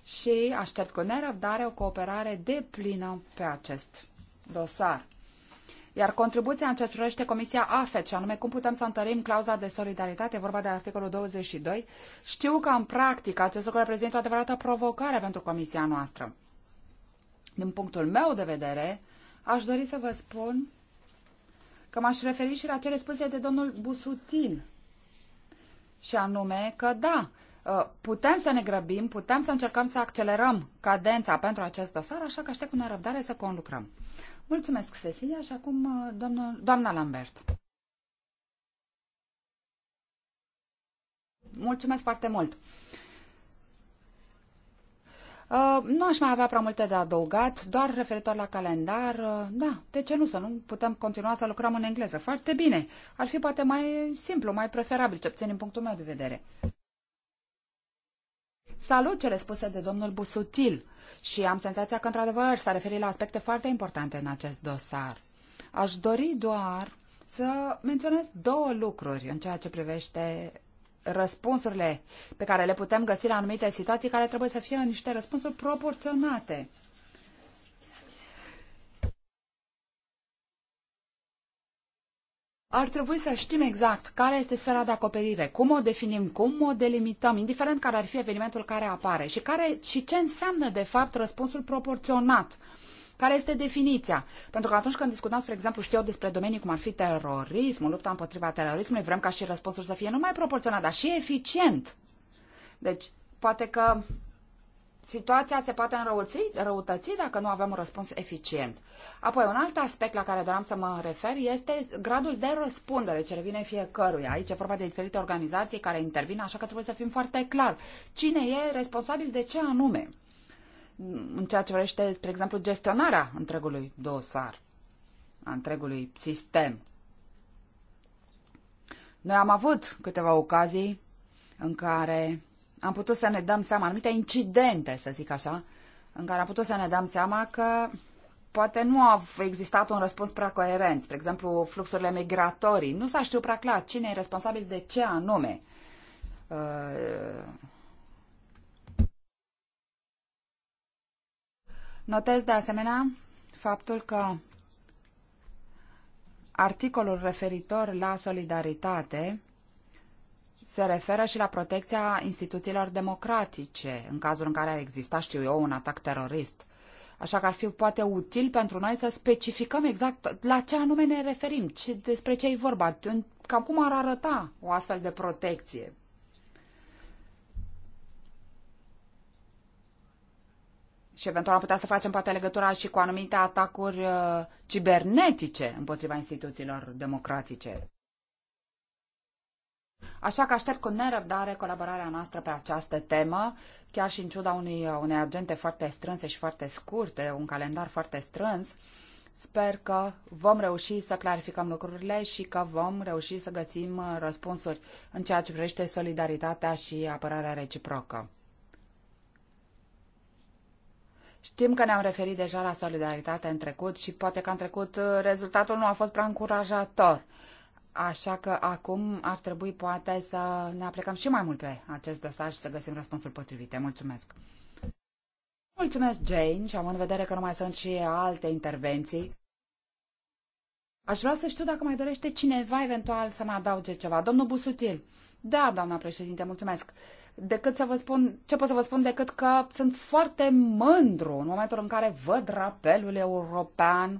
S2: Și aștept cu nerăbdare o cooperare deplină pe acest dosar. Iar contribuția în ce privește Comisia AFET, și anume cum putem să întărim clauza de solidaritate, vorba de articolul 22, știu că în practică acest lucru reprezintă o adevărată provocare pentru Comisia noastră. Din punctul meu de vedere, aș dori să vă spun că m-aș referi și la cele spuse de domnul Busutil. Și anume că da, ă, putem să ne grăbim, putem să încercăm să accelerăm cadența pentru acest dosar, așa că aștept cu nerăbdare să conlucrăm. Mulțumesc, Cecilia, și acum ă, domnul, doamna Lambert. Mulțumesc foarte mult! Uh, nu aș mai avea prea multe de adăugat, doar referitor la calendar. Uh, da, de ce nu să nu putem continua să lucrăm în engleză? Foarte bine. Ar fi poate mai simplu, mai preferabil, ce puțin din punctul meu de vedere. Salut cele spuse de domnul Busutil și am senzația că, într-adevăr, s-a referit la aspecte foarte importante în acest dosar. Aș dori doar să menționez două lucruri în ceea ce privește răspunsurile pe care le putem găsi la anumite situații care trebuie să fie niște răspunsuri proporționate. Ar trebui să știm exact care este sfera de acoperire, cum o definim, cum o delimităm, indiferent care ar fi evenimentul care apare și, care, și ce înseamnă, de fapt, răspunsul proporționat. Uh, care este definiția? Pentru că atunci când discutăm, spre exemplu, știu eu despre domenii cum ar fi terorismul, lupta împotriva terorismului, vrem ca și răspunsul să fie numai proporțional, dar și eficient. Deci, poate că situația se poate înrăuți, răutăți dacă nu avem un răspuns eficient. Apoi, un alt aspect la care doream să mă refer este gradul de răspundere ce revine fiecăruia. Aici e vorba de diferite organizații care intervin, așa că trebuie să fim foarte clar. Cine e responsabil de ce anume? în ceea ce vrește, spre exemplu, gestionarea întregului dosar, a întregului sistem. Noi am avut câteva ocazii în care am putut să ne dăm seama, anumite incidente, să zic așa, în care am putut să ne dăm seama că poate nu a existat un răspuns prea coerent. Spre exemplu, fluxurile migratorii. Nu s-a știut prea clar cine e responsabil de ce anume. Uh, Notez de asemenea faptul că articolul referitor la solidaritate se referă și la protecția instituțiilor democratice, în cazul în care ar exista, știu eu, un atac terorist. Așa că ar fi poate util pentru noi să specificăm exact la ce anume ne referim, ce, despre ce e vorba, cam cum ar arăta o astfel de protecție. și eventual am putea să facem poate legătura și cu anumite atacuri uh, cibernetice împotriva instituțiilor democratice. Așa că aștept cu nerăbdare colaborarea noastră pe această temă, chiar și în ciuda unui, uh, unei agente foarte strânse și foarte scurte, un calendar foarte strâns. Sper că vom reuși să clarificăm lucrurile și că vom reuși să găsim uh, răspunsuri în ceea ce privește solidaritatea și apărarea reciprocă. Știm că ne-am referit deja la solidaritate în trecut și poate că în trecut uh, rezultatul nu a fost prea încurajator. Așa că acum ar trebui poate să ne aplicăm și mai mult pe acest dosar și să găsim răspunsul potrivit. Mulțumesc! Mulțumesc, Jane, și am în vedere că nu mai sunt și alte intervenții. Aș vrea să știu dacă mai dorește cineva eventual să mă adauge ceva. Domnul Busutil. Da, doamna președinte, mulțumesc decât să vă spun, ce pot să vă spun decât că sunt foarte mândru în momentul în care văd rapelul european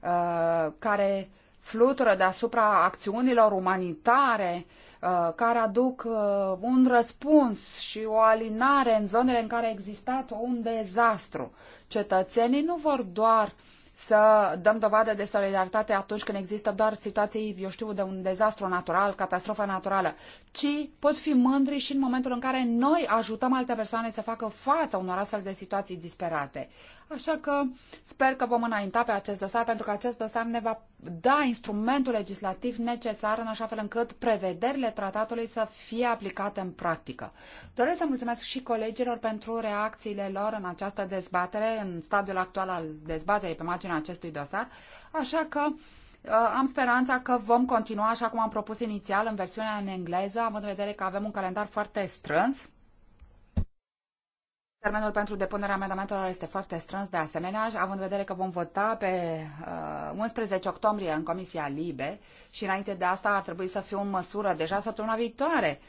S2: uh, care flutură deasupra acțiunilor umanitare uh, care aduc uh, un răspuns și o alinare în zonele în care a existat un dezastru. Cetățenii nu vor doar uh, să dăm dovadă de solidaritate atunci când există doar situații, eu știu, de un dezastru natural, catastrofă naturală, ci pot fi mândri și în momentul în care noi ajutăm alte persoane să facă față unor astfel de situații disperate. Așa că sper că vom înainta pe acest dosar, pentru că acest dosar ne va da instrumentul legislativ necesar în așa fel încât prevederile tratatului să fie aplicate în practică. Doresc să mulțumesc și colegilor pentru reacțiile lor în această dezbatere, în stadiul actual al dezbaterii pe marginea acestui dosar, așa că uh, am speranța că vom continua așa cum am propus inițial în versiunea în engleză, având în vedere că avem un calendar foarte strâns Termenul pentru depunerea amendamentelor este foarte strâns de asemenea, având în vedere că vom vota pe uh, 11 octombrie în Comisia Libe și înainte de asta ar trebui să fie o măsură deja săptămâna viitoare,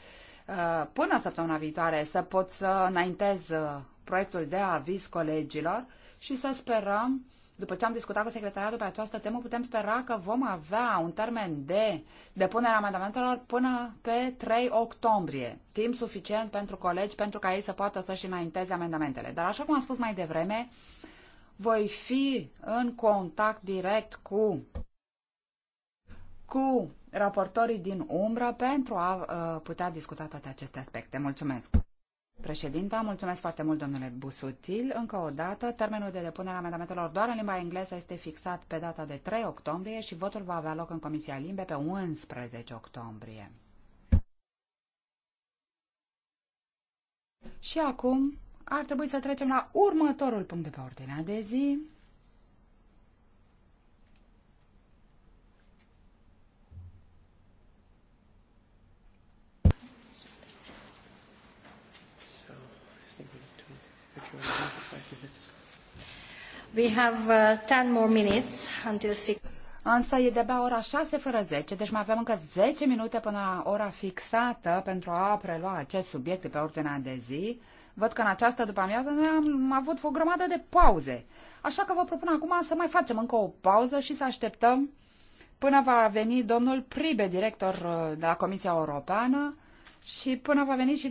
S2: uh, până săptămâna viitoare, să pot să înaintez uh, proiectul de aviz colegilor și să sperăm după ce am discutat cu secretariatul pe această temă, putem spera că vom avea un termen de depunere a amendamentelor până pe 3 octombrie. Timp suficient pentru colegi pentru ca ei să poată să-și înainteze amendamentele. Dar așa cum am spus mai devreme, voi fi în contact direct cu cu raportorii din umbră pentru a uh, putea discuta toate aceste aspecte. Mulțumesc! Președinta, mulțumesc foarte mult, domnule Busutil. Încă o dată, termenul de depunere a amendamentelor doar în limba engleză este fixat pe data de 3 octombrie și votul va avea loc în Comisia Limbe pe 11 octombrie. Și acum ar trebui să trecem la următorul punct de pe ordinea de zi.
S4: We have uh, 10 more minutes until 6.
S2: Însă e de-abia ora 6 fără 10, deci mai avem încă 10 minute până la ora fixată pentru a prelua acest subiect pe ordinea de zi. Văd că în această după-amiază noi am avut o grămadă de pauze. Așa că vă propun acum să mai facem încă o pauză și să așteptăm până va veni domnul Pribe, director uh, de la Comisia Europeană, și până va veni și